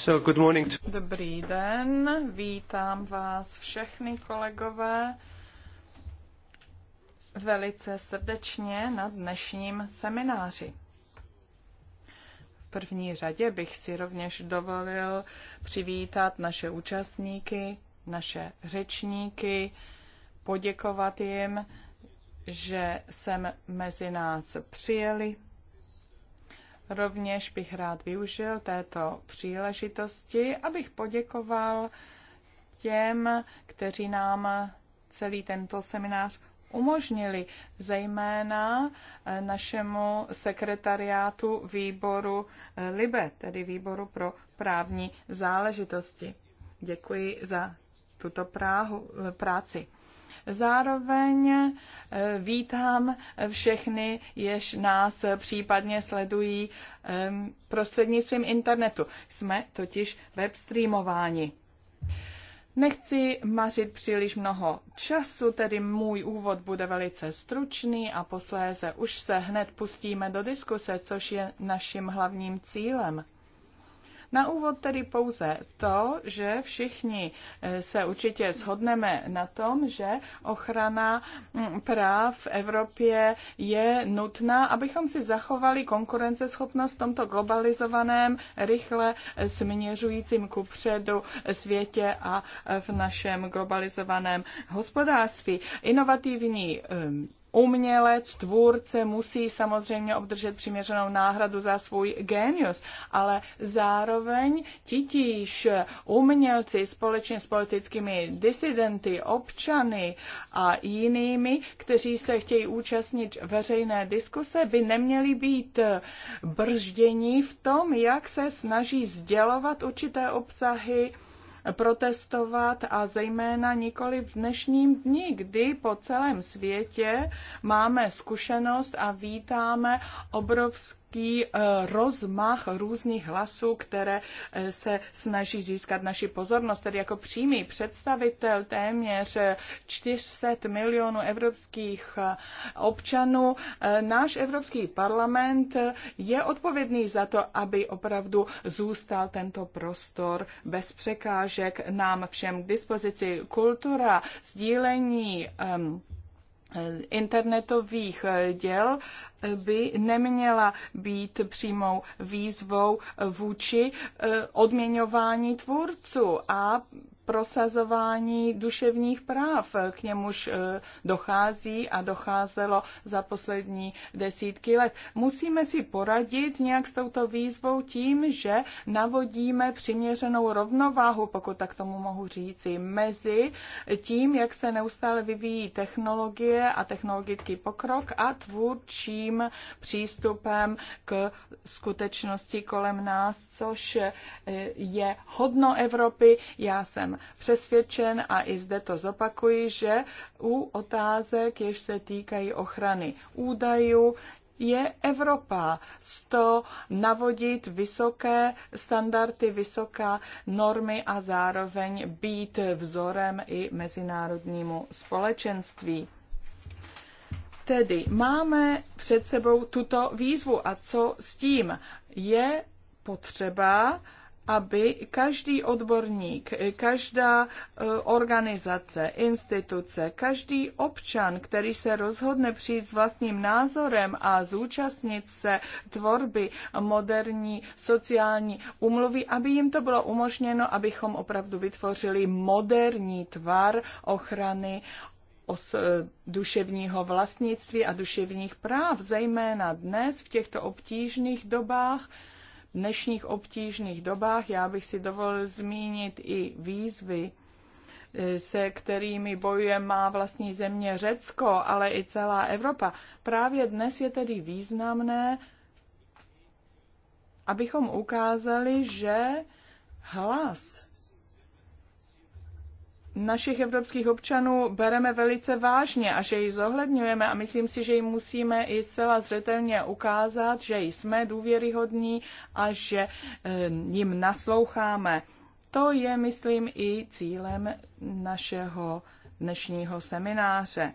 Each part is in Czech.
So good morning to... Dobrý den, vítám vás všechny kolegové velice srdečně na dnešním semináři. V první řadě bych si rovněž dovolil přivítat naše účastníky, naše řečníky, poděkovat jim, že sem mezi nás přijeli Rovněž bych rád využil této příležitosti, abych poděkoval těm, kteří nám celý tento seminář umožnili, zejména eh, našemu sekretariátu výboru eh, LIBE, tedy výboru pro právní záležitosti. Děkuji za tuto práhu, eh, práci. Zároveň eh, vítám všechny, jež nás případně sledují ehm, prostřednictvím internetu. Jsme totiž streamováni. Nechci mařit příliš mnoho času, tedy můj úvod bude velice stručný a posléze už se hned pustíme do diskuse, což je naším hlavním cílem. Na úvod tedy pouze to, že všichni eh, se určitě shodneme na tom, že ochrana mm, práv v Evropě je nutná, abychom si zachovali konkurenceschopnost v tomto globalizovaném, rychle směřujícím kupředu světě a v našem globalizovaném hospodářství. Inovativní eh, umělec, tvůrce musí samozřejmě obdržet přiměřenou náhradu za svůj genius, ale zároveň titíž umělci společně s politickými disidenty, občany a jinými, kteří se chtějí účastnit veřejné diskuse, by neměli být brždění v tom, jak se snaží sdělovat určité obsahy, protestovat a zejména nikoli v dnešním dni, kdy po celém světě máme zkušenost a vítáme obrovské velký eh, rozmach různých hlasů, které eh, se snaží získat naši pozornost. Tedy jako přímý představitel téměř 400 milionů evropských eh, občanů, náš Evropský parlament je odpovědný za to, aby opravdu zůstal tento prostor bez překážek nám všem k dispozici. Kultura, sdílení, um, internetových eh, děl by neměla být přímou výzvou vůči eh, odměňování tvůrců a prosazování duševních práv. K němuž eh, dochází a docházelo za poslední desítky let. Musíme si poradit nějak s touto výzvou tím, že navodíme přiměřenou rovnováhu, pokud tak tomu mohu říci, mezi tím, jak se neustále vyvíjí technologie a technologický pokrok a tvůrčím přístupem k skutečnosti kolem nás, což eh, je hodno Evropy. Já jsem přesvědčen a i zde to zopakuji, že u otázek, jež se týkají ochrany údajů, je Evropa. Z to navodit vysoké standardy, vysoká normy a zároveň být vzorem i mezinárodnímu společenství. Tedy máme před sebou tuto výzvu a co s tím? Je potřeba aby každý odborník, každá e, organizace, instituce, každý občan, který se rozhodne přijít s vlastním názorem a zúčastnit se tvorby moderní sociální umluvy, aby jim to bylo umožněno, abychom opravdu vytvořili moderní tvar ochrany e, duševního vlastnictví a duševních práv, zejména dnes v těchto obtížných dobách, dnešních obtížných dobách. Já bych si dovolil zmínit i výzvy, e, se kterými bojuje má vlastní země Řecko, ale i celá Evropa. Právě dnes je tedy významné, abychom ukázali, že hlas našich evropských občanů bereme velice vážně a že ji zohledňujeme a myslím si, že ji musíme i zcela zřetelně ukázat, že jsme důvěryhodní a že jim nasloucháme. To je, myslím, i cílem našeho dnešního semináře.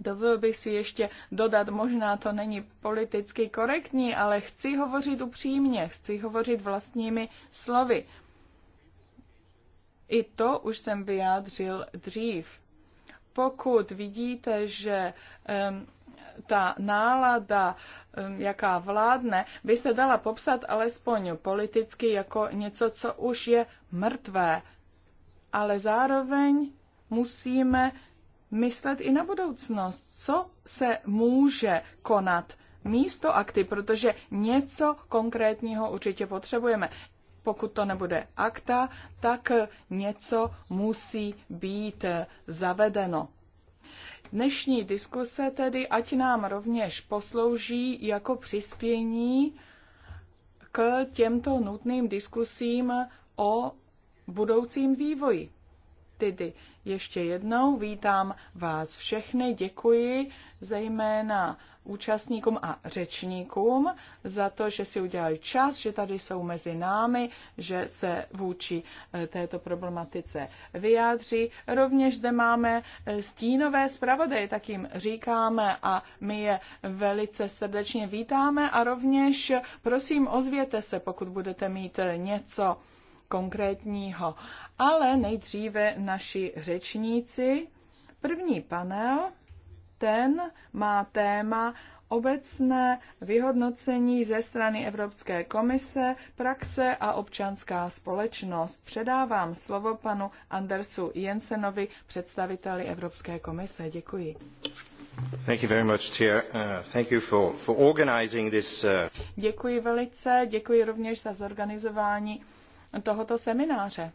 Dovolil bych si ještě dodat, možná to není politicky korektní, ale chci hovořit upřímně, chci hovořit vlastními slovy. I to už jsem vyjádřil dřív. Pokud vidíte, že um, ta nálada, um, jaká vládne, by se dala popsat alespoň politicky jako něco, co už je mrtvé, ale zároveň musíme myslet i na budoucnost, co se může konat místo akty, protože něco konkrétního určitě potřebujeme pokud to nebude akta, tak něco musí být zavedeno. Dnešní diskuse tedy ať nám rovněž poslouží jako přispění k těmto nutným diskusím o budoucím vývoji. Tedy ještě jednou vítám vás všechny, děkuji zejména účastníkům a řečníkům za to, že si udělali čas, že tady jsou mezi námi, že se vůči eh, této problematice vyjádří. Rovněž zde máme eh, stínové zpravodaje, tak jim říkáme a my je velice srdečně vítáme a rovněž prosím ozvěte se, pokud budete mít eh, něco konkrétního. Ale nejdříve naši řečníci. První panel, ten má téma obecné vyhodnocení ze strany Evropské komise, praxe a občanská společnost. Předávám slovo panu Andersu Jensenovi, představiteli Evropské komise. Děkuji. Thank you very much, Chair. Uh, thank you for, for organizing this. Uh... Děkuji velice, děkuji rovněž za zorganizování tohoto semináře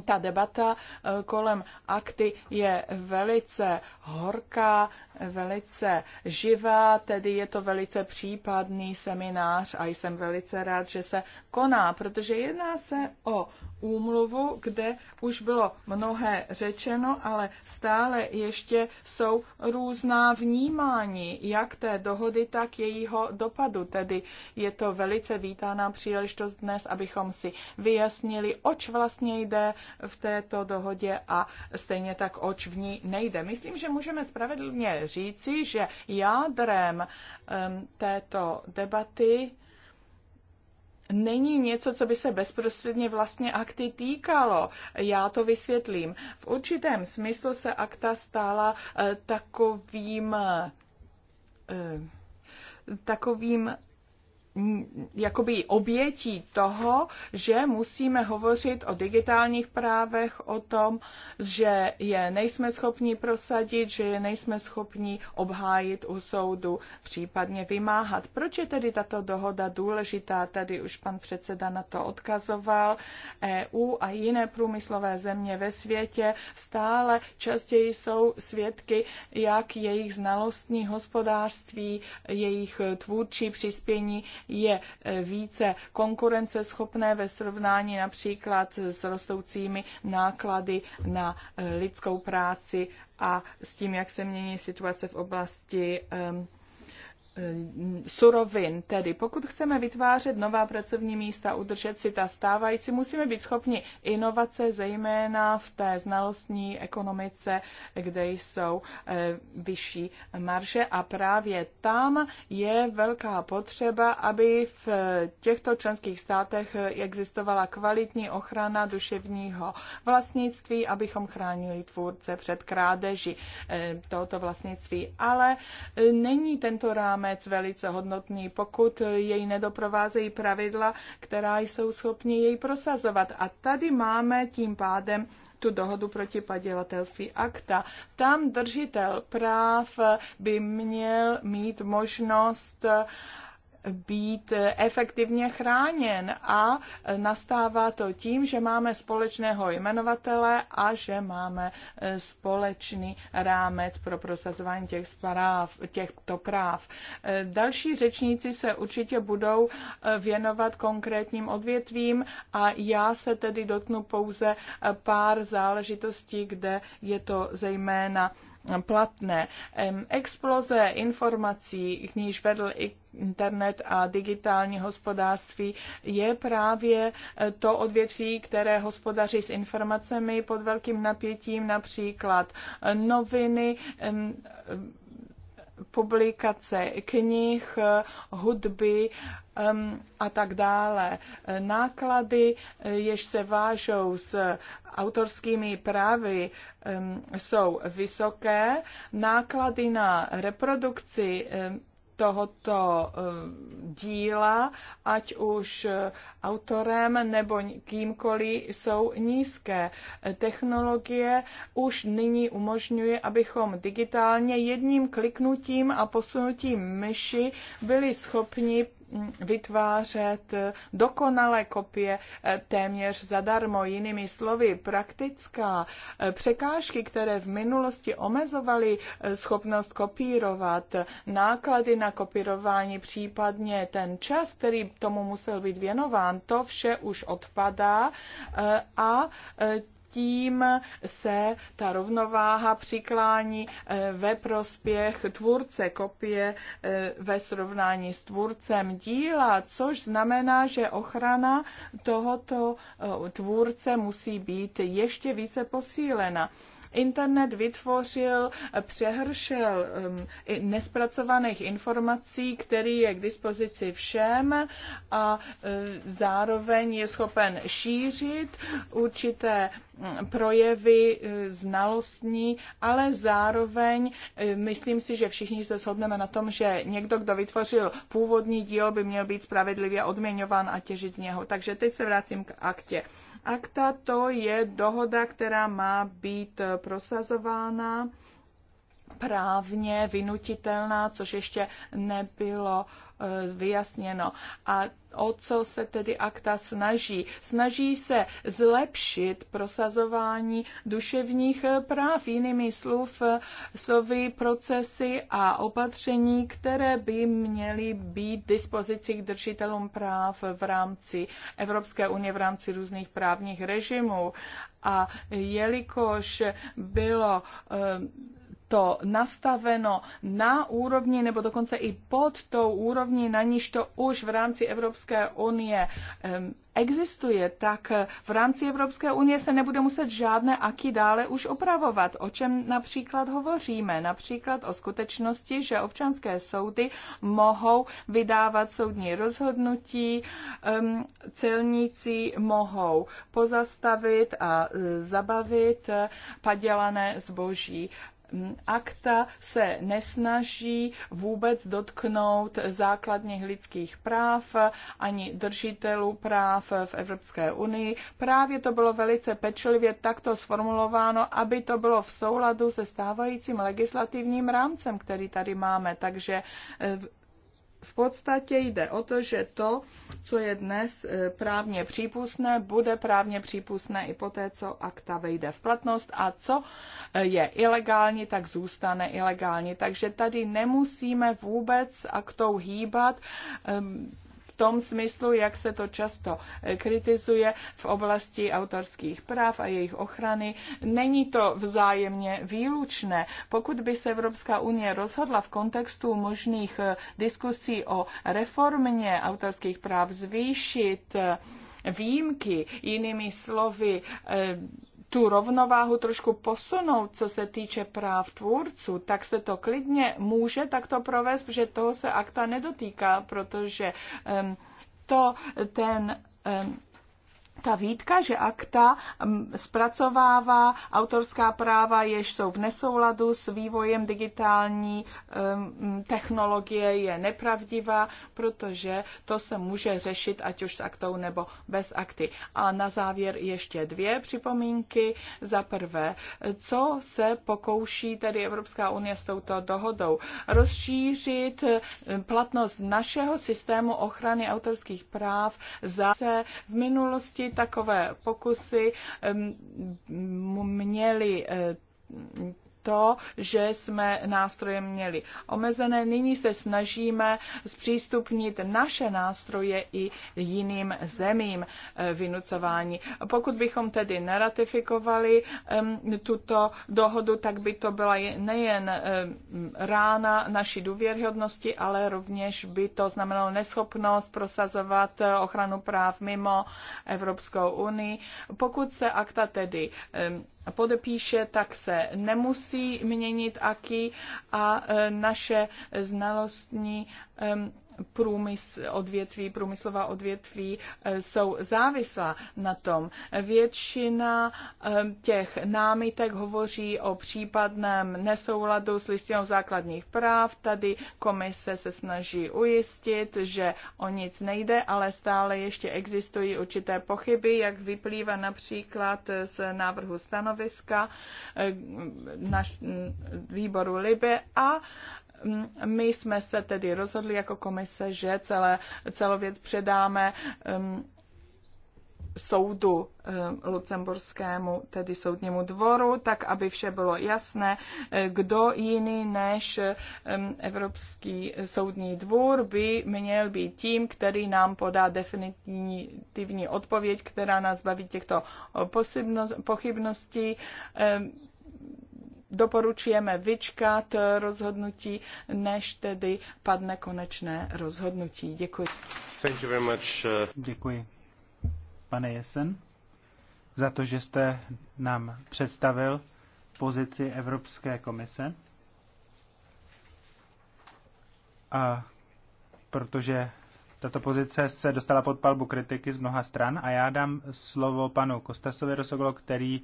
ta debata eh, kolem akty je velice horká, velice živá, tedy je to velice případný seminář a jsem velice rád, že se koná, protože jedná se o úmluvu, kde už bylo mnohé řečeno, ale stále ještě jsou různá vnímání jak té dohody, tak jejího dopadu. Tedy je to velice vítaná příležitost dnes, abychom si vyjasnili, oč vlastně jde, v této dohodě a stejně tak oč v ní nejde. Myslím, že můžeme spravedlně říci, že jádrem um, této debaty není něco, co by se bezprostředně vlastně akty týkalo. Já to vysvětlím. V určitém smyslu se akta stala eh, takovým eh, takovým jakoby obětí toho, že musíme hovořit o digitálních právech, o tom, že je nejsme schopni prosadit, že je nejsme schopni obhájit u soudu, případně vymáhat. Proč je tedy tato dohoda důležitá? Tady už pan předseda na to odkazoval. EU a jiné průmyslové země ve světě stále častěji jsou svědky, jak jejich znalostní hospodářství, jejich tvůrčí přispění je eh, více konkurenceschopné ve srovnání například s rostoucími náklady na eh, lidskou práci a s tím, jak se mění situace v oblasti um, Eh, surovin. Tedy pokud chceme vytvářet nová pracovní místa, udržet si ta stávající, musíme být schopni inovace, zejména v té znalostní ekonomice, kde jsou eh, vyšší marže a právě tam je velká potřeba, aby v těchto členských státech existovala kvalitní ochrana duševního vlastnictví, abychom chránili tvůrce před krádeži eh, tohoto vlastnictví. Ale není tento rám rámec velice hodnotný, pokud jej nedoprovázejí pravidla, která jsou schopni jej prosazovat. A tady máme tím pádem tu dohodu proti padělatelství akta. Tam držitel práv by měl mít možnost uh, být efektivně chráněn a nastává to tím, že máme společného jmenovatele a že máme e, společný rámec pro prosazování těch práv, těchto e, práv. Další řečníci se určitě budou e, věnovat konkrétním odvětvím a já se tedy dotknu pouze pár záležitostí, kde je to zejména platné. Exploze informací, k níž vedl i internet a digitální hospodářství je právě eh, to odvětví, které hospodaří s informacemi pod velkým napětím, například eh, noviny, publikace knih, hudby a tak dále. Náklady, eh, jež se vážou s autorskými právy, jsou vysoké. Náklady na reprodukci tohoto eh, díla, ať už eh, autorem nebo kýmkoliv, jsou nízké. Technologie už nyní umožňuje, abychom digitálně jedním kliknutím a posunutím myši byli schopni vytvářet dokonalé kopie eh, téměř zadarmo. Jinými slovy, praktická eh, překážky, které v minulosti omezovaly eh, schopnost kopírovat, náklady na kopírování, případně ten čas, který tomu musel být věnován, to vše už odpadá a tím se ta rovnováha přiklání eh, ve prospěch tvůrce kopie eh, ve srovnání s tvůrcem díla, což znamená, že ochrana tohoto eh, tvůrce musí být ještě více posílena. Internet vytvořil přehršel um, nespracovaných informací, který je k dispozici všem a uh, zároveň je schopen šířit určité um, projevy uh, znalostní, ale zároveň uh, myslím si, že všichni se shodneme na tom, že někdo, kdo vytvořil původní dílo, by měl být spravedlivě odměňován a těžit z něho. Takže teď se vracím k aktě akta, to je dohoda, která má být eh, prosazována právně vynutitelná, což ještě nebylo Eh, vyjasněno. A o co se tedy akta snaží? Snaží se zlepšit prosazování duševních eh, práv, jinými slov, eh, slovy, procesy a opatření, které by měly být dispozici k držitelům práv v rámci Evropské unie, v rámci různých právních režimů. A jelikož bylo to nastaveno na úrovni nebo dokonce i pod tou úrovni, na níž to už v rámci Evropské unie existuje, tak v rámci Evropské unie se nebude muset žádné aky dále už opravovat. O čem například hovoříme? Například o skutečnosti, že občanské soudy mohou vydávat soudní rozhodnutí, celníci mohou pozastavit a e, zabavit e, padělané zboží akta se nesnaží vůbec dotknout základních lidských práv ani držitelů práv v Evropské unii. Právě to bylo velice pečlivě takto sformulováno, aby to bylo v souladu se stávajícím legislativním rámcem, který tady máme. Takže eh, v podstatě jde o to, že to, co je dnes e, právně přípustné, bude právně přípustné i po té, co akta vejde v platnost a co e, je ilegální, tak zůstane ilegální. Takže tady nemusíme vůbec aktou hýbat. Ehm, tom smyslu, jak se to často eh, kritizuje v oblasti autorských práv a jejich ochrany. Není to vzájemně výlučné. Pokud by se Evropská unie rozhodla v kontextu možných eh, diskusí o reformě autorských práv zvýšit eh, výjimky, jinými slovy, tu rovnováhu trošku posunout, co se týče práv tvůrců, tak se to klidně může takto provést, protože toho se akta nedotýká, protože um, to ten um, ta výtka, že akta mm, zpracovává autorská práva, jež jsou v nesouladu s vývojem digitální mm, technologie, je nepravdivá, protože to se může řešit ať už s aktou nebo bez akty. A na závěr ještě dvě připomínky. Za prvé, co se pokouší tedy Evropská unie s touto dohodou? Rozšířit mm, platnost našeho systému ochrany autorských práv za v minulosti takové pokusy měly eh, to, že jsme nástroje měli omezené. Nyní se snažíme zpřístupnit naše nástroje i jiným zemím eh, vynucování. Pokud bychom tedy neratifikovali tuto dohodu, tak by to byla nejen rána naší důvěryhodnosti, ale rovněž by to znamenalo neschopnost prosazovat eh, ochranu práv mimo Evropskou unii. Pokud se akta tedy podepíše, tak se nemusí měnit aký a e, naše znalostní průmysl, odvětví, průmyslová odvětví eh, jsou závislá na tom. Většina eh, těch námitek hovoří o případném nesouladu s listinou základních práv. Tady komise se snaží ujistit, že o nic nejde, ale stále ještě existují určité pochyby, jak vyplývá například z návrhu stanoviska eh, na výboru Libe a my jsme se tedy rozhodli jako komise, že celé, celou věc předáme um, soudu um, lucemburskému, tedy soudnímu dvoru, tak aby vše bylo jasné, eh, kdo jiný než um, Evropský soudní dvůr by měl být tím, který nám podá definitivní odpověď, která nás baví těchto eh, pochybností. Um, doporučujeme vyčkat rozhodnutí, než tedy padne konečné rozhodnutí. Děkuji. Thank you very much. Uh, Děkuji. Pane Jesen, za to, že jste nám představil pozici Evropské komise. A protože tato pozice se dostala pod palbu kritiky z mnoha stran a já dám slovo panu Kostasovi Rosoglo, který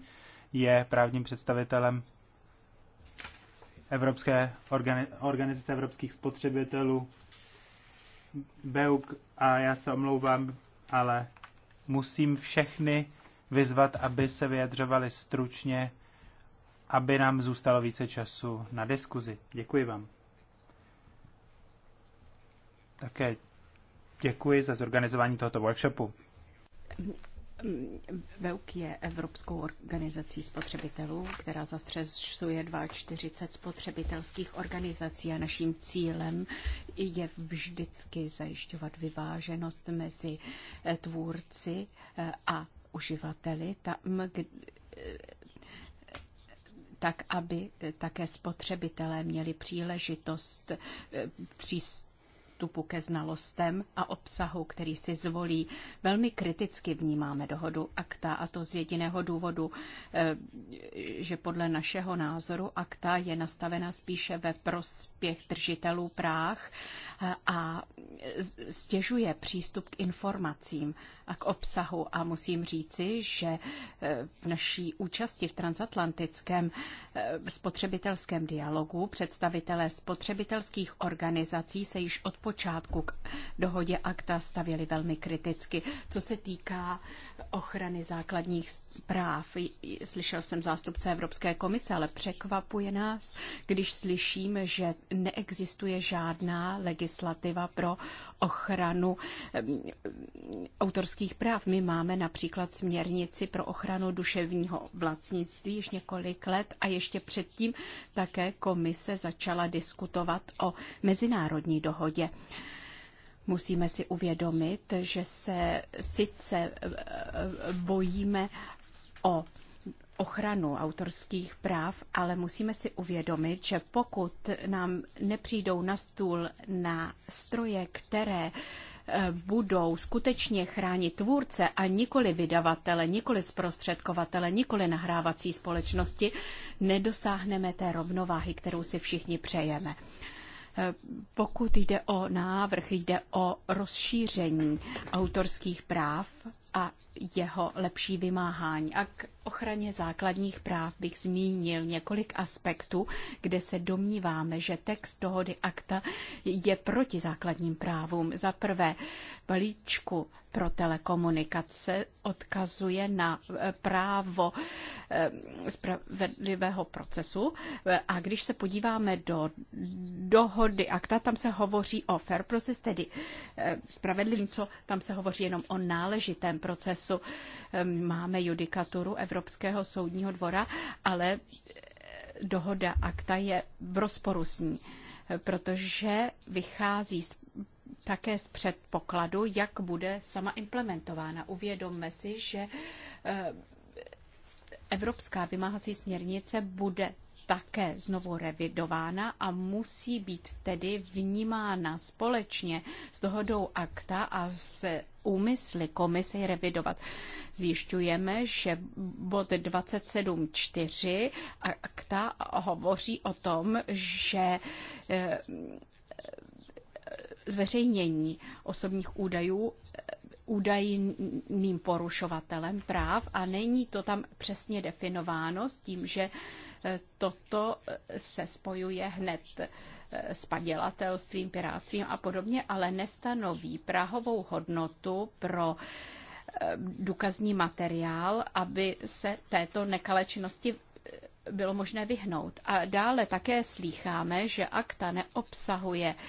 je právním představitelem Evropské organi- organizace evropských spotřebitelů, BEUK, a já se omlouvám, ale musím všechny vyzvat, aby se vyjadřovali stručně, aby nám zůstalo více času na diskuzi. Děkuji vám. Také děkuji za zorganizování tohoto workshopu. VEUK je Evropskou organizací spotřebitelů, která zastřešuje 42 spotřebitelských organizací a naším cílem je vždycky zajišťovat vyváženost mezi eh, tvůrci eh, a uživateli tam, eh, tak aby také spotřebitelé měli příležitost přístup přístupu ke znalostem a obsahu, který si zvolí. Velmi kriticky vnímáme dohodu akta a to z jediného důvodu, eh, že podle našeho názoru akta je nastavena spíše ve prospěch držitelů práh eh, a stěžuje přístup k informacím a k obsahu. A musím říci, že eh, v naší účasti v transatlantickém spotřebitelském dialogu představitelé spotřebitelských organizací se již odpovědí počátku k dohodě akta stavěli velmi kriticky. Co se týká ochrany základních práv. Slyšel jsem zástupce Evropské komise, ale překvapuje nás, když slyšíme, že neexistuje žádná legislativa pro ochranu autorských práv. My máme například směrnici pro ochranu duševního vlastnictví již několik let a ještě předtím také komise začala diskutovat o mezinárodní dohodě. Musíme si uvědomit, že se sice eh, eh, bojíme o ochranu autorských práv, ale musíme si uvědomit, že pokud nám nepřijdou na stůl na stroje, které eh, budou skutečně chránit tvůrce a nikoli vydavatele, nikoli zprostředkovatele, nikoli nahrávací společnosti, nedosáhneme té rovnováhy, kterou si všichni přejeme. Pokud jde o návrh, jde o rozšíření autorských práv a jeho lepší vymáhání. A k ochraně základních práv bych zmínil několik aspektů, kde se domníváme, že text dohody akta je proti základním právům. Za prvé, balíčku pro telekomunikace odkazuje na eh, právo eh, spravedlivého procesu. Eh, a když se podíváme do dohody akta, tam se hovoří o fair process, tedy spravedlivým, co tam se hovoří jenom o náležitém procesu. Ehm, máme judikaturu Evropského soudního dvora, ale dohoda akta je v rozporu s ní, protože vychází z také z předpokladu, jak bude sama implementována. Uvědomme si, že eh, Evropská vymáhací směrnice bude také znovu revidována a musí být tedy vnímána společně s dohodou akta a s úmysly komise revidovat. Zjišťujeme, že bod 27.4 akta hovoří o tom, že eh, zveřejnění osobních údajů eh, údajným porušovatelem práv a není to tam přesně definováno s tím, že eh, toto eh, se spojuje hned s padělatelstvím, pirátstvím a podobně, ale nestanoví prahovou hodnotu pro důkazní materiál, aby se této nekalé činnosti bylo možné vyhnout. A dále také slýcháme, že akta neobsahuje uh,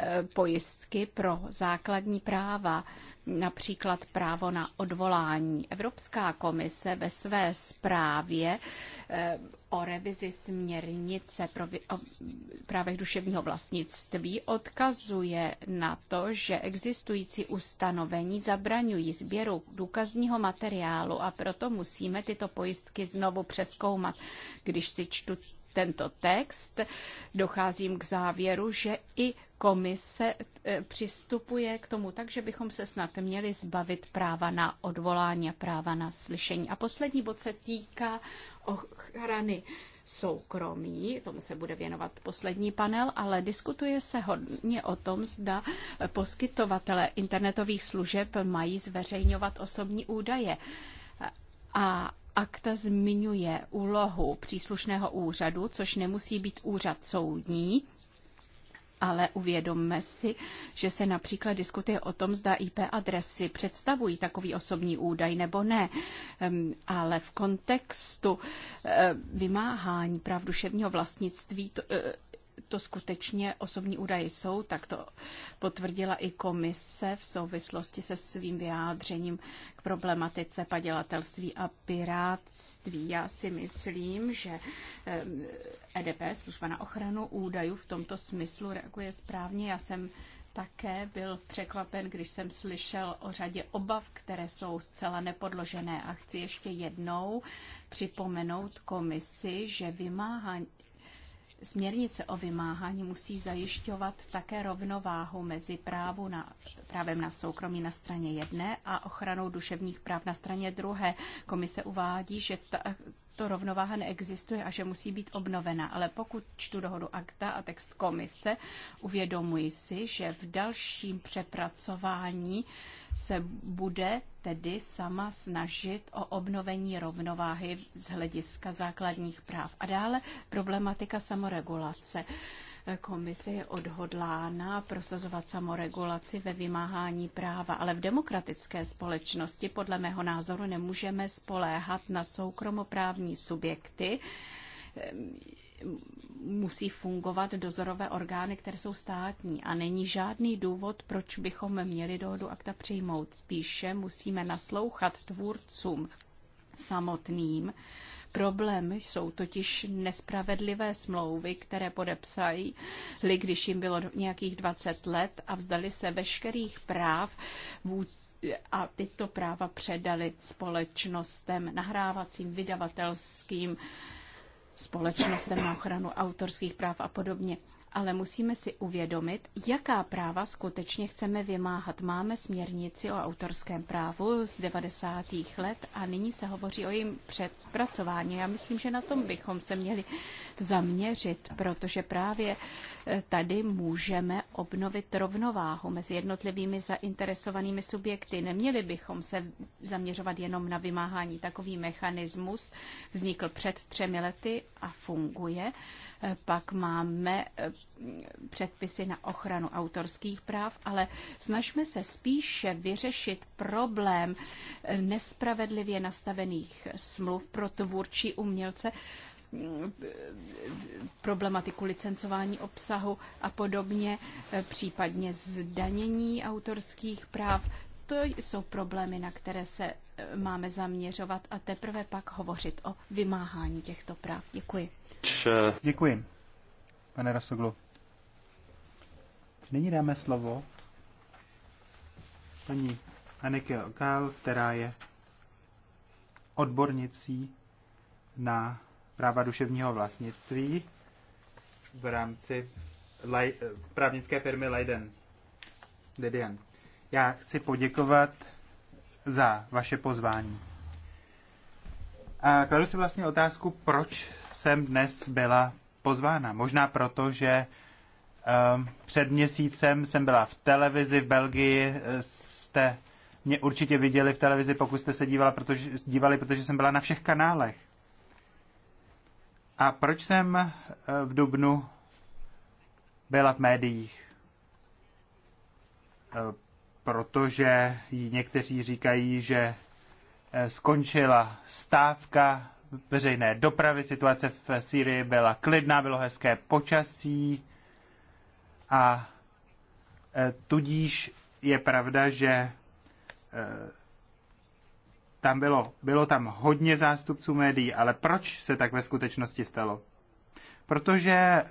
Eh, pojistky pro základní práva, například právo na odvolání. Evropská komise ve své zprávě eh, o revizi směrnice pro vě- o právech duševního vlastnictví odkazuje na to, že existující ustanovení zabraňují sběru důkazního materiálu a proto musíme tyto pojistky znovu přeskoumat. Když si čtu tento text, docházím k závěru, že i komise e, přistupuje k tomu tak, že bychom se snad měli zbavit práva na odvolání a práva na slyšení. A poslední bod se týká ochrany soukromí, tomu se bude věnovat poslední panel, ale diskutuje se hodně o tom, zda poskytovatele internetových služeb mají zveřejňovat osobní údaje. A akta zmiňuje úlohu příslušného úřadu, což nemusí být úřad soudní, ale uvědomme si, že se například diskutuje o tom, zda IP adresy představují takový osobní údaj nebo ne. Ale v kontextu eh, vymáhání práv duševního vlastnictví eh, to skutečně osobní údaje jsou, tak to potvrdila i komise v souvislosti se svým vyjádřením k problematice padělatelství a piráctví. Já si myslím, že EDP, eh, e služba na ochranu údajů, v tomto smyslu reaguje správně. Já jsem také byl překvapen, když jsem slyšel o řadě obav, které jsou zcela nepodložené. A chci ještě jednou připomenout komisi, že vymáhání Směrnice o vymáhání musí zajišťovat také rovnováhu mezi právu na, právem na soukromí na straně jedné a ochranou duševních práv na straně druhé. Komise uvádí, že ta, to rovnováha neexistuje a že musí být obnovena. Ale pokud čtu dohodu akta a text komise, uvědomuji si, že v dalším přepracování se bude tedy sama snažit o obnovení rovnováhy z hlediska základních práv. A dále problematika samoregulace komise je odhodlána prosazovat samoregulaci ve vymáhání práva, ale v demokratické společnosti podle mého názoru nemůžeme spoléhat na soukromoprávní subjekty, musí fungovat dozorové orgány, které jsou státní a není žádný důvod, proč bychom měli dohodu akta přijmout. Spíše musíme naslouchat tvůrcům samotným Problém jsou totiž nespravedlivé smlouvy, které podepsají, když jim bylo nějakých 20 let a vzdali se veškerých práv a tyto práva předali společnostem nahrávacím, vydavatelským, společnostem na ochranu autorských práv a podobně ale musíme si uvědomit, jaká práva skutečně chceme vymáhat. Máme směrnici o autorském právu z 90. let a nyní se hovoří o jejím předpracování. Já myslím, že na tom bychom se měli zaměřit, protože právě eh, tady můžeme obnovit rovnováhu mezi jednotlivými zainteresovanými subjekty. Neměli bychom se zaměřovat jenom na vymáhání. Takový mechanismus vznikl před třemi lety a funguje. Eh, pak máme eh, předpisy na ochranu autorských práv, ale snažme se spíše vyřešit problém nespravedlivě nastavených smluv pro tvůrčí umělce, problematiku licencování obsahu a podobně, případně zdanění autorských práv. To jsou problémy, na které se eh, máme zaměřovat a teprve pak hovořit o vymáhání těchto práv. Děkuji. Děkuji pane Rasoglu. Nyní dáme slovo paní Anike Okal, která je odbornicí na práva duševního vlastnictví v rámci laj, právnické firmy Leiden. Lidian. Já chci poděkovat za vaše pozvání. A kladu si vlastně otázku, proč jsem dnes byla pozvána. Možná proto, že ehm, před měsícem jsem byla v televizi v Belgii, eh, jste mě určitě viděli v televizi, pokud jste se dívala, protože, dívali, protože jsem byla na všech kanálech. A proč jsem eh, v Dubnu byla v médiích? Eh, protože někteří říkají, že skončila stávka veřejné dopravy. Situace v Sýrii byla klidná, bylo hezké počasí a e, tudíž je pravda, že e, tam bylo, bylo tam hodně zástupců médií, ale proč se tak ve skutečnosti stalo? Protože e,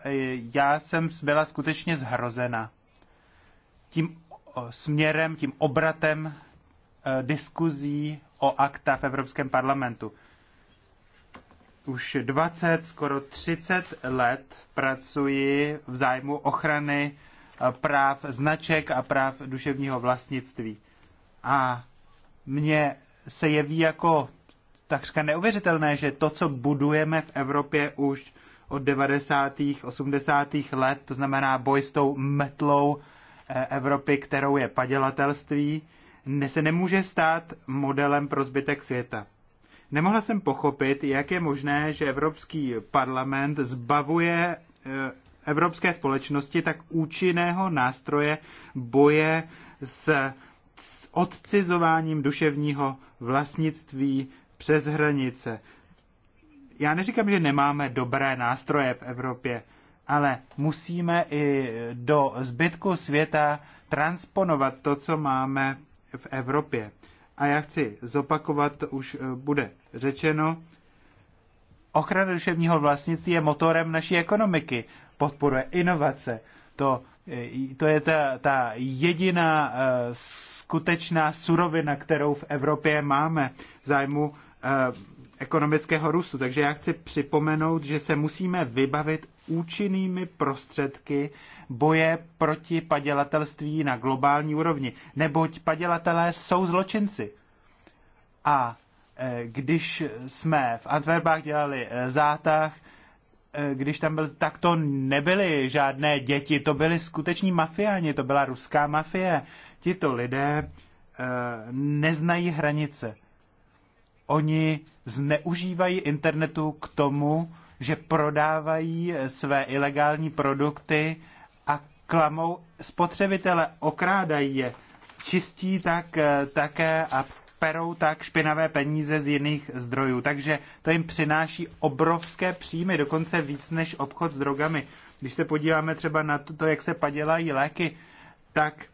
já jsem byla skutečně zhrozena tím směrem, tím obratem diskuzí o akta v Evropském parlamentu už 20, skoro 30 let pracuji v zájmu ochrany eh, práv značek a práv duševního vlastnictví. A mně se jeví jako takřka neuvěřitelné, že to, co budujeme v Evropě už od 90. 80. let, to znamená boj s tou metlou eh, Evropy, kterou je padělatelství, se nemůže stát modelem pro zbytek světa. Nemohla jsem pochopit, jak je možné, že Evropský parlament zbavuje eh, evropské společnosti tak účinného nástroje boje s odcizováním duševního vlastnictví přes hranice. Já neříkám, že nemáme dobré nástroje v Evropě, ale musíme i do zbytku světa transponovat to, co máme v Evropě a já chci zopakovat, to už eh, bude řečeno, ochrana duševního vlastnictví je motorem naší ekonomiky, podporuje inovace. To, eh, to je ta, ta jediná eh, skutečná surovina, kterou v Evropě máme v zájmu ekonomického růstu. Takže já chci připomenout, že se musíme vybavit účinnými prostředky boje proti padělatelství na globální úrovni. Neboť padělatelé jsou zločinci. A e, když jsme v Antwerpách dělali e, zátah, e, když tam byl, tak to nebyly žádné děti, to byly skuteční mafiáni, to byla ruská mafie. Tito lidé neznají hranice oni zneužívají internetu k tomu, že prodávají eh, své ilegální produkty a klamou spotřebitele, okrádají je, čistí tak eh, také a perou tak špinavé peníze z jiných zdrojů. Takže to jim přináší obrovské příjmy, dokonce víc než obchod s drogami. Když se podíváme třeba na to, jak se padělají léky, tak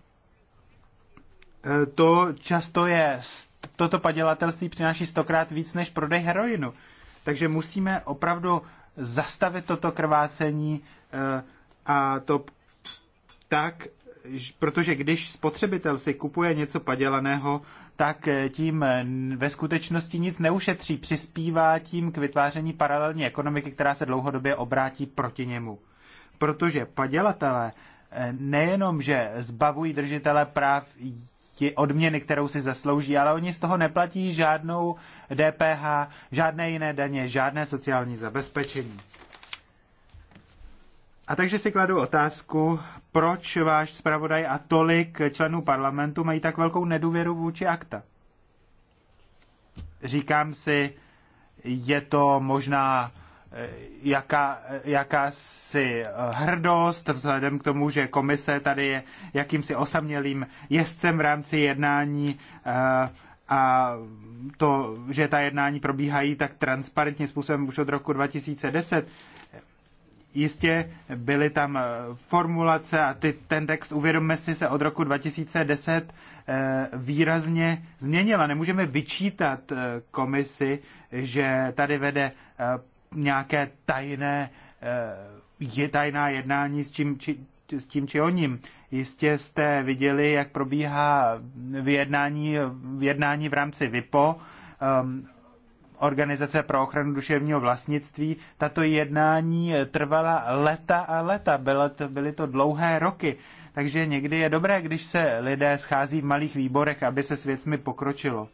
eh, to často je toto padělatelství přináší stokrát víc než prodej heroinu. Takže musíme opravdu zastavit toto krvácení eh, a to tak, protože když spotřebitel si kupuje něco padělaného, tak eh, tím eh, ve skutečnosti nic neušetří. Přispívá tím k vytváření paralelní ekonomiky, která se dlouhodobě obrátí proti němu. Protože padělatelé nejenom, že zbavují držitele práv ti odměny, kterou si zaslouží, ale oni z toho neplatí žádnou DPH, žádné jiné daně, žádné sociální zabezpečení. A takže si kladu otázku, proč váš zpravodaj a tolik členů parlamentu mají tak velkou nedůvěru vůči akta. Říkám si, je to možná jaká, jakási hrdost vzhledem k tomu, že komise tady je jakýmsi osamělým jezdcem v rámci jednání eh, a to, že ta jednání probíhají tak transparentně způsobem už od roku 2010, jistě byly tam eh, formulace a ty, ten text, uvědomme si, se od roku 2010 eh, výrazně změnil a nemůžeme vyčítat komisi, že tady vede nějaké tajné, eh, je tajná jednání s, čím, či, s tím či oním. Jistě jste viděli, jak probíhá vyjednání, vyjednání v rámci VIPO, um, Organizace pro ochranu duševního vlastnictví. Tato jednání trvala leta a leta, byly to, byly to dlouhé roky. Takže někdy je dobré, když se lidé schází v malých výborech, aby se s věcmi pokročilo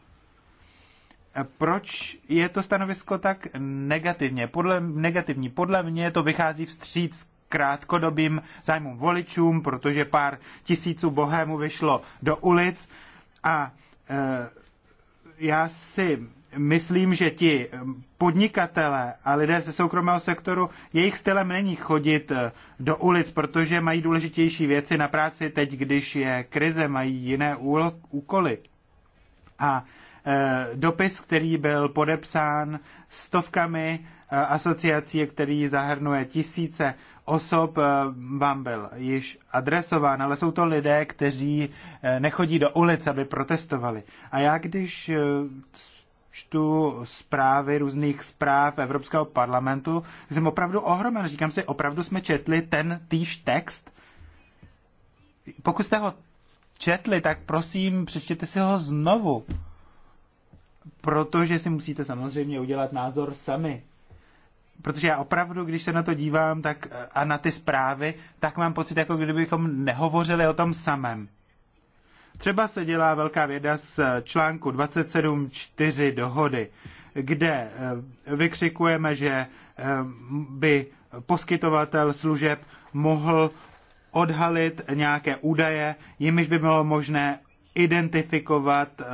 proč je to stanovisko tak negativně? Podle, negativní. Podle mě to vychází vstříc krátkodobým zájmům voličům, protože pár tisíců bohému vyšlo do ulic a e, já si myslím, že ti podnikatele a lidé ze soukromého sektoru, jejich stylem není chodit eh, do ulic, protože mají důležitější věci na práci teď, když je krize, mají jiné úkoly. A Eh, dopis, který byl podepsán stovkami eh, asociací, který zahrnuje tisíce osob, eh, vám byl již adresován, ale jsou to lidé, kteří nechodí do ulic, aby protestovali. A já když čtu zprávy různých zpráv Evropského parlamentu, jsem opravdu ohromen. Říkám si, opravdu jsme četli ten týž text. Pokud jste ho četli, tak prosím, přečtěte si ho znovu protože si musíte samozřejmě udělat názor sami. Protože já opravdu, když se na to dívám tak, a na ty zprávy, tak mám pocit, jako kdybychom nehovořili o tom samém. Třeba se dělá velká věda z článku 27.4 dohody, kde eh, vykřikujeme, že eh, by poskytovatel služeb mohl odhalit nějaké údaje, jimiž by bylo možné identifikovat eh,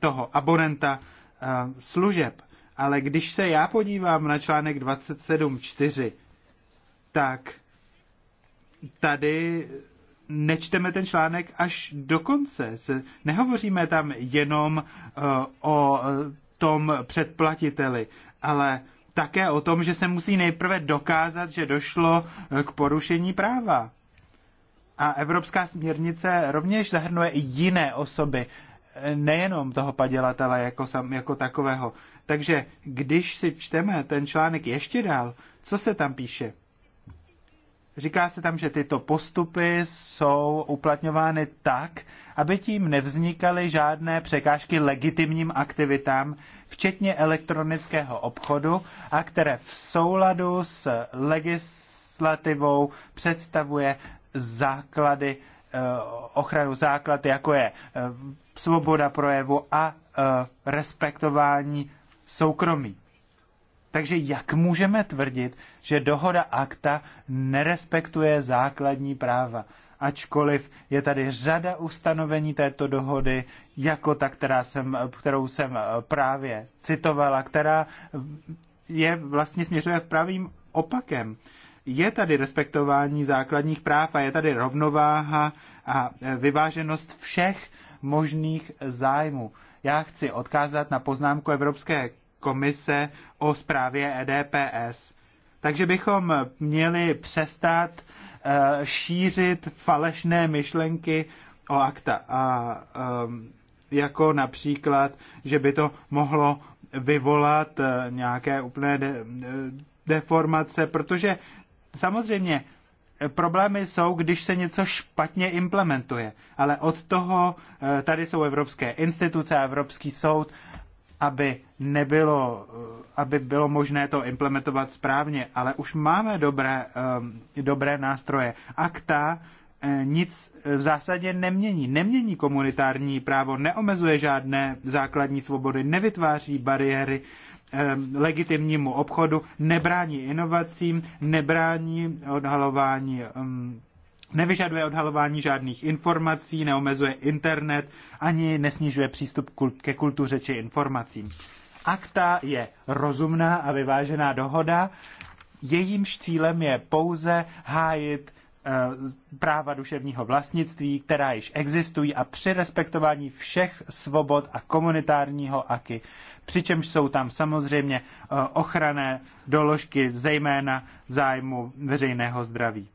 toho abonenta eh, služeb. Ale když se já podívám na článek 27.4, tak tady nečteme ten článek až do konce. Nehovoříme tam jenom eh, o tom předplatiteli, ale také o tom, že se musí nejprve dokázat, že došlo k porušení práva. A evropská směrnice rovněž zahrnuje i jiné osoby, nejenom toho padělatele jako, sam, jako takového. Takže když si čteme ten článek ještě dál, co se tam píše? Říká se tam, že tyto postupy jsou uplatňovány tak, aby tím nevznikaly žádné překážky legitimním aktivitám, včetně elektronického obchodu, a které v souladu s legislativou představuje základy, eh, ochranu základ, jako je eh, svoboda projevu a eh, respektování soukromí. Takže jak můžeme tvrdit, že dohoda akta nerespektuje základní práva? Ačkoliv je tady řada ustanovení této dohody, jako ta, která jsem, kterou jsem právě citovala, která je vlastně směřuje pravým opakem je tady respektování základních práv a je tady rovnováha a vyváženost všech možných zájmů. Já chci odkázat na poznámku Evropské komise o zprávě EDPS. Takže bychom měli přestat eh, šířit falešné myšlenky o akta. A, ehm, jako například, že by to mohlo vyvolat eh, nějaké úplné de, eh, deformace, protože Samozřejmě, eh, problémy jsou, když se něco špatně implementuje, ale od toho eh, tady jsou evropské instituce a Evropský soud, aby nebylo, eh, aby bylo možné to implementovat správně, ale už máme dobré, dobré nástroje. Akta nic v zásadě nemění. Nemění komunitární právo, neomezuje žádné základní svobody, nevytváří bariéry Eh, legitimnímu obchodu, nebrání inovacím, nebrání odhalování mm, nevyžaduje odhalování žádných informací, neomezuje internet, ani nesnižuje přístup ke kultuře či informacím. Akta je rozumná a vyvážená dohoda, jejímž cílem je pouze hájit Eh, práva duševního vlastnictví, která již existují a při respektování všech svobod a komunitárního aky. Přičemž jsou tam samozřejmě eh, ochranné doložky, zejména zájmu veřejného zdraví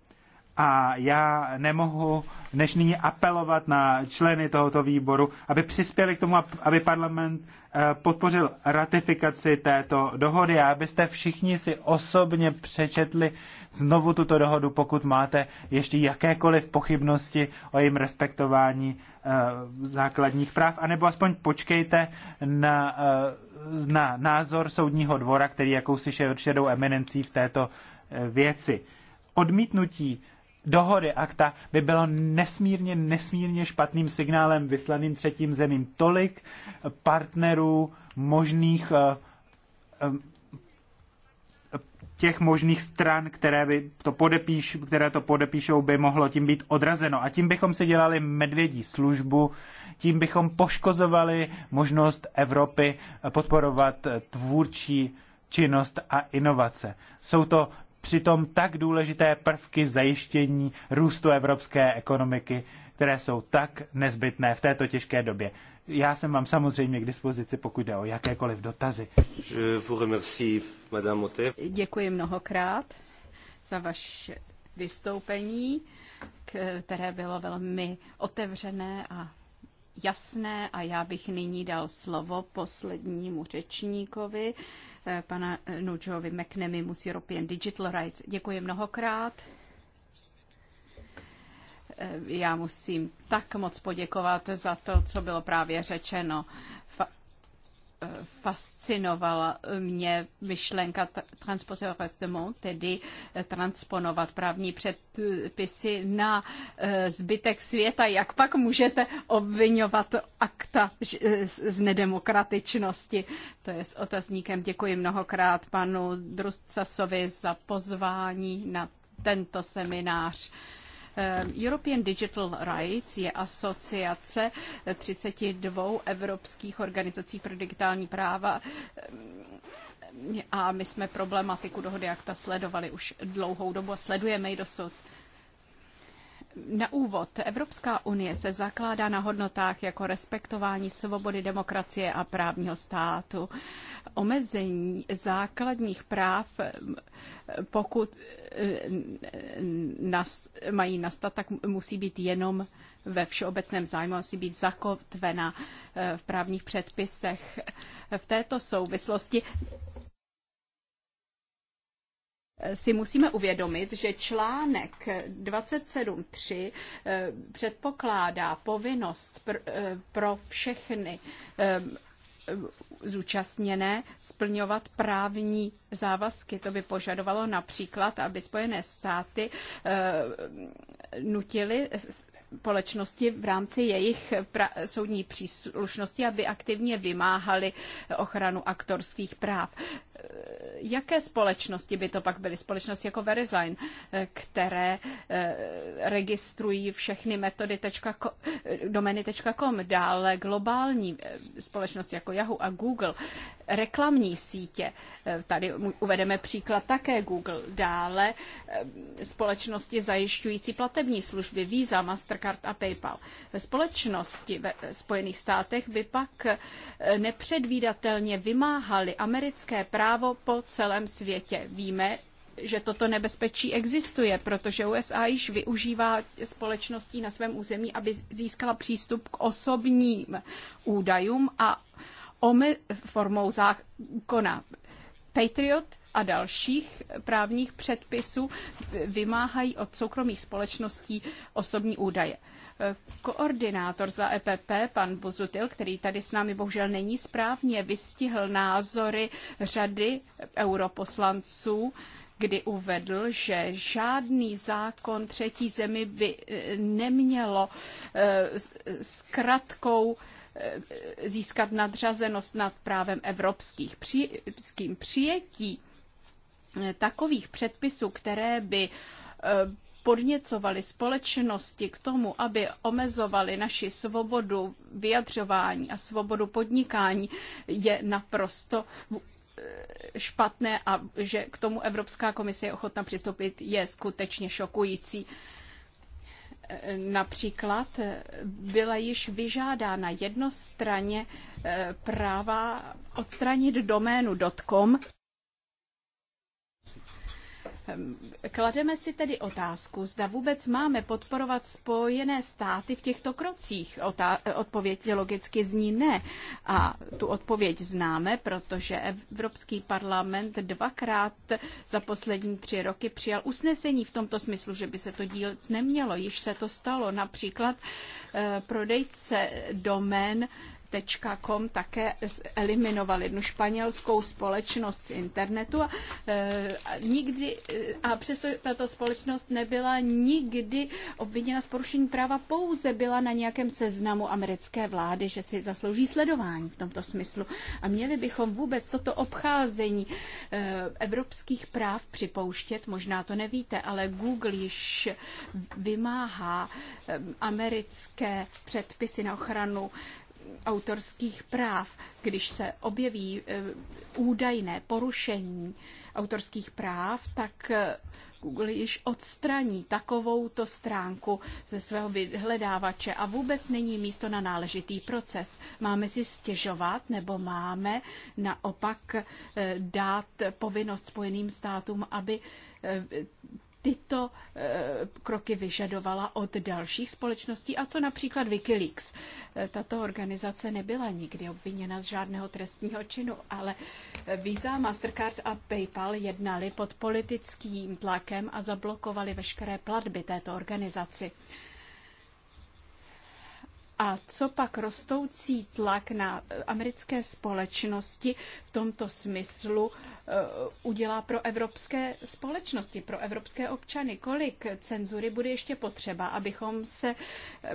a já nemohu než nyní apelovat na členy tohoto výboru, aby přispěli k tomu, aby parlament eh, podpořil ratifikaci této dohody a abyste všichni si osobně přečetli znovu tuto dohodu, pokud máte ještě jakékoliv pochybnosti o jejím respektování eh, základních práv, anebo aspoň počkejte na, eh, na názor soudního dvora, který jakousi šedou eminencí v této věci. Odmítnutí dohody akta by bylo nesmírně, nesmírně špatným signálem vyslaným třetím zemím. Tolik partnerů možných eh, eh, těch možných stran, které, by to podepíš, které to podepíšou, by mohlo tím být odrazeno. A tím bychom si dělali medvědí službu, tím bychom poškozovali možnost Evropy podporovat tvůrčí činnost a inovace. Jsou to přitom tak důležité prvky zajištění růstu evropské ekonomiky, které jsou tak nezbytné v této těžké době. Já jsem vám samozřejmě k dispozici, pokud jde o jakékoliv dotazy. Děkuji mnohokrát za vaše vystoupení, které bylo velmi otevřené a jasné a já bych nyní dal slovo poslednímu řečníkovi, pana Nujovi McNemy z European Digital Rights. Děkuji mnohokrát. Já musím tak moc poděkovat za to, co bylo právě řečeno fascinovala mě myšlenka transposer tedy eh, transponovat právní předpisy na eh, zbytek světa. Jak pak můžete obvinovat akta eh, z nedemokratičnosti? To je s otazníkem. Děkuji mnohokrát panu Drustcasovi za pozvání na tento seminář. Eh, European Digital Rights je asociace 32 eh, evropských organizací pro digitální práva eh, a my jsme problematiku dohody akta sledovali už dlouhou dobu a sledujeme ji dosud na úvod, Evropská unie se zakládá na hodnotách jako respektování svobody, demokracie a právního státu. Omezení základních práv, pokud eh, mají nastat, tak musí být jenom ve všeobecném zájmu, musí být zakotvena eh, v právních předpisech. V této souvislosti Eh, si musíme uvědomit, že článek 27.3 eh, předpokládá povinnost eh, pro všechny zúčastněné splňovat právní závazky. To by požadovalo například, aby Spojené státy nutily společnosti v rámci jejich soudní příslušnosti, aby aktivně vymáhali ochranu aktorských práv jaké společnosti by to pak byly? Společnosti jako Verizon, eh, které eh, registrují všechny metody eh, domeny.com, dále globální společnosti jako Yahoo a Google, reklamní sítě, tady uvedeme příklad také Google, dále společnosti zajišťující platební služby Visa, Mastercard a PayPal. Společnosti ve Spojených státech by pak nepředvídatelně vymáhaly americké právo právo po celém světě. Víme, že toto nebezpečí existuje, protože USA již využívá společností na svém území, aby získala přístup k osobním údajům a ome- formou zákona Patriot a dalších právních předpisů vymáhají od soukromých společností osobní údaje koordinátor za EPP, pan Buzutil, který tady s námi bohužel není správně, vystihl názory řady europoslanců, kdy uvedl, že žádný zákon třetí zemi by eh, nemělo eh, zkratkou eh, získat nadřazenost nad právem evropských. přijetí takových předpisů, které by podněcovali společnosti k tomu, aby omezovali naši svobodu vyjadřování a svobodu podnikání, je naprosto eh, špatné a že k tomu Evropská komise je ochotna přistoupit, je skutečně šokující. Eh, například eh, byla již vyžádána jednostranně práva odstranit doménu .com Ehm, klademe si tedy otázku, zda vůbec máme podporovat Spojené státy v těchto krocích. Odpověď logicky zní ne. A tu odpověď známe, protože Evropský parlament dvakrát za poslední tři roky přijal usnesení v tomto smyslu, že by se to díl nemělo. Již se to stalo. Například eh, prodejce domén Com také eliminoval jednu španělskou společnost z internetu a, e, nikdy, eh, a přesto tato společnost nebyla nikdy obviněna z porušení práva, pouze byla na nějakém seznamu americké vlády, že si zaslouží sledování v tomto smyslu. A měli bychom vůbec toto obcházení e, evropských práv připouštět, možná to nevíte, ale Google již vymáhá americké předpisy na ochranu autorských práv. Když se objeví eh, údajné porušení autorských práv, tak Google eh, již odstraní takovouto stránku ze svého vyhledávače a vůbec není místo na náležitý proces. Máme si stěžovat nebo máme naopak eh, dát povinnost Spojeným státům, aby tyto eh, kroky vyžadovala od dalších společností a co například Wikileaks. Eh, tato organizace nebyla nikdy obviněna z žádného trestního činu, ale eh, Visa, Mastercard a PayPal jednali pod politickým tlakem a zablokovali veškeré platby této organizaci. A co pak rostoucí tlak na americké společnosti v tomto smyslu eh, udělá pro evropské společnosti, pro evropské občany? Kolik cenzury bude ještě potřeba, abychom se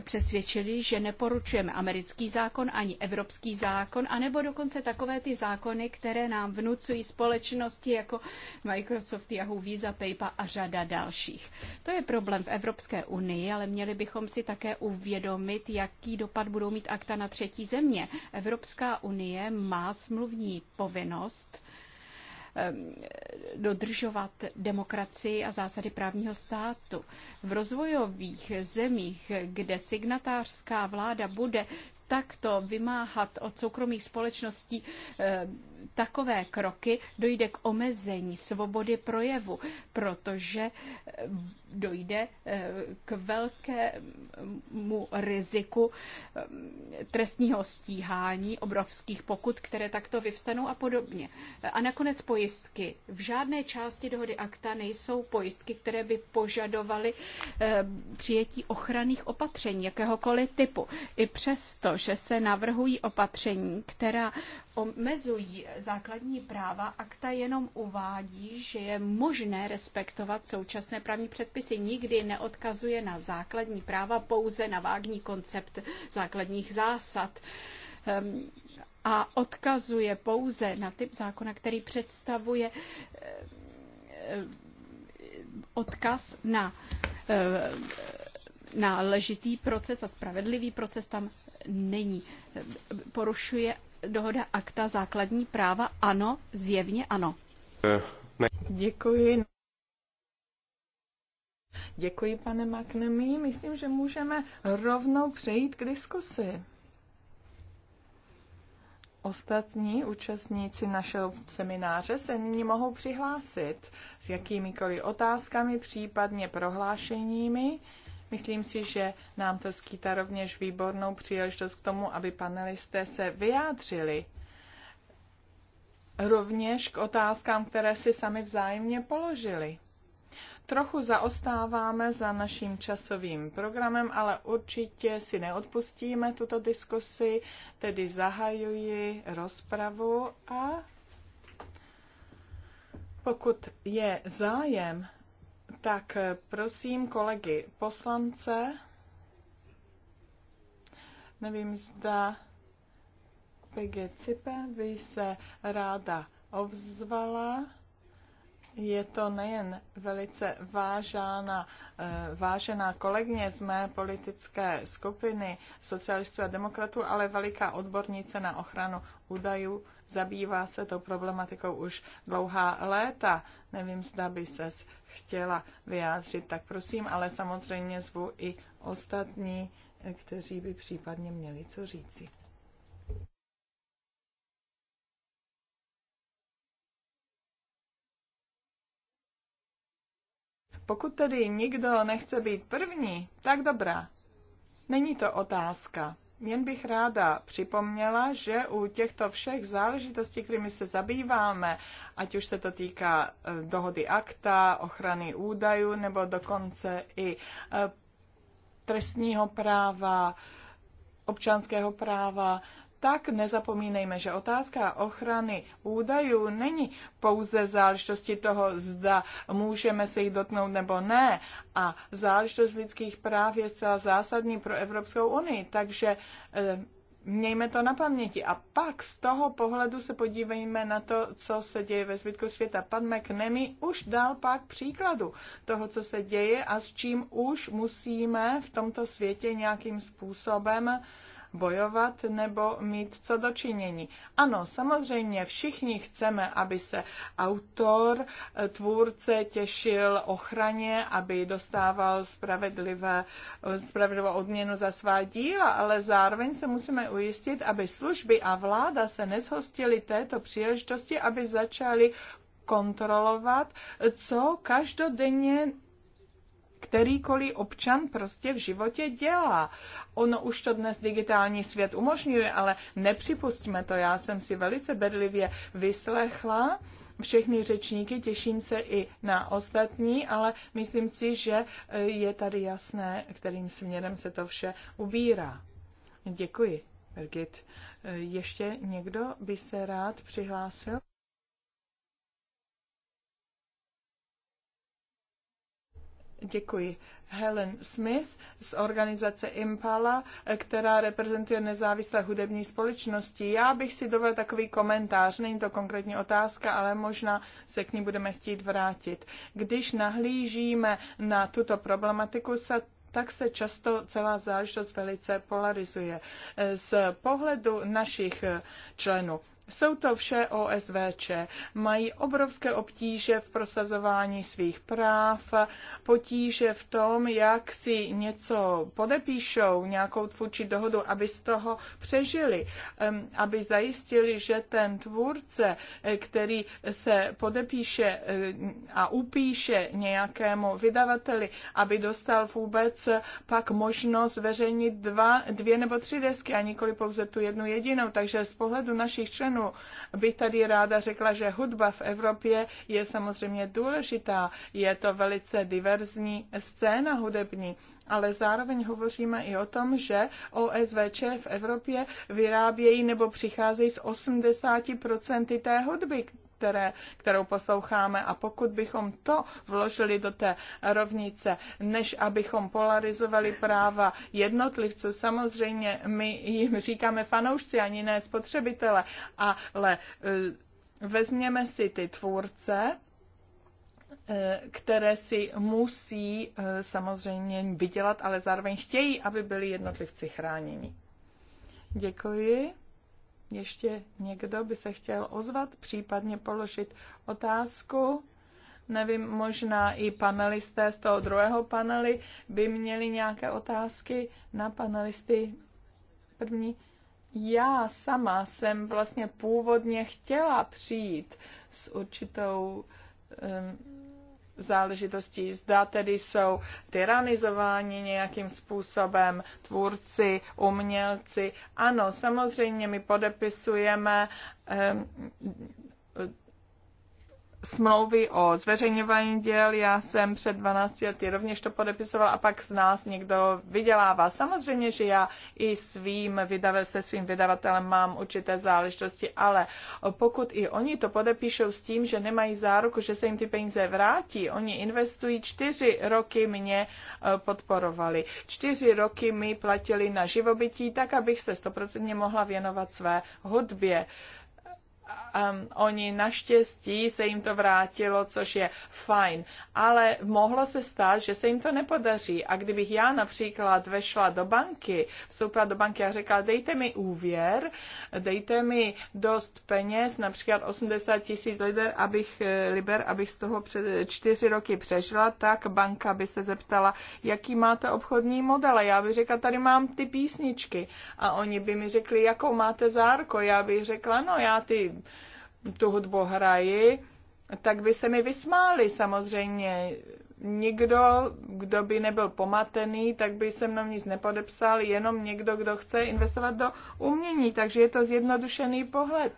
přesvědčili, že neporučujeme americký zákon ani evropský zákon, anebo dokonce takové ty zákony, které nám vnucují společnosti jako Microsoft, Yahoo, Visa, PayPal a řada dalších. To je problém v Evropské unii, ale měli bychom si také uvědomit, jaký dopad budou mít akta na třetí země. Evropská unie má smluvní povinnost ehm, dodržovat demokracii a zásady právního státu. V rozvojových zemích, kde signatářská vláda bude takto vymáhat od soukromých společností ehm, takové kroky dojde k omezení svobody projevu, protože eh, dojde eh, k velkému riziku eh, trestního stíhání, obrovských pokut, které takto vyvstanou a podobně. A nakonec pojistky. V žádné části dohody akta nejsou pojistky, které by požadovaly přijetí ochranných opatření jakéhokoliv typu. I přesto, že se navrhují opatření, která omezují základní práva akta jenom uvádí, že je možné respektovat současné právní předpisy. Nikdy neodkazuje na základní práva, pouze na vágní koncept základních zásad ehm, a odkazuje pouze na typ zákona, který představuje ehm, odkaz na ehm, náležitý proces a spravedlivý proces tam není. Porušuje dohoda akta základní práva? Ano, zjevně ano. Ne. Děkuji. Děkuji, pane Maknemi. Myslím, že můžeme rovnou přejít k diskusi. Ostatní účastníci našeho semináře se nyní mohou přihlásit s jakýmikoliv otázkami, případně prohlášeními. Myslím si, že nám to skýtá rovněž výbornou příležitost k tomu, aby panelisté se vyjádřili rovněž k otázkám, které si sami vzájemně položili. Trochu zaostáváme za naším časovým programem, ale určitě si neodpustíme tuto diskusi, tedy zahajuji rozpravu a pokud je zájem, tak prosím kolegy poslance, nevím, zda PG Cipe by se ráda ovzvala. Je to nejen velice vážána, eh, vážená kolegyně z mé politické skupiny socialistů a demokratů, ale veliká odbornice na ochranu údajů Zabývá se tou problematikou už dlouhá léta. Nevím, zda by se chtěla vyjádřit, tak prosím, ale samozřejmě zvu i ostatní, kteří by případně měli co říci. Pokud tedy nikdo nechce být první, tak dobrá. Není to otázka. Jen bych ráda připomněla, že u těchto všech záležitostí, kterými se zabýváme, ať už se to týká e, dohody akta, ochrany údajů nebo dokonce i e, trestního práva, občanského práva, tak nezapomínejme, že otázka ochrany údajů není pouze záležitosti toho, zda můžeme se jich dotknout nebo ne. A záležitost lidských práv je zcela zásadní pro Evropskou unii, takže eh, mějme to na paměti. A pak z toho pohledu se podívejme na to, co se děje ve zbytku světa. Pan McNamee už dal pak příkladu toho, co se děje a s čím už musíme v tomto světě nějakým způsobem bojovat nebo mít co dočinění. Ano, samozřejmě všichni chceme, aby se autor, eh, tvůrce těšil ochraně, aby dostával spravedlivé, eh, spravedlivou odměnu za svá díla, ale zároveň se musíme ujistit, aby služby a vláda se neshostily této příležitosti, aby začaly kontrolovat, eh, co každodenně kterýkoliv občan prostě v životě dělá. Ono už to dnes digitální svět umožňuje, ale nepřipustíme to. Já jsem si velice bedlivě vyslechla všechny řečníky, těším se i na ostatní, ale myslím si, že eh, je tady jasné, kterým směrem se to vše ubírá. Děkuji, Birgit. Eh, ještě někdo by se rád přihlásil? Děkuji. Helen Smith z organizace Impala, eh, která reprezentuje nezávislé hudební společnosti. Já bych si dovolil takový komentář, není to konkrétní otázka, ale možná se k ní budeme chtít vrátit. Když nahlížíme na tuto problematiku, se tak se často celá záležitost velice polarizuje. Eh, z pohledu našich eh, členů jsou to vše OSVČ, mají obrovské obtíže v prosazování svých práv, potíže v tom, jak si něco podepíšou, nějakou tvůrčí dohodu, aby z toho přežili, aby zajistili, že ten tvůrce, e, který se podepíše e, a upíše nějakému vydavateli, aby dostal vůbec pak možnost veřejnit dva, dvě nebo tři desky a nikoli pouze tu jednu jedinou. Takže z pohledu našich členů stranu bych tady ráda řekla, že hudba v Evropě je samozřejmě důležitá. Je to velice diverzní scéna hudební ale zároveň hovoříme i o tom, že OSVČ v Evropě vyrábějí nebo přicházejí z 80% té hudby, které, kterou posloucháme. A pokud bychom to vložili do té rovnice, než abychom polarizovali práva jednotlivců, samozřejmě my jim říkáme fanoušci, ani ne spotřebitele, ale eh, vezměme si ty tvůrce, eh, které si musí eh, samozřejmě vydělat, ale zároveň chtějí, aby byli jednotlivci chráněni. Děkuji. Ještě někdo by se chtěl ozvat, případně položit otázku? Nevím, možná i panelisté z toho druhého panely by měli nějaké otázky na panelisty první. Já sama jsem vlastně původně chtěla přijít s určitou um, záležitostí. Zda tedy jsou tyranizováni nějakým způsobem tvůrci, umělci. Ano, samozřejmě my podepisujeme um, smlouvy o zveřejňování děl. Já jsem před 12 lety rovněž to podepisovala a pak z nás někdo vydělává. Samozřejmě, že já i svým vydavatel, se svým vydavatelem mám určité záležitosti, ale pokud i oni to podepíšou s tím, že nemají záruku, že se jim ty peníze vrátí, oni investují čtyři roky mě eh, podporovali. Čtyři roky mi platili na živobytí, tak abych se stoprocentně mohla věnovat své hudbě um, oni naštěstí se jim to vrátilo, což je fajn. Ale mohlo se stát, že se jim to nepodaří. A kdybych já například vešla do banky, vstoupila do banky a řekla, dejte mi úvěr, dejte mi dost peněz, například 80 tisíc liber, abych, eh, liber, abych z toho před, čtyři roky přežila, tak banka by se zeptala, jaký máte obchodní model. A já bych řekla, tady mám ty písničky. A oni by mi řekli, jakou máte zárko. Já bych řekla, no já ty tu hudbu hraji, tak by se mi vysmáli samozřejmě nikdo, kdo by nebyl pomatený, tak by se mnou nic nepodepsal, jenom někdo, kdo chce investovat do umění. Takže je to zjednodušený pohled,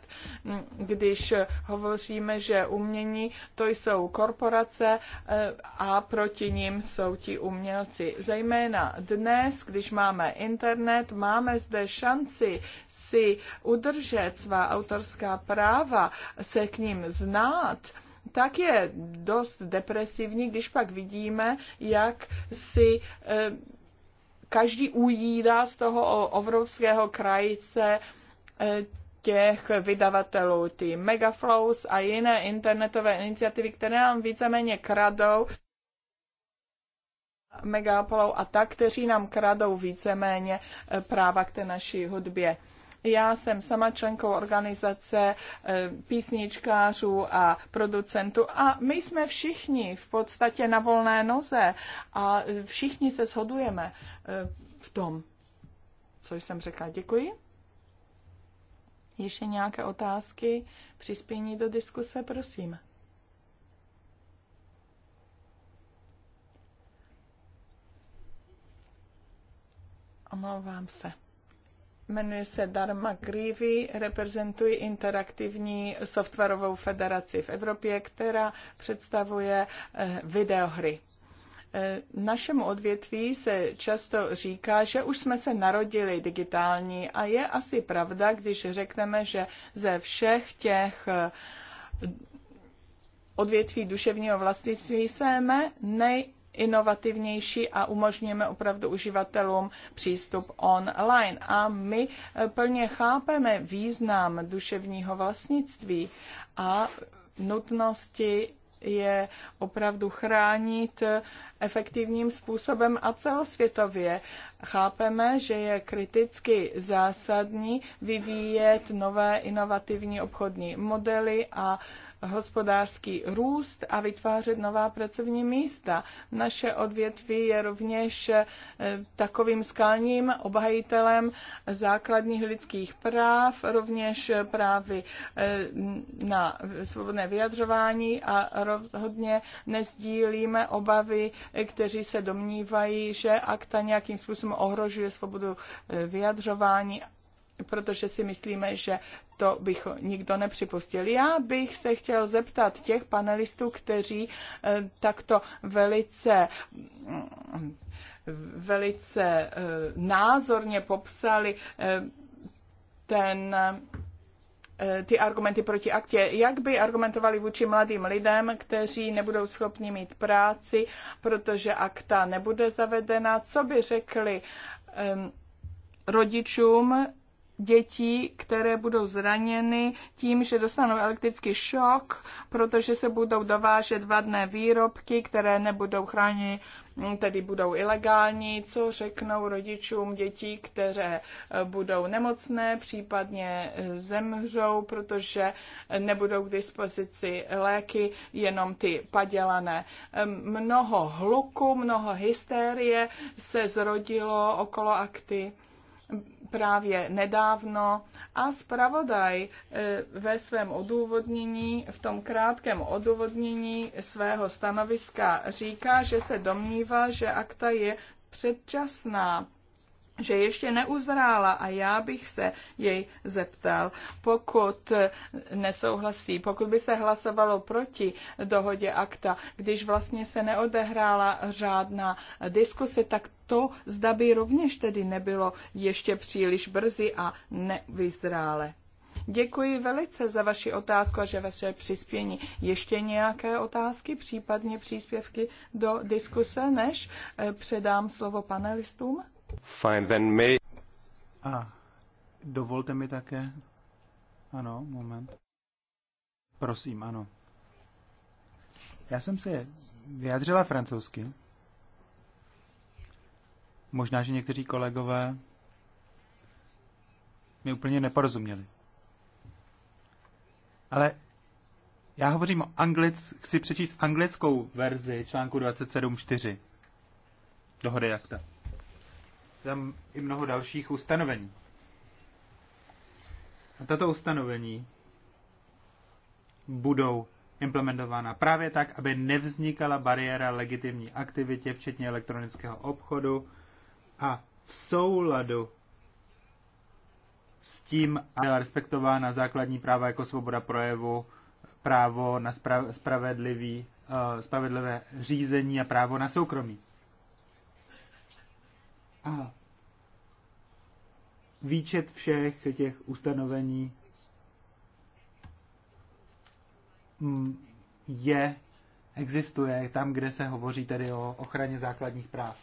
když hovoříme, že umění to jsou korporace eh, a proti ním jsou ti umělci. Zejména dnes, když máme internet, máme zde šanci si udržet svá autorská práva, se k ním znát, tak je dost depresivní, když pak vidíme, jak si eh, každý ujídá z toho evropského krajice eh, těch vydavatelů, ty Megaflows a jiné internetové iniciativy, které nám víceméně kradou Megapolou a tak, kteří nám kradou víceméně eh, práva k té naší hudbě. Já jsem sama členkou organizace eh, písničkářů a producentů a my jsme všichni v podstatě na volné noze a všichni se shodujeme eh, v tom, co jsem řekla. Děkuji. Ještě nějaké otázky, přispění do diskuse, prosím. Omlouvám se jmenuje se Dharma Grivi, reprezentuji interaktivní softwarovou federaci v Evropě, která představuje eh, videohry. Eh, našemu odvětví se často říká, že už jsme se narodili digitální a je asi pravda, když řekneme, že ze všech těch eh, odvětví duševního vlastnictví jsme nej inovativnější a umožňujeme opravdu uživatelům přístup online. A my eh, plně chápeme význam duševního vlastnictví a nutnosti je opravdu chránit eh, efektivním způsobem a celosvětově. Chápeme, že je kriticky zásadní vyvíjet nové inovativní obchodní modely a uh, hospodářský růst a vytvářet nová pracovní místa. Naše odvětví je rovněž eh, takovým skalním obhajitelem základních lidských práv, rovněž právy eh, na svobodné vyjadřování a rozhodně nezdílíme obavy, eh, kteří se domnívají, že akta nějakým způsobem ohrožuje svobodu vyjadřování protože si myslíme, že to bych nikdo nepřipustil. Já bych se chtěl zeptat těch panelistů, kteří eh, takto velice mm, velice eh, názorně popsali eh, ten ty argumenty proti aktě. Jak by argumentovali vůči mladým lidem, kteří nebudou schopni mít práci, protože akta nebude zavedena? Co by řekli rodičům dětí, které budou zraněny tím, že dostanou elektrický šok, protože se budou dovážet vadné výrobky, které nebudou chráněny, tedy budou ilegální, co řeknou rodičům dětí, které eh, budou nemocné, případně eh, zemřou, protože nebudou k dispozici léky, jenom ty padělané. Mnoho hluku, mnoho hysterie se zrodilo okolo akty právě nedávno a zpravodaj e, ve svém odůvodnění, v tom krátkém odůvodnění svého stanoviska říká, že se domnívá, že akta je předčasná že ještě neuzrála a já bych se jej zeptal, pokud nesouhlasí, pokud by se hlasovalo proti dohodě akta, když vlastně se neodehrála řádná diskuse, tak to zda by rovněž tedy nebylo ještě příliš brzy a nevyzrále. Děkuji velice za vaši otázku a že vaše přispění. Ještě nějaké otázky, případně příspěvky do diskuse, než eh, předám slovo panelistům? Fine, then may... A dovolte mi také... Ano, moment. Prosím, ano. Já jsem se vyjádřila francouzsky. Možná, že někteří kolegové mi úplně neporozuměli. Ale já hovořím o anglic, chci přečíst anglickou verzi článku 27.4 dohody jakta tam i mnoho dalších ustanovení. A tato ustanovení budou implementována právě tak, aby nevznikala bariéra legitimní aktivitě, včetně elektronického obchodu a v souladu s tím byla respektována základní práva jako svoboda projevu, právo na spravedlivý, eh, spravedlivé řízení a právo na soukromí. Aha výčet všech těch ustanovení mm, je, existuje tam, kde se hovoří tedy o ochraně základních práv.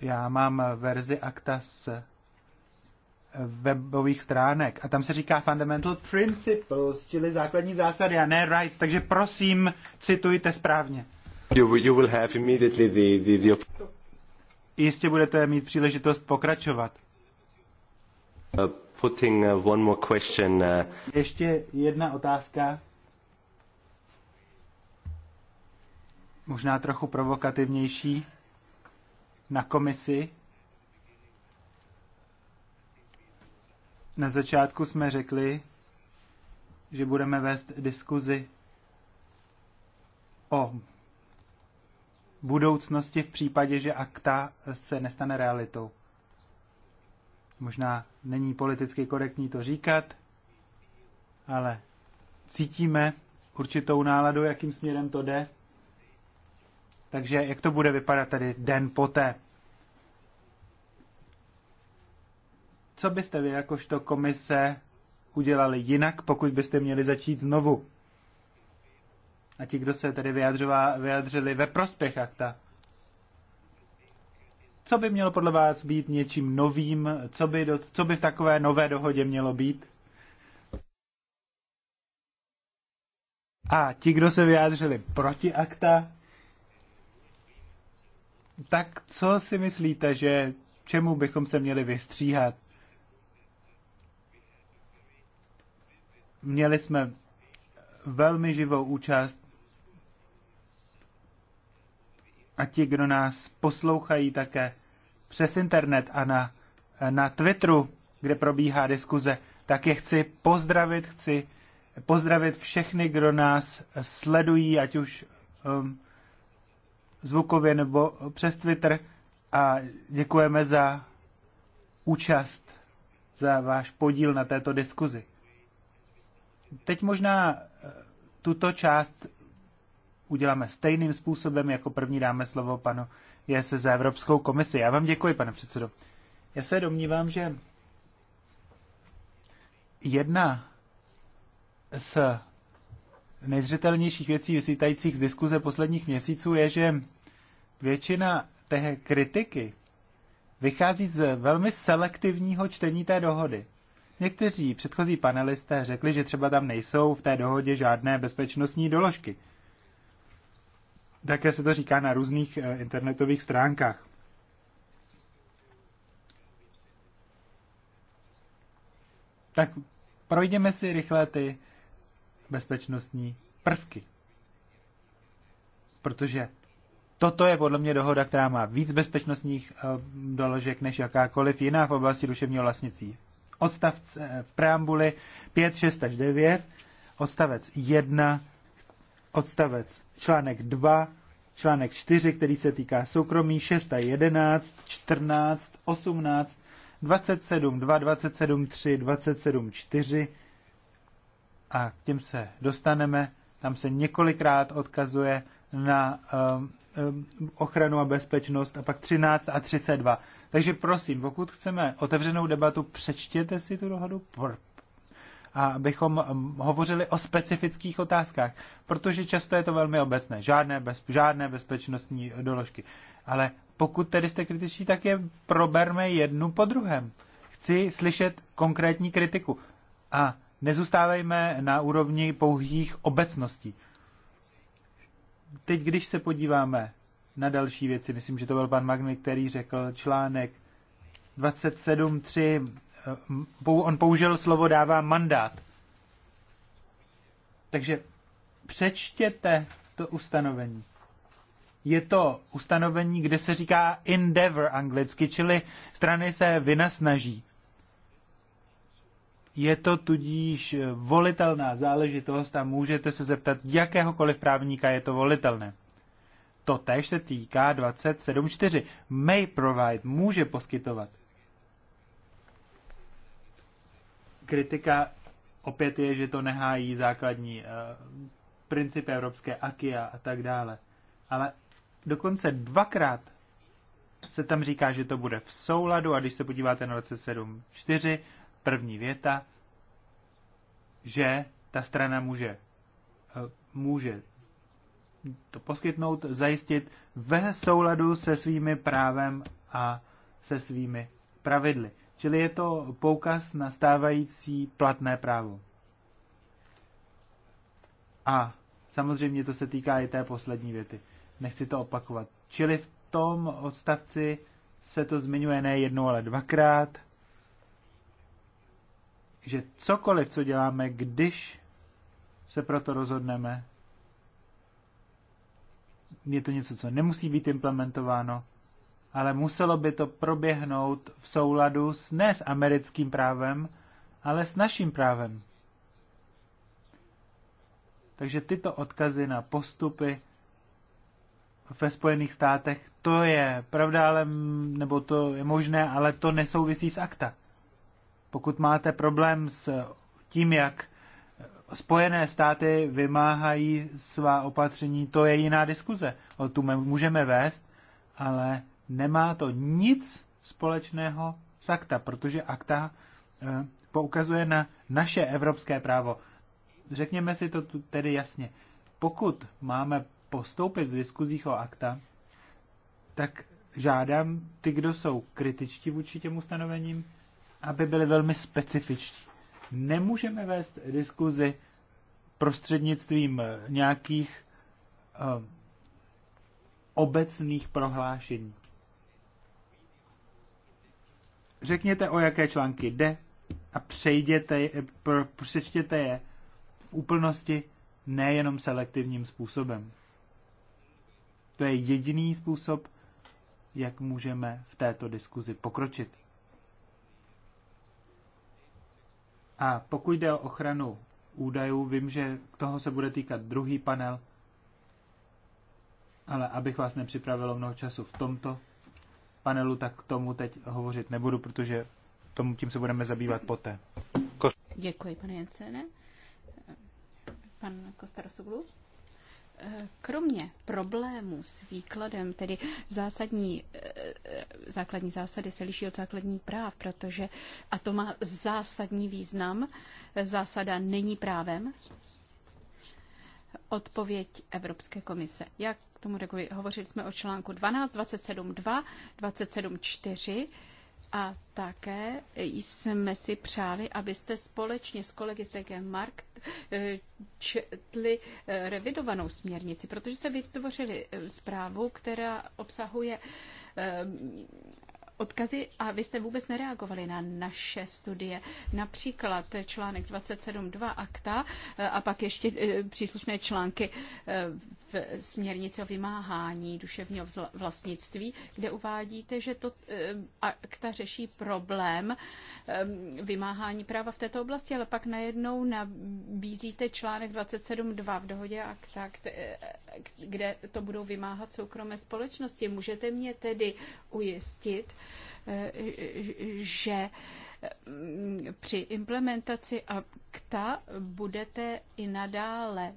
Já mám verzi akta z webových stránek a tam se říká fundamental principles, čili základní zásady a ne rights, takže prosím, citujte správně. You, you will have immediately the, the, the jistě budete mít příležitost pokračovat. Uh, putting uh, one more question. Uh, Ještě jedna otázka. Možná trochu provokativnější na komisi. Na začátku jsme řekli, že budeme vést diskuzi o budoucnosti v případě, že akta se nestane realitou. Možná není politicky korektní to říkat, ale cítíme určitou náladu, jakým směrem to jde. Takže jak to bude vypadat tady den poté? Co byste vy jakožto komise udělali jinak, pokud byste měli začít znovu? a ti, kdo se tedy vyjadřili ve prospěch akta. Co by mělo podle vás být něčím novým? Co by, do, co by v takové nové dohodě mělo být? A ti, kdo se vyjádřili proti akta, tak co si myslíte, že čemu bychom se měli vystříhat? Měli jsme velmi živou účast a ti, kdo nás poslouchají také přes internet a na, na Twitteru, kde probíhá diskuze, tak je chci pozdravit, chci pozdravit všechny, kdo nás sledují, ať už um, zvukově nebo přes Twitter a děkujeme za účast, za váš podíl na této diskuzi. Teď možná eh, tuto část uděláme stejným způsobem, jako první dáme slovo panu Jese za Evropskou komisi. Já vám děkuji, pane předsedo. Já se domnívám, že jedna z nejzřetelnějších věcí vysítajících z diskuze posledních měsíců je, že většina té kritiky vychází z velmi selektivního čtení té dohody. Někteří předchozí panelisté řekli, že třeba tam nejsou v té dohodě žádné bezpečnostní doložky. Také se to říká na různých eh, internetových stránkách. Tak projdeme si rychle ty bezpečnostní prvky. Protože toto je podle mě dohoda, která má víc bezpečnostních eh, doložek než jakákoliv jiná v oblasti duševního vlastnictví. Odstavce eh, v preambuli 5, 6 až 9, odstavec 1 odstavec článek 2, článek 4, který se týká soukromí, 6 a 11, 14, 18, 27, 2, 27, 3, 27, 4 a k těm se dostaneme. Tam se několikrát odkazuje na um, um, ochranu a bezpečnost a pak 13 a 32. Takže prosím, pokud chceme otevřenou debatu, přečtěte si tu dohodu, a abychom um, hovořili o specifických otázkách, protože často je to velmi obecné. Žádné, bez, žádné bezpečnostní doložky. Ale pokud tedy jste kritičtí, tak je proberme jednu po druhém. Chci slyšet konkrétní kritiku. A nezůstávejme na úrovni pouhých obecností. Teď, když se podíváme na další věci, myslím, že to byl pan Magny, který řekl článek 27.3 Eh, on použil slovo dává mandát. Takže přečtěte to ustanovení. Je to ustanovení, kde se říká endeavor anglicky, čili strany se vynasnaží. Je to tudíž volitelná záležitost a můžete se zeptat jakéhokoliv právníka, je to volitelné. To též se týká 27.4. May provide, může poskytovat. kritika opět je, že to nehájí základní eh, principy evropské akia a tak dále. Ale dokonce dvakrát se tam říká, že to bude v souladu a když se podíváte na 27.4, první věta, že ta strana může, eh, může to poskytnout, zajistit ve souladu se svými právem a se svými pravidly. Čili je to poukaz na stávající platné právo. A samozřejmě to se týká i té poslední věty. Nechci to opakovat. Čili v tom odstavci se to zmiňuje ne jednou, ale dvakrát, že cokoliv, co děláme, když se proto rozhodneme, je to něco, co nemusí být implementováno, ale muselo by to proběhnout v souladu s ne s americkým právem, ale s naším právem. Takže tyto odkazy na postupy ve Spojených státech, to je pravda, ale, nebo to je možné, ale to nesouvisí s akta. Pokud máte problém s tím, jak Spojené státy vymáhají svá opatření, to je jiná diskuze. O tu můžeme vést, ale Nemá to nic společného s akta, protože akta eh, poukazuje na naše evropské právo. Řekněme si to tedy jasně. Pokud máme postoupit v diskuzích o akta, tak žádám ty, kdo jsou kritičtí vůči těm ustanovením, aby byli velmi specifičtí. Nemůžeme vést diskuzi prostřednictvím eh, nějakých eh, obecných prohlášení řekněte, o jaké články jde a přejděte, je, přečtěte je v úplnosti, nejenom selektivním způsobem. To je jediný způsob, jak můžeme v této diskuzi pokročit. A pokud jde o ochranu údajů, vím, že toho se bude týkat druhý panel, ale abych vás o mnoho času v tomto, panelu, tak k tomu teď hovořit nebudu, protože tomu tím se budeme zabývat poté. Děkuji, pane Jensene. Pan Kostarosoglu? Kromě problému s výkladem, tedy zásadní, eh, základní zásady se liší od základních práv, protože a to má zásadní význam, zásada není právem, odpověď Evropské komise. Jak tomu reguluji. Hovořili jsme o článku 12, 27 4 a také jsme si přáli, abyste společně s kolegy z DG eh, četli eh, revidovanou směrnici, protože jste vytvořili eh, zprávu, která obsahuje odkazy a vy jste vůbec nereagovali na naše studie. Například článek 27.2 akta a pak ještě příslušné články směrnice o vymáhání duševního vlastnictví, kde uvádíte, že to eh, akta řeší problém eh, vymáhání práva v této oblasti, ale pak najednou nabízíte článek 27.2 v dohodě akta, eh, kde to budou vymáhat soukromé společnosti. Můžete mě tedy ujistit, že mm, při implementaci akta budete i nadále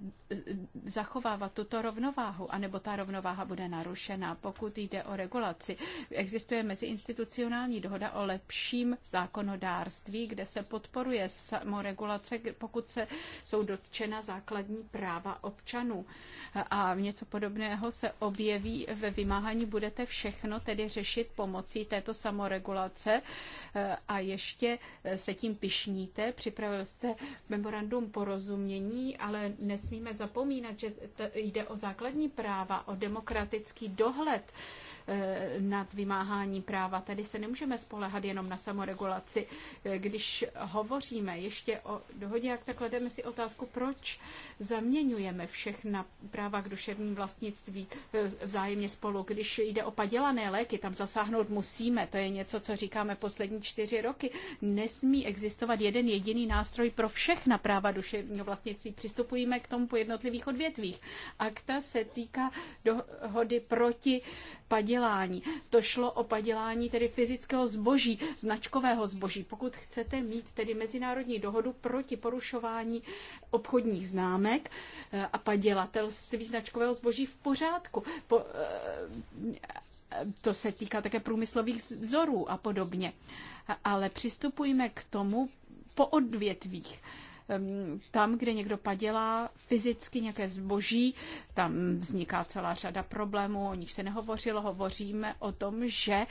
zachovávat tuto rovnováhu, anebo ta rovnováha bude narušena, pokud jde o regulaci. Existuje meziinstitucionální dohoda o lepším zákonodárství, kde se podporuje samoregulace, pokud se jsou dotčena základní práva občanů. A něco podobného se objeví ve vymáhání. Budete všechno tedy řešit pomocí této samoregulace a ještě se tím pišníte. Připravil jste memorandum porozumění, ale nesmíme zapomínat, že jde o základní práva, o demokratický dohled Eh, nad vymáhání práva. Tady se nemůžeme spolehat jenom na samoregulaci. Eh, když hovoříme ještě o dohodě, jak tak klademe si otázku, proč zaměňujeme všechna práva k duševním vlastnictví eh, vzájemně spolu. Když jde o padělané léky, tam zasáhnout musíme. To je něco, co říkáme poslední čtyři roky. Nesmí existovat jeden jediný nástroj pro všechna práva duševního vlastnictví. Přistupujeme k tomu po jednotlivých odvětvích. Akta se týká dohody proti padělání. To šlo o padělání tedy fyzického zboží, značkového zboží. Pokud chcete mít tedy mezinárodní dohodu proti porušování obchodních známek eh, a padělatelství značkového zboží v pořádku. Po, eh, to se týká také průmyslových vzorů a podobně. Ale přistupujme k tomu po odvětvích tam, kde někdo padělá fyzicky nějaké zboží, tam vzniká celá řada problémů, o nich se nehovořilo, hovoříme o tom, že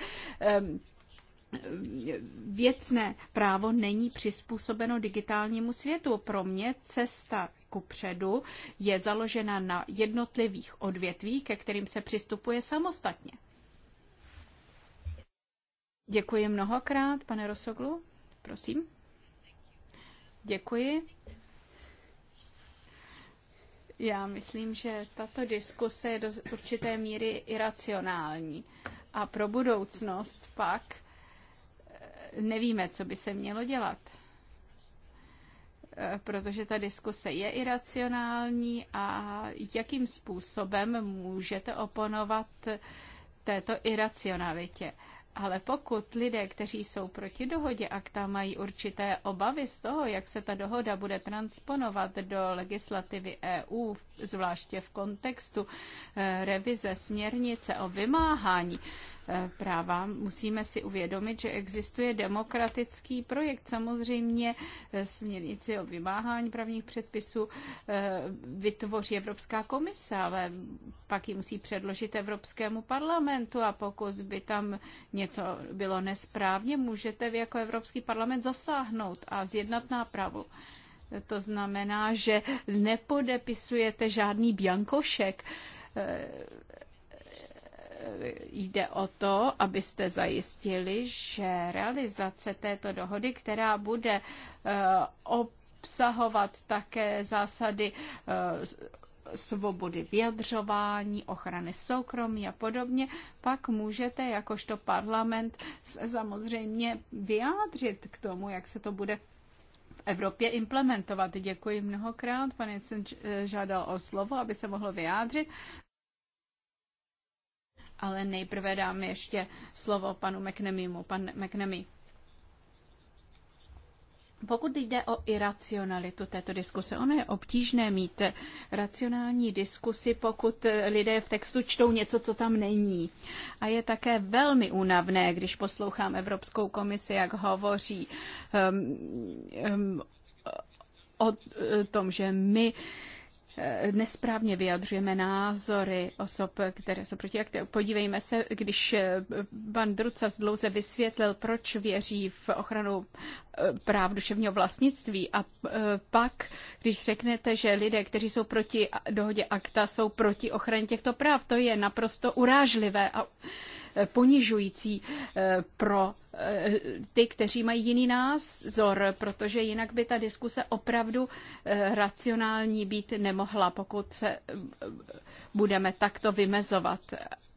věcné právo není přizpůsobeno digitálnímu světu. Pro mě cesta ku předu je založena na jednotlivých odvětvích, ke kterým se přistupuje samostatně. Děkuji mnohokrát, pane Rosoglu. Prosím. Děkuji. Já myslím, že tato diskuse je do určité míry iracionální. A pro budoucnost pak eh, nevíme, co by se mělo dělat. Eh, protože ta diskuse je iracionální a jakým způsobem můžete oponovat této iracionalitě. Ale pokud lidé, kteří jsou proti dohodě akta, mají určité obavy z toho, jak se ta dohoda bude transponovat do legislativy EU, zvláště v kontextu eh, revize směrnice o vymáhání, práva. Musíme si uvědomit, že existuje demokratický projekt. Samozřejmě směrnici o vymáhání právních předpisů eh, vytvoří Evropská komise, ale pak ji musí předložit Evropskému parlamentu a pokud by tam něco bylo nesprávně, můžete vy jako Evropský parlament zasáhnout a zjednat nápravu. To znamená, že nepodepisujete žádný biankošek eh, jde o to, abyste zajistili, že realizace této dohody, která bude eh, obsahovat také zásady eh, svobody vyjadřování, ochrany soukromí a podobně, pak můžete jakožto parlament samozřejmě vyjádřit k tomu, jak se to bude v Evropě implementovat. Děkuji mnohokrát. Pane Jensen eh, žádal o slovo, aby se mohl vyjádřit ale nejprve dám ještě slovo panu McNamimu. Pan McNamy. Pokud jde o iracionalitu této diskuse, ono je obtížné mít racionální diskusi, pokud lidé v textu čtou něco, co tam není. A je také velmi únavné, když poslouchám Evropskou komisi, jak hovoří um, um, o tom, že my uh, Eh, nesprávně vyjadřujeme názory osob, které jsou proti Jak Podívejme se, když eh, pan Druca dlouze vysvětlil, proč věří v ochranu eh, práv duševního vlastnictví a pak, když řeknete, že lidé, kteří jsou proti dohodě akta, jsou proti ochraně těchto práv, to je naprosto urážlivé a ponižující eh, pro eh, ty, kteří mají jiný názor, protože jinak by ta diskuse opravdu eh, racionální být nemohla, pokud se budeme takto vymezovat.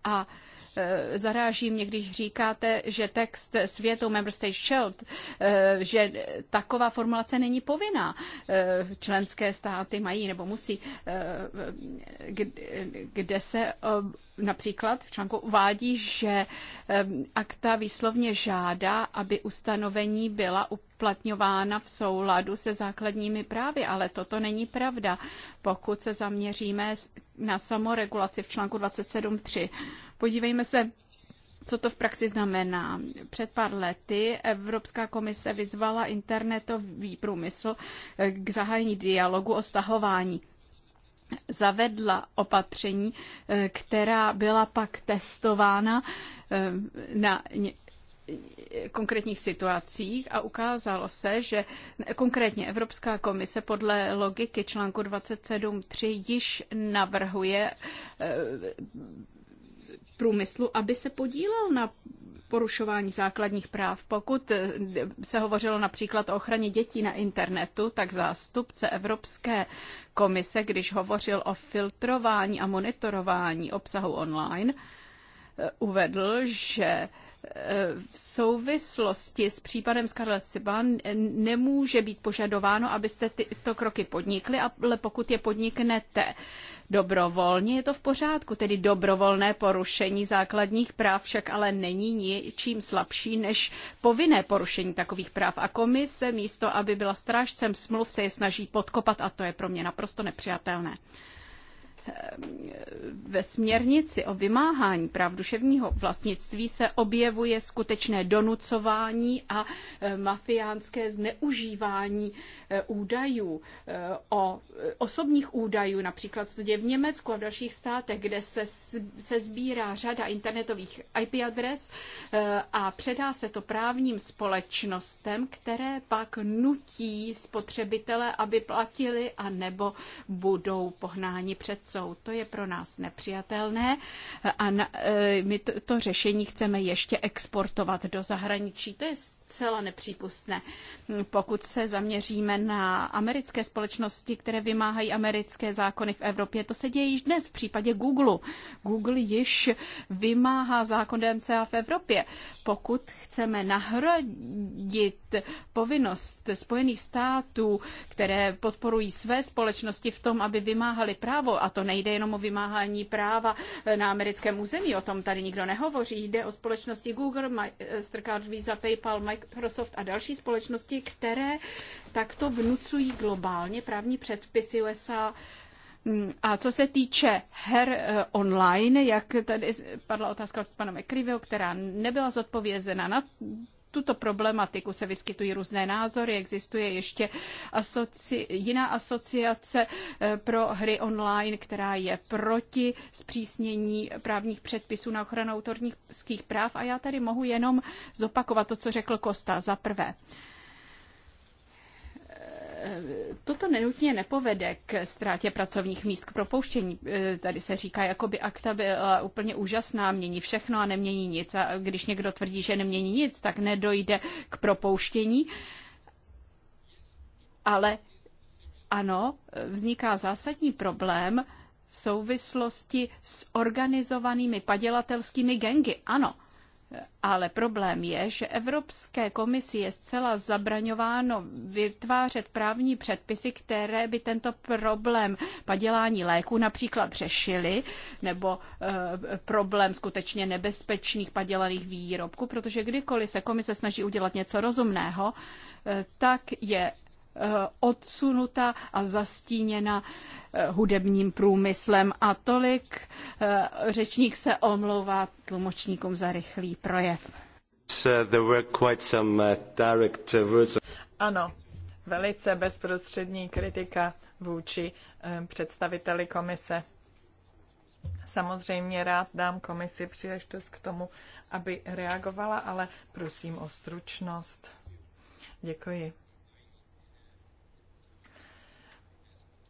A Eh, zaráží mě, když říkáte, že text světu Member State Shield, eh, že taková formulace není povinná. Eh, členské státy mají nebo musí, kde se například v článku uvádí, že akta výslovně žádá, aby ustanovení byla uplatňována v souladu se základními právy, ale toto není pravda, pokud se zaměříme na samoregulaci v článku 27.3 Podívejme se, co to v praxi znamená. Před pár lety Evropská komise vyzvala internetový průmysl eh, k zahájení dialogu o stahování zavedla opatření, eh, která byla pak testována eh, na konkrétních situacích a ukázalo se, že konkrétně Evropská komise podle logiky článku 27.3 již navrhuje průmyslu, aby se podílel na porušování základních práv. Pokud eh, se hovořilo například o ochraně dětí na internetu, tak zástupce Evropské komise, když hovořil o filtrování a monitorování obsahu online, eh, uvedl, že eh, v souvislosti s případem Scarlett Siban nemůže být požadováno, abyste tyto kroky podnikli, ale pokud je podniknete, dobrovolně, je to v pořádku. Tedy dobrovolné porušení základních práv však ale není ničím slabší než povinné porušení takových práv. A komise místo, aby byla strážcem smluv, se je snaží podkopat a to je pro mě naprosto nepřijatelné. Ehm, ve směrnici o vymáhání práv duševního vlastnictví se objevuje skutečné donucování a e, mafiánské zneužívání e, údajů e, o osobních údajů, například děje v Německu a v dalších státech, kde se, se sbírá řada internetových IP adres a předá se to právním společnostem, které pak nutí spotřebitele, aby platili a nebo budou pohnáni před jsou. To je pro nás nepřijatelné a na, e, my to, to řešení chceme ještě exportovat do zahraničí. To je zcela nepřípustné. Pokud se zaměříme na americké společnosti, které vymáhají americké zákony v Evropě, to se děje již dnes v případě Google. Google již vymáhá zákon DMCA v Evropě. Pokud chceme nahradit povinnost Spojených států, které podporují své společnosti v tom, aby vymáhali právo, a to nejde jenom o vymáhání práva na americkém území, o tom tady nikdo nehovoří, jde o společnosti Google, Mastercard, Visa, PayPal, Microsoft a další společnosti, které takto vnucují globálně právní předpisy USA a co se týče her eh, online, jak tady padla otázka od pana McCreevyho, která nebyla zodpovězena, na tuto problematiku se vyskytují různé názory, existuje ještě asoci, jiná asociace eh, pro hry online, která je proti zpřísnění právních předpisů na ochranu autorních práv a já tady mohu jenom zopakovat to, co řekl Kosta za prvé toto nenutně nepovede k ztrátě pracovních míst, k propouštění. E, Tady se říká, jako by akta byla úplně úžasná, mění všechno a nemění nic. A když někdo tvrdí, že nemění nic, tak nedojde k propouštění. Ale ano, vzniká zásadní problém v souvislosti s organizovanými padělatelskými gengy. Ano, ale problém je, že Evropské komisi je zcela zabraňováno vytvářet právní předpisy, které by tento problém padělání léku například řešily, nebo e, problém skutečně nebezpečných padělaných výrobků, protože kdykoliv se komise snaží udělat něco rozumného, e, tak je eh, odsunuta a zastíněna Eh, hudebním průmyslem. A tolik eh, řečník se omlouvá tlumočníkům za rychlý projev. Eh, ano, velice bezprostřední kritika vůči představiteli komise. Samozřejmě rád dám komisi příležitost k tomu, aby reagovala, ale prosím o stručnost. Děkuji.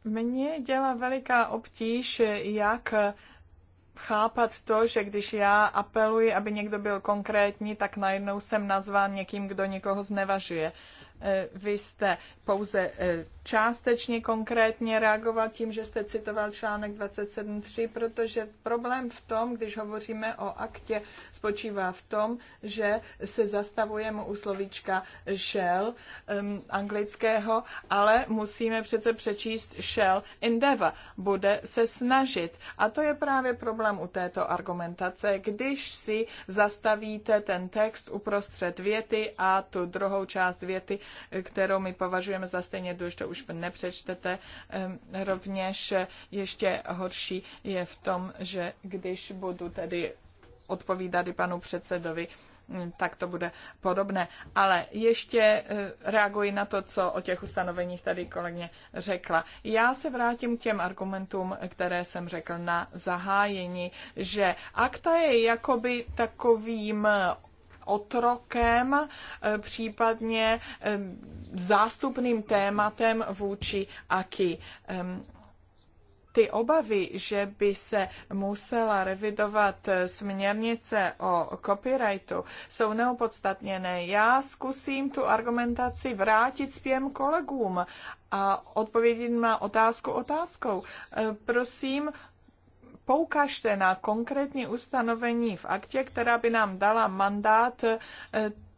Mně dělá veliká obtíž, jak chápat to, že když já apeluji, aby někdo byl konkrétní, tak najednou jsem nazván někým, kdo někoho znevažuje. Eh, vy jste pouze eh, částečně konkrétně reagovat tím, že jste citoval článek 27.3, protože problém v tom, když hovoříme o aktě, spočívá v tom, že se zastavujeme u slovíčka shell um, anglického, ale musíme přece přečíst shell endeavor, bude se snažit. A to je právě problém u této argumentace, když si zastavíte ten text uprostřed věty a tu druhou část věty, kterou my považujeme za stejně důležitou, už nepřečtete. Ehm, rovněž ještě horší je v tom, že když budu tedy odpovídat i panu předsedovi, hm, tak to bude podobné. Ale ještě eh, reaguji na to, co o těch ustanoveních tady kolegně řekla. Já se vrátím k těm argumentům, které jsem řekl na zahájení, že akta je jakoby takovým otrokem, eh, případně eh, zástupným tématem vůči AKI ehm, ty obavy, že by se musela revidovat eh, směrnice o copyrightu, jsou neopodstatněné. Já zkusím tu argumentaci vrátit zpěm kolegům a odpovědět na otázku otázkou. Prosím, poukažte na konkrétní ustanovení v aktě, která by nám dala mandát eh,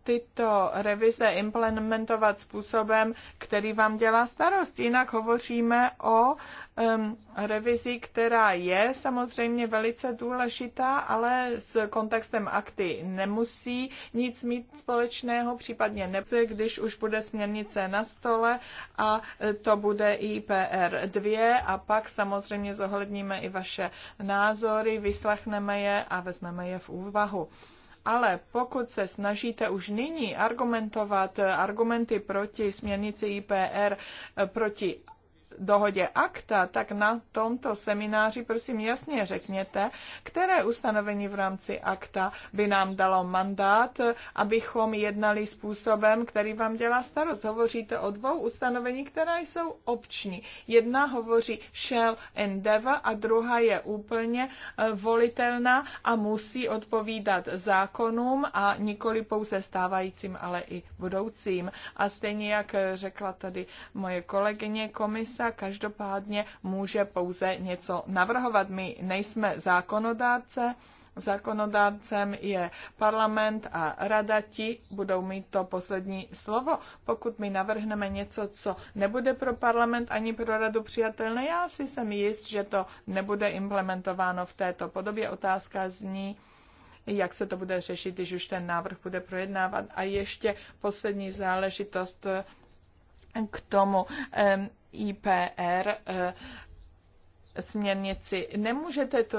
tyto revize implementovat způsobem, který vám dělá starost. Jinak hovoříme o um, revizi, která je samozřejmě velice důležitá, ale s kontextem akty nemusí nic mít společného, případně nebude, když už bude směrnice na stole a to bude IPR 2 a pak samozřejmě zohledníme i vaše názory, vyslechneme je a vezmeme je v úvahu. Ale pokud se snažíte už nyní argumentovat eh, argumenty proti směrnici IPR, eh, proti dohodě akta, tak na tomto semináři prosím jasně řekněte, které ustanovení v rámci akta by nám dalo mandát, abychom jednali způsobem, který vám dělá starost. Hovoříte o dvou ustanovení, která jsou obční. Jedna hovoří shall endeavor a druhá je úplně eh, volitelná a musí odpovídat zákonům a nikoli pouze stávajícím, ale i budoucím. A stejně jak eh, řekla tady moje kolegyně komise, komise každopádně může pouze něco navrhovat. My nejsme zákonodárce, zákonodárcem je parlament a rada, ti budou mít to poslední slovo. Pokud my navrhneme něco, co nebude pro parlament ani pro radu přijatelné, já si jsem jist, že to nebude implementováno v této podobě. Otázka zní, jak se to bude řešit, když už ten návrh bude projednávat. A ještě poslední záležitost k tomu. IPR eh, směrnici. Nemůžete to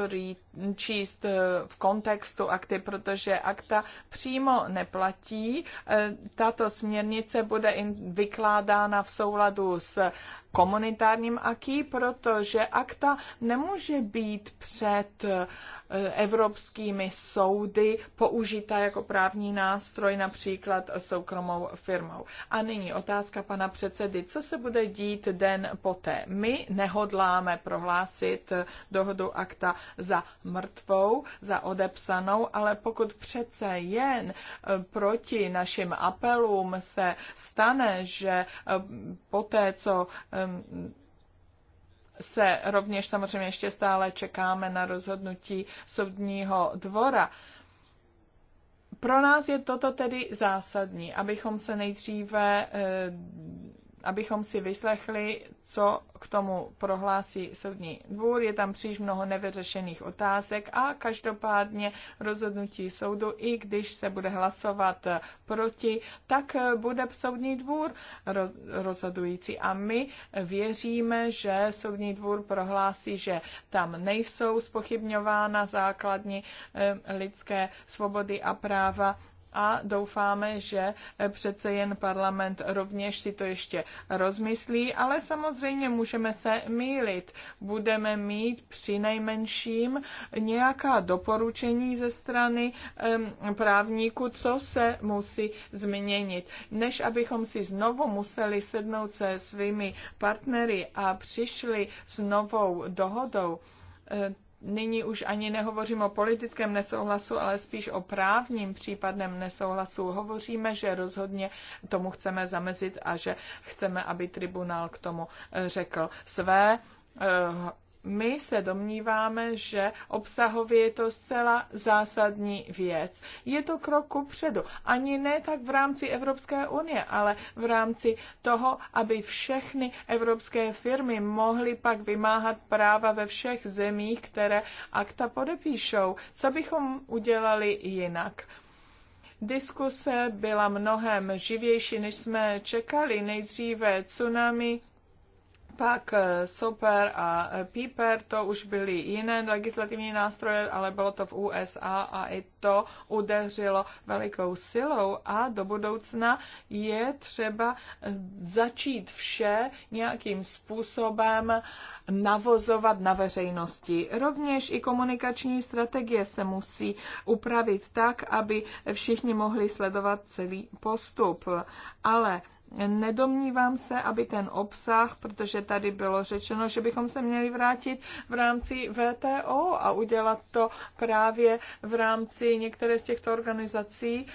číst eh, v kontextu akty, protože akta přímo neplatí. Eh, tato směrnice bude vykládána v souladu s komunitárním aký, protože akta nemůže být před eh, evropskými soudy použita jako právní nástroj například soukromou firmou. A nyní otázka pana předsedy, co se bude dít den poté? My nehodláme prohlásit eh, dohodu akta za mrtvou, za odepsanou, ale pokud přece jen eh, proti našim apelům se stane, že poté, co Ehm, se rovněž samozřejmě ještě stále čekáme na rozhodnutí soudního dvora. Pro nás je toto tedy zásadní, abychom se nejdříve ehm, abychom si vyslechli, co k tomu prohlásí soudní dvůr. Je tam příliš mnoho nevyřešených otázek a každopádně rozhodnutí soudu, i když se bude hlasovat proti, tak bude soudní dvůr rozhodující. A my věříme, že soudní dvůr prohlásí, že tam nejsou spochybňována základní eh, lidské svobody a práva a doufáme, že eh, přece jen parlament rovněž si to ještě rozmyslí, ale samozřejmě můžeme se mýlit. Budeme mít při nejmenším nějaká doporučení ze strany um, právníku, co se musí změnit. Než abychom si znovu museli sednout se svými partnery a přišli s novou dohodou, eh, nyní už ani nehovořím o politickém nesouhlasu, ale spíš o právním případném nesouhlasu. Hovoříme, že rozhodně tomu chceme zamezit a že chceme, aby tribunál k tomu řekl své eh, my se domníváme, že obsahově je to zcela zásadní věc. Je to krok ku předu. Ani ne tak v rámci Evropské unie, ale v rámci toho, aby všechny evropské firmy mohly pak vymáhat práva ve všech zemích, které akta podepíšou. Co bychom udělali jinak? Diskuse byla mnohem živější, než jsme čekali. Nejdříve tsunami, pak eh, Super a eh, Piper, to už byly jiné legislativní nástroje, ale bylo to v USA a i to udeřilo velikou silou a do budoucna je třeba eh, začít vše nějakým způsobem navozovat na veřejnosti. Rovněž i komunikační strategie se musí upravit tak, aby všichni mohli sledovat celý postup. Ale Nedomnívám se, aby ten obsah, protože tady bylo řečeno, že bychom se měli vrátit v rámci VTO a udělat to právě v rámci některé z těchto organizací.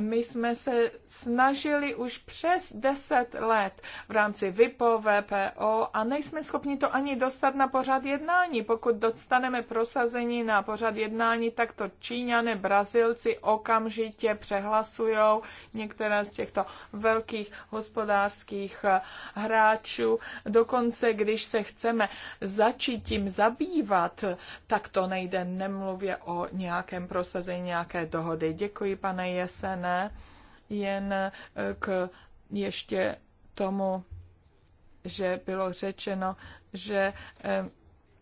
My jsme se snažili už přes 10 let v rámci VIPO, VPO a nejsme schopni to ani dostat na pořad jednání. Pokud dostaneme prosazení na pořad jednání, tak to Číňané, Brazilci okamžitě přehlasujou některé z těchto velkých velkých hospodářských eh, hráčů. Dokonce, když se chceme začít tím zabývat, tak to nejde, nemluvě o nějakém prosazení nějaké dohody. Děkuji, pane Jesene. jen eh, k ještě tomu, že bylo řečeno, že eh,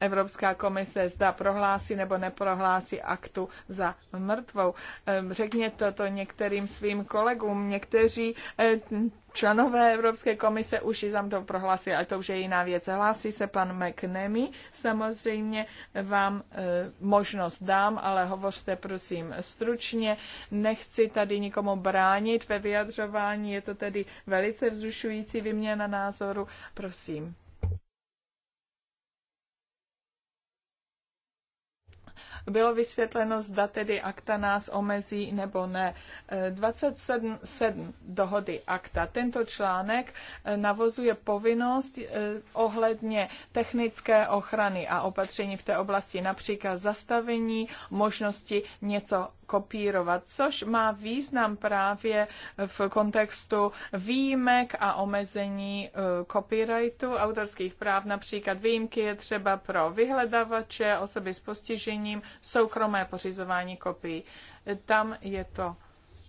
Evropská komise zda prohlásí nebo neprohlásí aktu za mrtvou. Ehm, řekněte to některým svým kolegům. Někteří ehm, členové Evropské komise už ji tam to prohlásili, ale to už je jiná věc. Hlásí se pan McNamee. Samozřejmě vám ehm, možnost dám, ale hovořte prosím stručně. Nechci tady nikomu bránit ve vyjadřování. Je to tedy velice vzrušující výměna názoru. Prosím. bylo vysvětleno, zda tedy akta nás omezí nebo ne. 27 eh, dohody akta. Tento článek eh, navozuje povinnost eh, ohledně technické ochrany a opatření v té oblasti, například zastavení možnosti něco kopírovat, což má význam právě v kontextu výjimek a omezení e, copyrightu autorských práv. Například výjimky je třeba pro vyhledavače, osoby s postižením, soukromé pořizování kopií. E, tam je to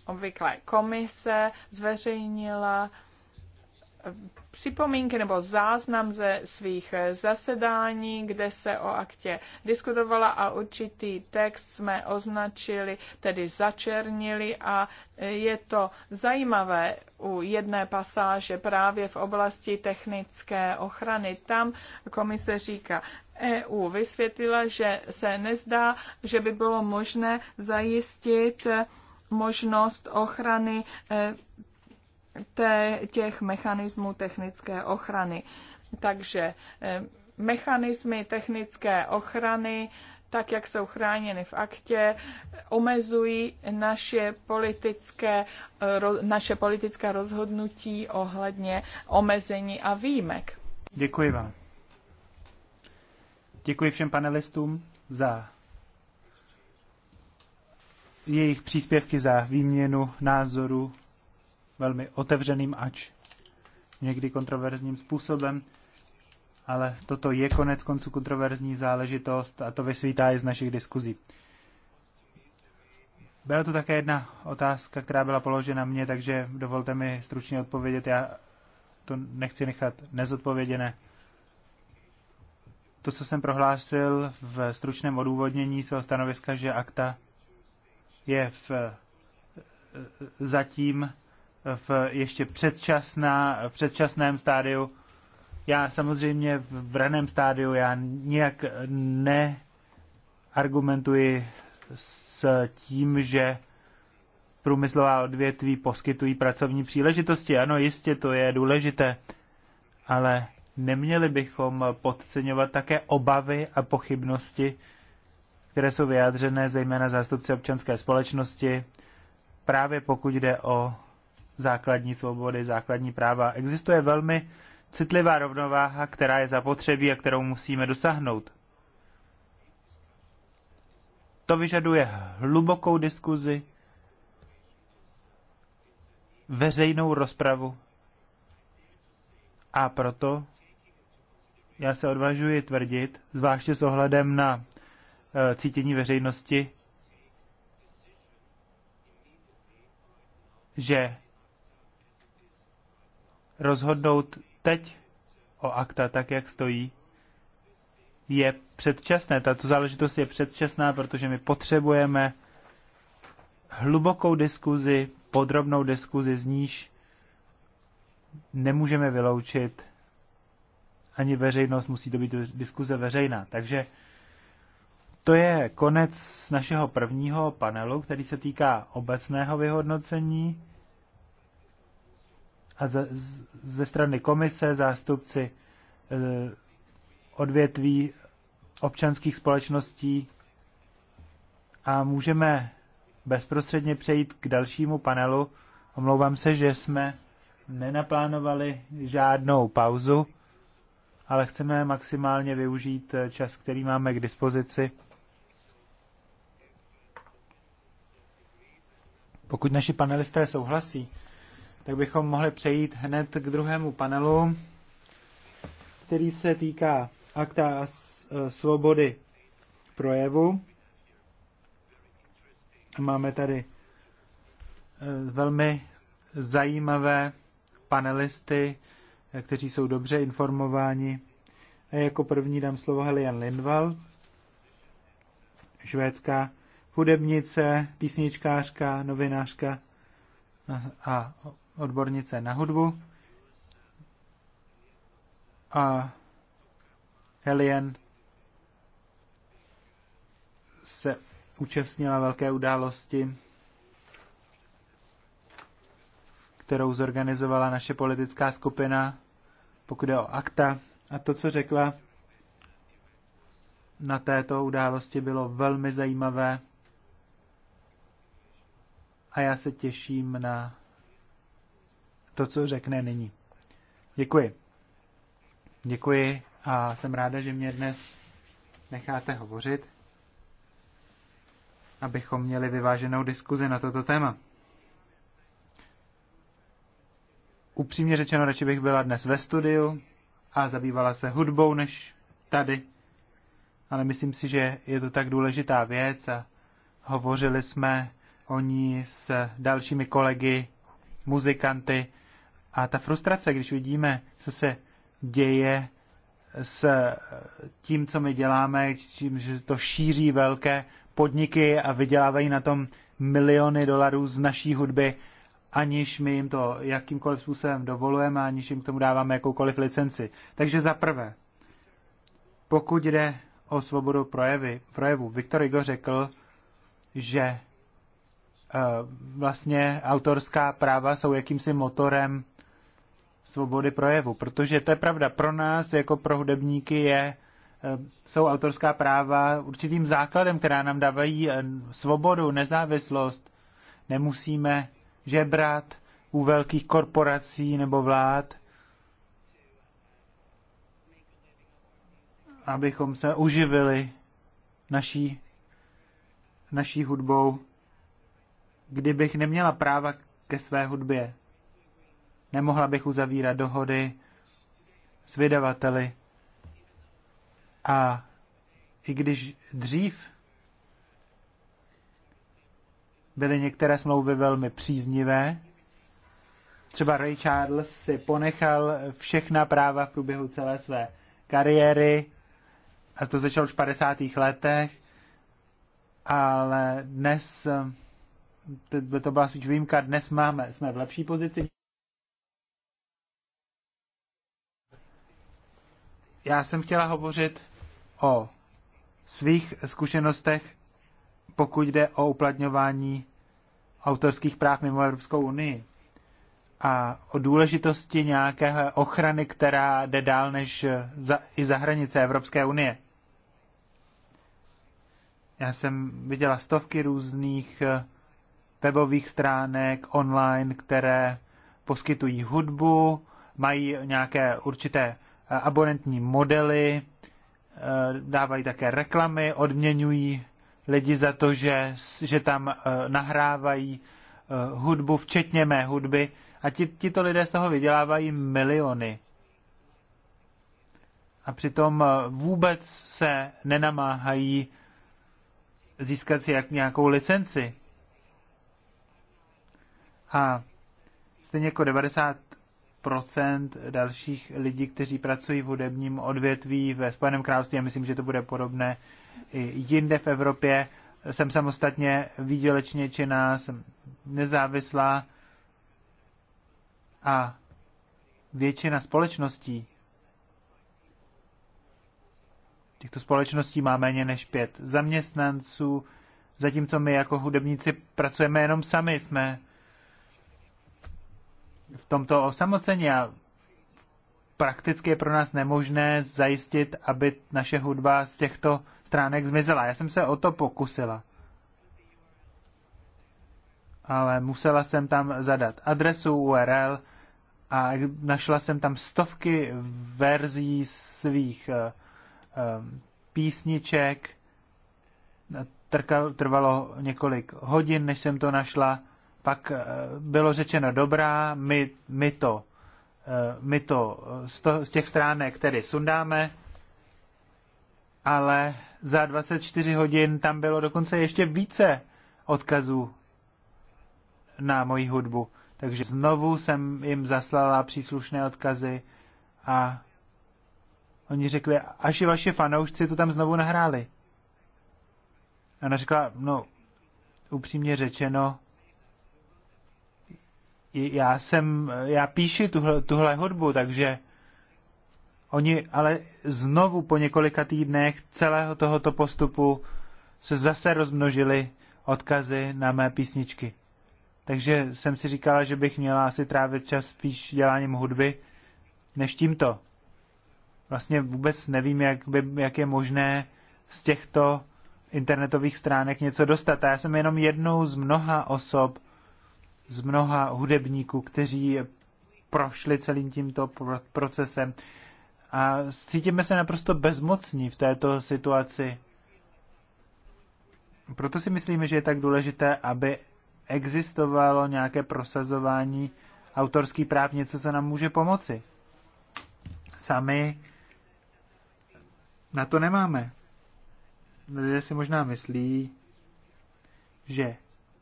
obvyklé. Komise zveřejnila připomínky nebo záznam ze svých zasedání, kde se o aktě diskutovala a určitý text jsme označili, tedy začernili a je to zajímavé u jedné pasáže právě v oblasti technické ochrany. Tam komise říká, EU vysvětlila, že se nezdá, že by bylo možné zajistit možnost ochrany eh, té, těch mechanismů technické ochrany. Takže eh, mechanismy technické ochrany, tak jak jsou chráněny v aktě, omezují naše politické, eh, naše politické rozhodnutí ohledně omezení a výjimek. Děkuji vám. Děkuji všem panelistům za jejich příspěvky, za výměnu názoru velmi otevřeným, ač někdy kontroverzním způsobem, ale toto je konec konců kontroverzní záležitost a to vysvítá i z našich diskuzí. Byla to také jedna otázka, která byla položena mně, takže dovolte mi stručně odpovědět. Já to nechci nechat nezodpověděné. To, co jsem prohlásil v stručném odůvodnění svého stanoviska, že akta je v, e, e, zatím v ještě předčasná, v předčasném stádiu. Já samozřejmě v raném stádiu já nijak neargumentuji s tím, že průmyslová odvětví poskytují pracovní příležitosti. Ano, jistě to je důležité, ale neměli bychom podceňovat také obavy a pochybnosti, které jsou vyjádřené zejména zástupci občanské společnosti, právě pokud jde o základní svobody, základní práva. Existuje velmi citlivá rovnováha, která je zapotřebí a kterou musíme dosáhnout. To vyžaduje hlubokou diskuzi, veřejnou rozpravu. A proto já se odvažuji tvrdit, zvláště s ohledem na e, cítění veřejnosti, že rozhodnout teď o akta tak, jak stojí, je předčasné. Tato záležitost je předčasná, protože my potřebujeme hlubokou diskuzi, podrobnou diskuzi, z níž nemůžeme vyloučit ani veřejnost, musí to být diskuze veřejná. Takže to je konec našeho prvního panelu, který se týká obecného vyhodnocení a ze, ze strany komise zástupci e, odvětví občanských společností a můžeme bezprostředně přejít k dalšímu panelu. Omlouvám se, že jsme nenaplánovali žádnou pauzu, ale chceme maximálně využít čas, který máme k dispozici. Pokud naši panelisté souhlasí, tak bychom mohli přejít hned k druhému panelu, který se týká akta e, svobody projevu. Máme tady e, velmi zajímavé panelisty, e, kteří jsou dobře informováni. A jako první dám slovo Helian Lindvall, švédská hudebnice, písničkářka, novinářka a odbornice na hudbu a Helien se účastnila velké události, kterou zorganizovala naše politická skupina, pokud je o akta. A to, co řekla na této události, bylo velmi zajímavé a já se těším na to, co řekne nyní. Děkuji. Děkuji a jsem ráda, že mě dnes necháte hovořit, abychom měli vyváženou diskuzi na toto téma. Upřímně řečeno, radši bych byla dnes ve studiu a zabývala se hudbou než tady, ale myslím si, že je to tak důležitá věc a hovořili jsme o ní s dalšími kolegy, muzikanty, a ta frustrace, když vidíme, co se děje s tím, co my děláme, tím, že to šíří velké podniky a vydělávají na tom miliony dolarů z naší hudby, aniž my jim to jakýmkoliv způsobem dovolujeme, aniž jim k tomu dáváme jakoukoliv licenci. Takže za prvé, pokud jde o svobodu projevy, projevu, Viktor Igo řekl, že eh, vlastně autorská práva jsou jakýmsi motorem svobody projevu, protože to je pravda. Pro nás, jako pro hudebníky, je, eh, jsou autorská práva určitým základem, která nám dávají eh, svobodu, nezávislost. Nemusíme žebrat u velkých korporací nebo vlád, abychom se uživili naší, naší hudbou, kdybych neměla práva ke své hudbě, Nemohla bych uzavírat dohody s vydavateli. A i když dřív byly některé smlouvy velmi příznivé, třeba Ray Charles si ponechal všechna práva v průběhu celé své kariéry, a to začalo už v 50. letech, ale dnes, to byla spíš výjimka, dnes máme, jsme v lepší pozici. já jsem chtěla hovořit o svých zkušenostech, pokud jde o uplatňování autorských práv mimo Evropskou unii a o důležitosti nějaké ochrany, která jde dál než za, i za hranice Evropské unie. Já jsem viděla stovky různých eh, webových stránek online, které poskytují hudbu, mají nějaké určité Eh, abonentní modely, eh, dávají také reklamy, odměňují lidi za to, že, že tam eh, nahrávají hudbu, včetně mé hudby. A ti, tito lidé z toho vydělávají miliony. A přitom vůbec se nenamáhají získat si jak nějakou licenci. A stejně jako 90 procent dalších lidí, kteří pracují v hudebním odvětví ve Spojeném království a myslím, že to bude podobné i jinde v Evropě. Jsem samostatně výdělečně činná, jsem nezávislá a většina společností těchto společností má méně než pět zaměstnanců, zatímco my jako hudebníci pracujeme jenom sami, jsme v tomto osamocení a prakticky je pro nás nemožné zajistit, aby naše hudba z těchto stránek zmizela. Já jsem se o to pokusila. Ale musela jsem tam zadat adresu URL a našla jsem tam stovky verzí svých um, písniček. Trkal, trvalo několik hodin, než jsem to našla pak eh, bylo řečeno dobrá, my, my to, eh, my to z, to z těch stránek tedy sundáme, ale za 24 hodin tam bylo dokonce ještě více odkazů na moji hudbu. Takže znovu jsem jim zaslala příslušné odkazy a oni řekli, až i vaši fanoušci to tam znovu nahráli. A ona řekla, no, upřímně řečeno, já jsem, já píši tuhle, tuhle hudbu, takže oni ale znovu po několika týdnech celého tohoto postupu se zase rozmnožili odkazy na mé písničky. Takže jsem si říkala, že bych měla asi trávit čas spíš děláním hudby, než tímto. Vlastně vůbec nevím, jak, by, jak je možné z těchto internetových stránek něco dostat. A já jsem jenom jednou z mnoha osob, z mnoha hudebníků, kteří prošli celým tímto procesem. A cítíme se naprosto bezmocní v této situaci. Proto si myslíme, že je tak důležité, aby existovalo nějaké prosazování autorský práv, něco, co nám může pomoci. Sami na to nemáme. Lidé si možná myslí, že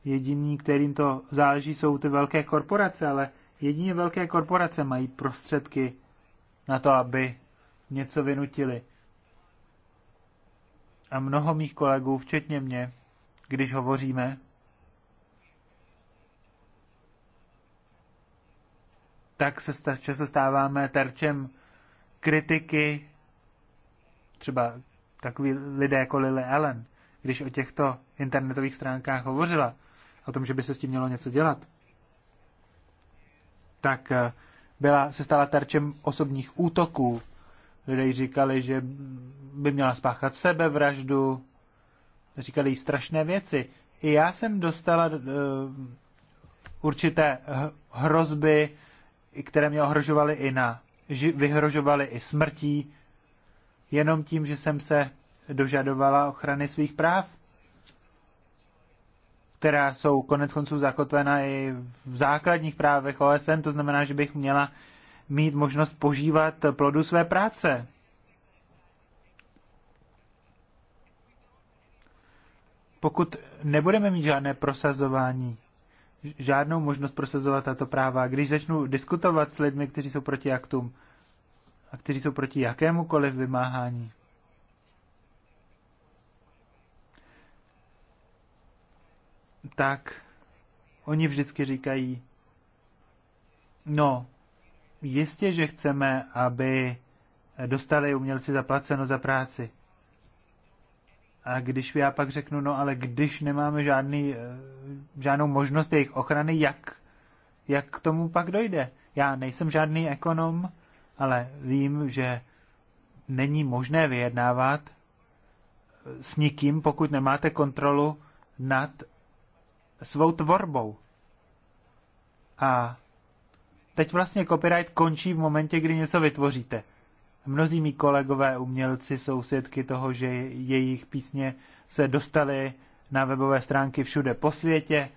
jediný, kterým to záleží, jsou ty velké korporace, ale jedině velké korporace mají prostředky na to, aby něco vynutili. A mnoho mých kolegů, včetně mě, když hovoříme, tak se často stáváme terčem kritiky, třeba takový lidé jako Lily Allen, když o těchto internetových stránkách hovořila, o tom, že by se s tím mělo něco dělat, tak eh, byla, se stala terčem osobních útoků. Lidé říkali, že by měla spáchat sebevraždu, říkali jí strašné věci. I já jsem dostala uh, určité hrozby, které mě ohrožovaly i na, vyhrožovaly i smrtí, jenom tím, že jsem se dožadovala ochrany svých práv která jsou konec konců zakotvena i v základních právech OSN, to znamená, že bych měla mít možnost požívat plodu své práce. Pokud nebudeme mít žádné prosazování, žádnou možnost prosazovat tato práva, když začnu diskutovat s lidmi, kteří jsou proti aktům a kteří jsou proti jakémukoliv vymáhání, tak oni vždycky říkají, no, jistě, že chceme, aby dostali umělci zaplaceno za práci. A když já pak řeknu, no ale když nemáme žádný, eh, žádnou možnost jejich ochrany, jak, jak k tomu pak dojde? Já nejsem žádný ekonom, ale vím, že není možné vyjednávat s nikým, pokud nemáte kontrolu nad svou tvorbou. A teď vlastně copyright končí v momentě, kdy něco vytvoříte. Mnozí mý kolegové umělci jsou svědky toho, že jejich písně se dostaly na webové stránky všude po světě.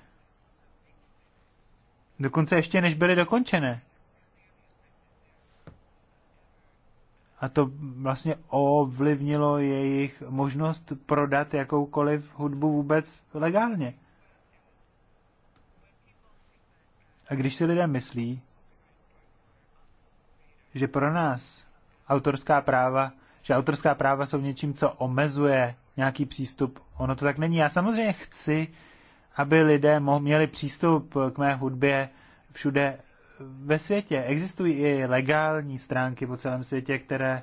Dokonce ještě než byly dokončené. A to vlastně ovlivnilo jejich možnost prodat jakoukoliv hudbu vůbec legálně. A když si lidé myslí, že pro nás autorská práva, že autorská práva jsou něčím, co omezuje nějaký přístup, ono to tak není. Já samozřejmě chci, aby lidé měli přístup k mé hudbě všude ve světě. Existují i legální stránky po celém světě, které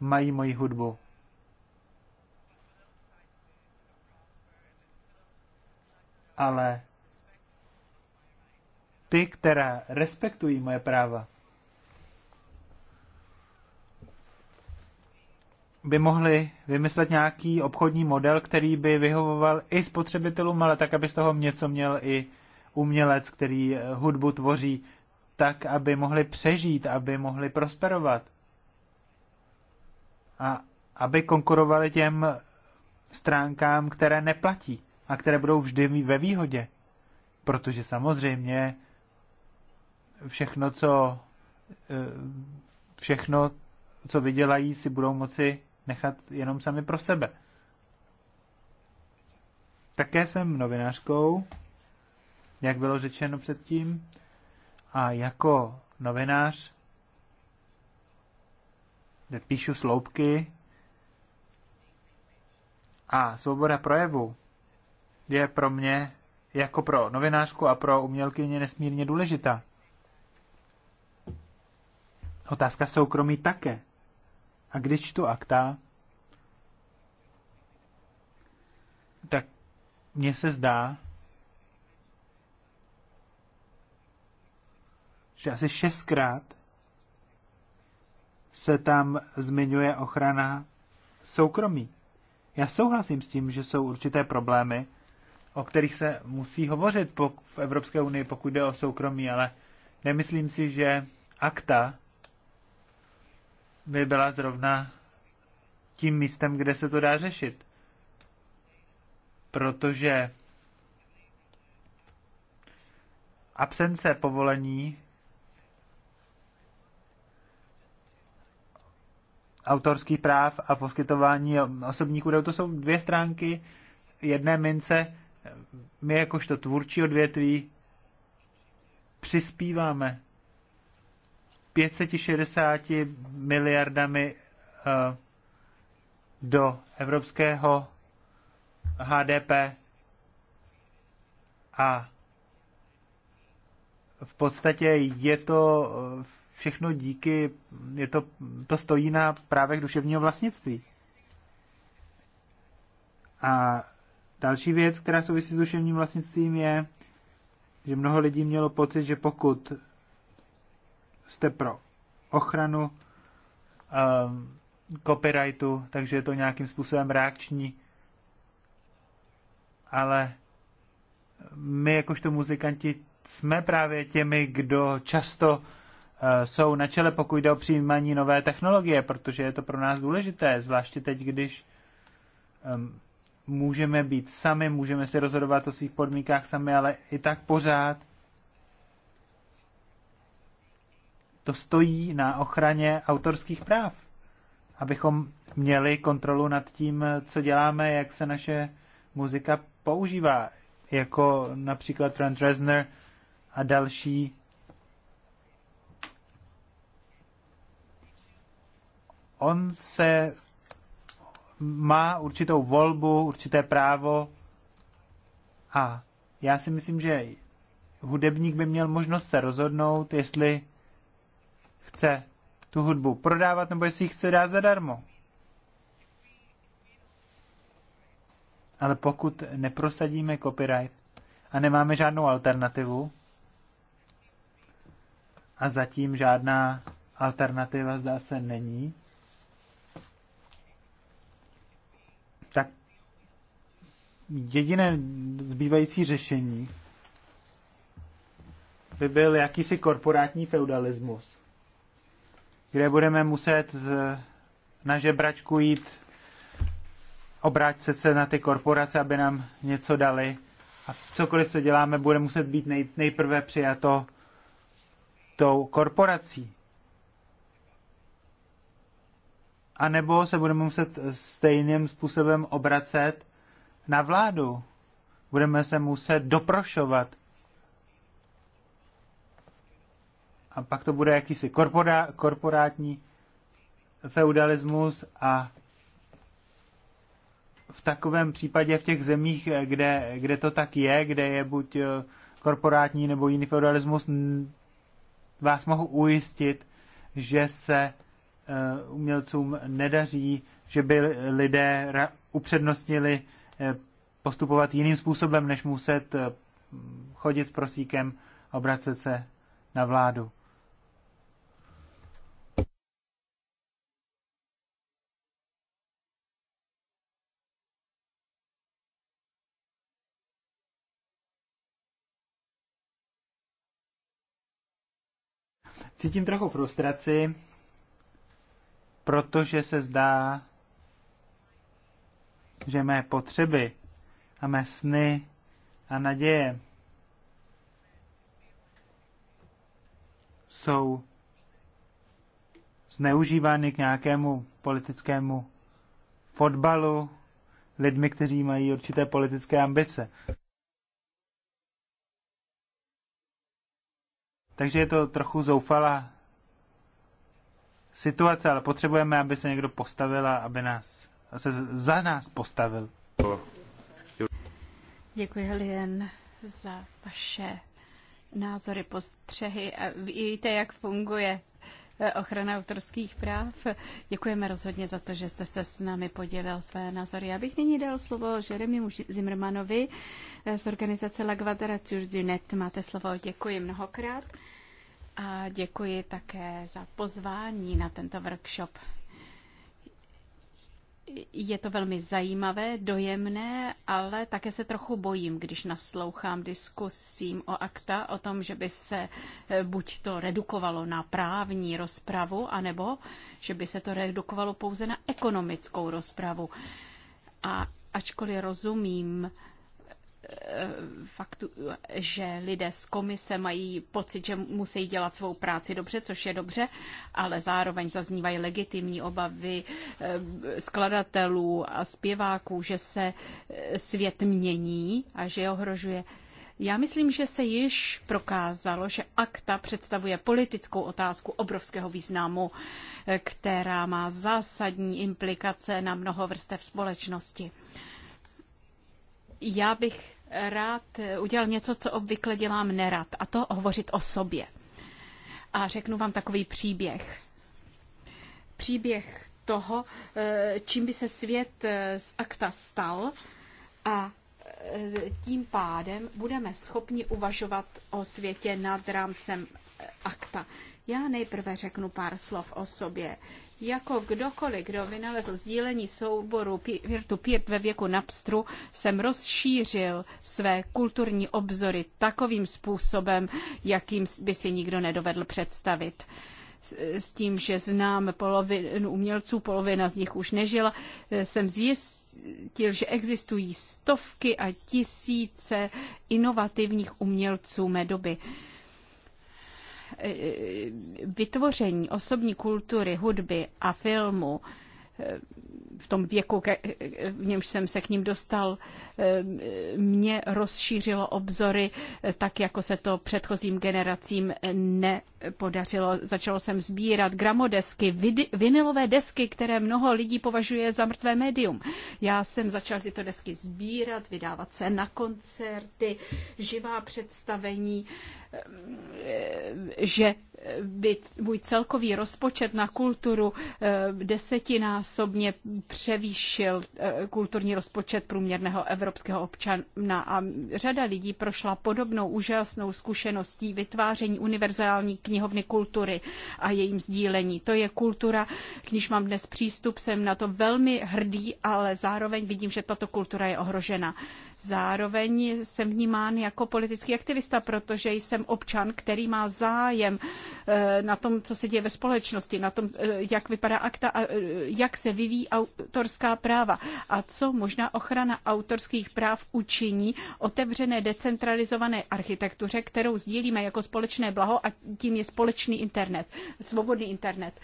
mají moji hudbu. Ale ty, která respektují moje práva, by mohli vymyslet nějaký obchodní model, který by vyhovoval i spotřebitelům, ale tak, aby z toho něco měl i umělec, který eh, hudbu tvoří, tak, aby mohli přežít, aby mohli prosperovat. A aby konkurovali těm stránkám, které neplatí a které budou vždy ve výhodě. Protože samozřejmě všechno, co eh, všechno, co vydělají, si budou moci nechat jenom sami pro sebe. Také jsem novinářkou, jak bylo řečeno předtím, a jako novinář píšu sloupky a svoboda projevu je pro mě jako pro novinářku a pro umělkyně nesmírně důležitá otázka soukromí také. A když čtu akta, tak mně se zdá, že asi šestkrát se tam zmiňuje ochrana soukromí. Já souhlasím s tím, že jsou určité problémy, o kterých se musí hovořit v Evropské unii, pokud jde o soukromí, ale nemyslím si, že akta by byla zrovna tím místem, kde se to dá řešit. Protože absence povolení autorský práv a poskytování osobních údajů, to jsou dvě stránky jedné mince. My jakožto tvůrčí odvětví přispíváme 560 miliardami eh, do evropského HDP a v podstatě je to eh, všechno díky, je to, to stojí na právech duševního vlastnictví. A další věc, která souvisí s duševním vlastnictvím, je, že mnoho lidí mělo pocit, že pokud jste pro ochranu um, copyrightu, takže je to nějakým způsobem reakční, ale my jakožto muzikanti jsme právě těmi, kdo často eh, jsou na čele, pokud jde o přijímání nové technologie, protože je to pro nás důležité, zvláště teď, když um, můžeme být sami, můžeme si rozhodovat o svých podmínkách sami, ale i tak pořád to stojí na ochraně autorských práv. Abychom měli kontrolu nad tím, co děláme, jak se naše muzika používá, jako například Trent Reznor a další. On se má určitou volbu, určité právo a já si myslím, že hudebník by měl možnost se rozhodnout, jestli chce tu hudbu prodávat nebo jestli ji chce dát zadarmo. Ale pokud neprosadíme copyright a nemáme žádnou alternativu, a zatím žádná alternativa zdá se není, tak jediné zbývající řešení by byl jakýsi korporátní feudalismus kde budeme muset na žebračku jít, obrátit se na ty korporace, aby nám něco dali. A cokoliv, co děláme, bude muset být nej, nejprve přijato tou korporací. A nebo se budeme muset stejným způsobem obracet na vládu. Budeme se muset doprošovat a pak to bude jakýsi korpora, korporátní feudalismus a v takovém případě v těch zemích, kde, kde to tak je, kde je buď eh, korporátní nebo jiný feudalismus, vás mohu ujistit, že se eh, umělcům nedaří, že by lidé upřednostnili eh, postupovat jiným způsobem, než muset chodit s prosíkem a obracet se na vládu. Cítím trochu frustraci, protože se zdá, že mé potřeby a mé sny a naděje jsou zneužívány k nějakému politickému fotbalu lidmi, kteří mají určité politické ambice. Takže je to trochu zoufalá situace, ale potřebujeme, aby se někdo postavil a aby nás, a se za nás postavil. Děkuji, Helien, za vaše názory, postřehy a víte, jak funguje Eh, ochrany autorských práv. Děkujeme rozhodně za to, že jste se s námi podělil své názory. Já bych nyní dal slovo Jeremimu Zimmermanovi eh, z organizace La Quadrature du Net. Máte slovo, děkuji mnohokrát. A děkuji také za pozvání na tento workshop je to velmi zajímavé, dojemné, ale také se trochu bojím, když naslouchám diskusím o akta, o tom, že by se eh, buď to redukovalo na právní rozpravu, anebo že by se to redukovalo pouze na ekonomickou rozpravu. A ačkoliv rozumím, faktu, že lidé z komise mají pocit, že musí dělat svou práci dobře, což je dobře, ale zároveň zaznívají legitimní obavy eh, skladatelů a zpěváků, že se eh, svět mění a že je ohrožuje. Já myslím, že se již prokázalo, že akta představuje politickou otázku obrovského významu, eh, která má zásadní implikace na mnoho vrstev společnosti. Já bych rád udělal něco, co obvykle dělám nerad, a to hovořit o sobě. A řeknu vám takový příběh. Příběh toho, eh, čím by se svět eh, z akta stal a eh, tím pádem budeme schopni uvažovat o světě nad rámcem akta. Já nejprve řeknu pár slov o sobě. Jako kdokoliv, kdo vynalezl sdílení souboru virtu Pirt ve věku Napstru, jsem rozšířil své kulturní obzory takovým způsobem, jakým by si nikdo nedovedl představit s tím, že znám polovinu umělců, polovina z nich už nežila, eh, jsem zjistil, že existují stovky a tisíce inovativních umělců mé doby. Eh, eh, vytvoření osobní kultury, hudby a filmu v tom věku, v němž jsem se k ním dostal, eh, mě rozšířilo obzory, eh, tak jako se to předchozím generacím nepodařilo. Začal jsem sbírat gramodesky, vinilové desky, které mnoho lidí považuje za mrtvé médium. Já jsem začal tyto desky sbírat, vydávat se na koncerty, živá představení, eh, že by můj celkový rozpočet na kulturu eh, desetinásobně převýšil eh, kulturní rozpočet průměrného evropského občana. A řada lidí prošla podobnou úžasnou zkušeností vytváření univerzální knihovny kultury a jejím sdílení. To je kultura, k níž mám dnes přístup, jsem na to velmi hrdý, ale zároveň vidím, že tato kultura je ohrožena. Zároveň jsem vnímán jako politický aktivista, protože jsem občan, který má zájem eh, na tom, co se děje ve společnosti, na tom, eh, jak vypadá akta eh, jak se vyvíjí autorská práva a co možná ochrana autorských práv učiní otevřené decentralizované architektuře, kterou sdílíme jako společné blaho a tím je společný internet, svobodný internet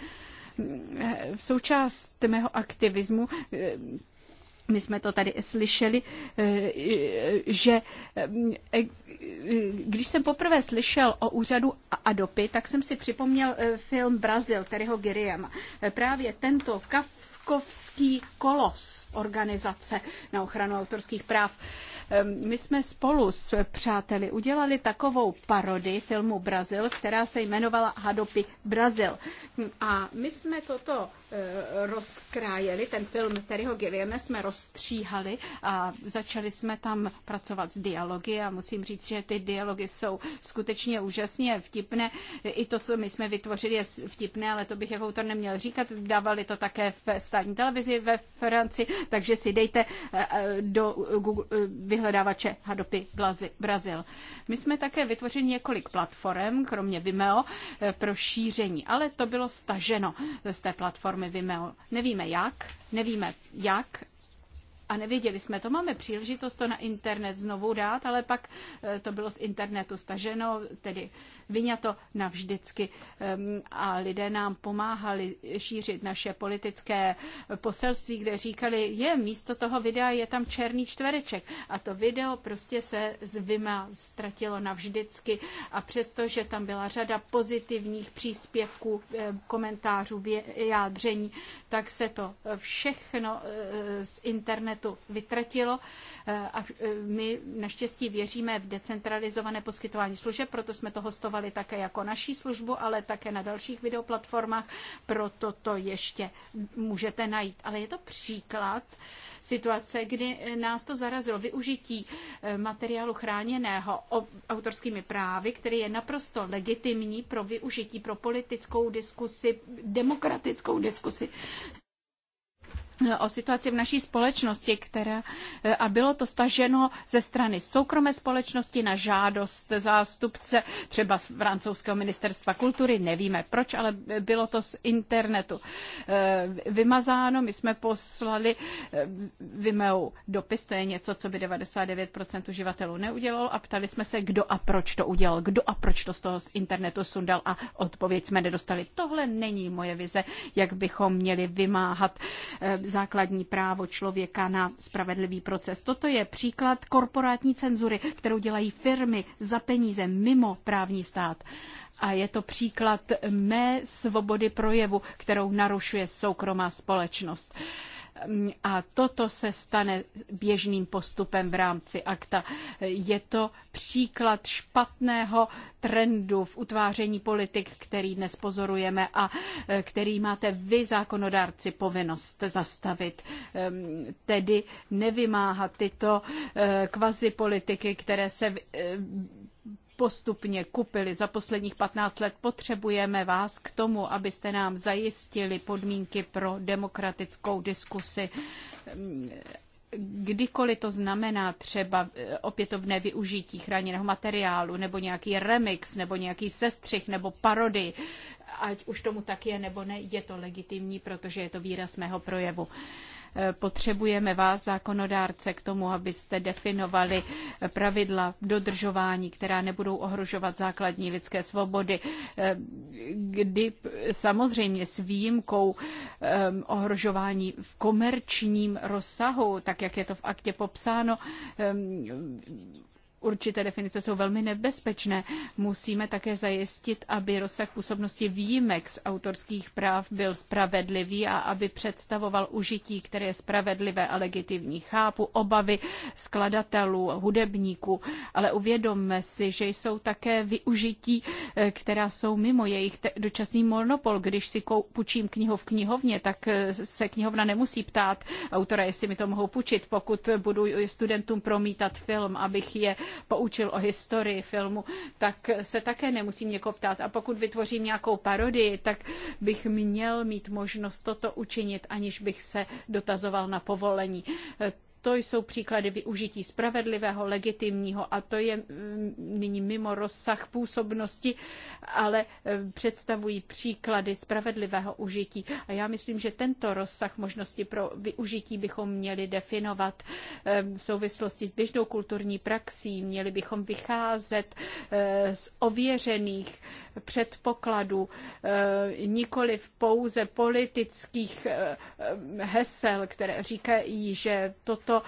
v součást mého aktivismu my jsme to tady slyšeli, eh, že eh, eh, když jsem poprvé slyšel o úřadu Adopy, tak jsem si připomněl film Brazil, Terryho Giriam. Právě tento kafkovský kolos organizace na ochranu autorských práv my jsme spolu s přáteli udělali takovou parody filmu Brazil, která se jmenovala Hadopy Brazil. A my jsme toto e, rozkrájeli, ten film Terryho Gilliama jsme rozstříhali a začali jsme tam pracovat s dialogy a musím říct, že ty dialogy jsou skutečně úžasně vtipné. I to, co my jsme vytvořili, je vtipné, ale to bych jako autor neměl říkat. Dávali to také v státní televizi ve Francii, takže si dejte e, e, do Google, vyhledávače Hadopy Brazil. My jsme také vytvořili několik platform, kromě Vimeo, eh, pro šíření, ale to bylo staženo z té platformy Vimeo. Nevíme jak, nevíme jak a nevěděli jsme to. Máme příležitost to na internet znovu dát, ale pak eh, to bylo z internetu staženo, tedy vyňato navždycky. Ehm, a lidé nám pomáhali šířit naše politické poselství, kde říkali, je místo toho videa je tam černý čtvereček. A to video prostě se z Vima ztratilo navždycky. A přestože tam byla řada pozitivních příspěvků, ehm, komentářů, vyjádření, tak se to všechno eh, z internetu internetu vytratilo eh, a eh, my naštěstí věříme v decentralizované poskytování služeb, proto jsme to hostovali také jako naší službu, ale také na dalších videoplatformách, proto to ještě můžete najít. Ale je to příklad, situace, kdy eh, nás to zarazilo využití materiálu chráněného autorskými právy, který je naprosto legitimní pro využití pro politickou diskusi, demokratickou diskusi o situaci v naší společnosti, která, eh, a bylo to staženo ze strany soukromé společnosti na žádost zástupce třeba z francouzského ministerstva kultury, nevíme proč, ale bylo to z internetu eh, vymazáno. My jsme poslali eh, Vimeo dopis, to je něco, co by 99% uživatelů neudělalo a ptali jsme se, kdo a proč to udělal, kdo a proč to z toho z internetu sundal a odpověď jsme nedostali. Tohle není moje vize, jak bychom měli vymáhat základní právo člověka na spravedlivý proces. Toto je příklad korporátní cenzury, kterou dělají firmy za peníze mimo právní stát. A je to příklad mé svobody projevu, kterou narušuje soukromá společnost. A toto se stane běžným postupem v rámci akta. Je to příklad špatného trendu v utváření politik, který dnes pozorujeme a eh, který máte vy, zákonodárci, povinnost zastavit. Ehm, tedy nevymáhat tyto eh, kvazi politiky, které se eh, postupně kupili za posledních 15 let. Potřebujeme vás k tomu, abyste nám zajistili podmínky pro demokratickou diskusi kdykoliv to znamená třeba eh, opětovné využití chráněného materiálu, nebo nějaký remix, nebo nějaký sestřih, nebo parody, ať už tomu tak je, nebo ne, je to legitimní, protože je to výraz mého projevu. Potřebujeme vás, zákonodárce, k tomu, abyste definovali pravidla dodržování, která nebudou ohrožovat základní lidské svobody, kdy samozřejmě s výjimkou ehm, ohrožování v komerčním rozsahu, tak jak je to v aktě popsáno, ehm, určité definice jsou velmi nebezpečné. Musíme také zajistit, aby rozsah působnosti výjimek z autorských práv byl spravedlivý a aby představoval užití, které je spravedlivé a legitimní. Chápu obavy skladatelů, hudebníků, ale uvědomme si, že jsou také využití, eh, která jsou mimo jejich dočasný monopol. Když si půjčím knihu v knihovně, tak eh, se knihovna nemusí ptát autora, jestli mi to mohou půjčit. Pokud budu studentům promítat film, abych je poučil o historii filmu, tak se také nemusím někoho ptát. A pokud vytvořím nějakou parodii, tak bych měl mít možnost toto učinit, aniž bych se dotazoval na povolení. To jsou příklady využití spravedlivého, legitimního a to je mm, nyní mimo rozsah působnosti, ale mm, představují příklady spravedlivého užití. A já myslím, že tento rozsah možnosti pro využití bychom měli definovat mm, v souvislosti s běžnou kulturní praxí. Měli bychom vycházet z ověřených předpokladů, eh, nikoli pouze politických eh, hesel, které říkají, že toto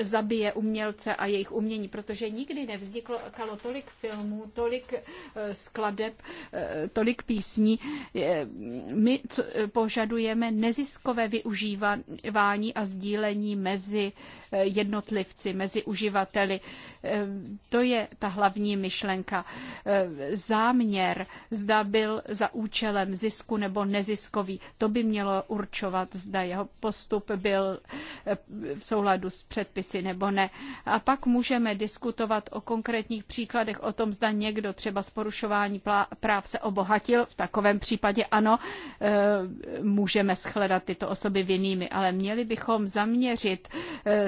zabije umělce a jejich umění, protože nikdy nevzniklo tolik filmů, tolik eh, skladeb, tolik písní. My požadujeme neziskové využívání a sdílení mezi jednotlivci, mezi uživateli. Eh, to je ta hlavní myšlenka. Eh, záměr, zda byl za účelem zisku nebo neziskový, to by mělo určovat, zda jeho postup byl eh, v souladu s předpisy nebo ne. A pak můžeme diskutovat o konkrétních příkladech, o tom, zda někdo třeba z porušování práv se obohatil. V takovém případě ano, můžeme shledat tyto osoby vinnými, ale měli bychom zaměřit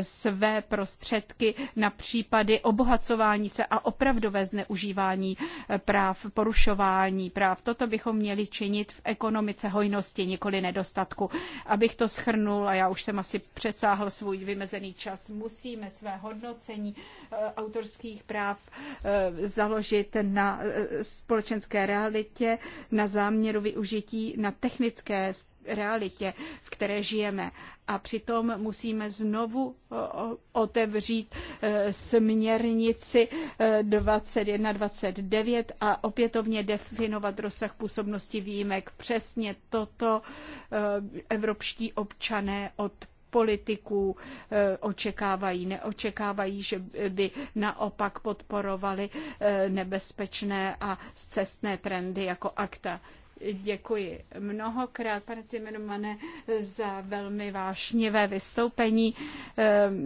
své prostředky na případy obohacování se a opravdové zneužívání eh, práv, porušování práv. Toto bychom měli činit v ekonomice hojnosti, nikoli nedostatku. Abych to schrnul, a já už jsem asi přesáhl svůj vymezený čas, musíme své hodnocení eh, autorských práv eh, založit na společenské realitě, na záměru využití, na technické realitě, v které žijeme. A přitom musíme znovu otevřít e, směrnici 21-29 e, a opětovně definovat rozsah působnosti výjimek. Přesně toto e, evropští občané od politiků očekávají. Neočekávají, že by naopak podporovali nebezpečné a cestné trendy jako akta. Děkuji mnohokrát, pane Cimermane, za velmi vášnivé vystoupení ehm,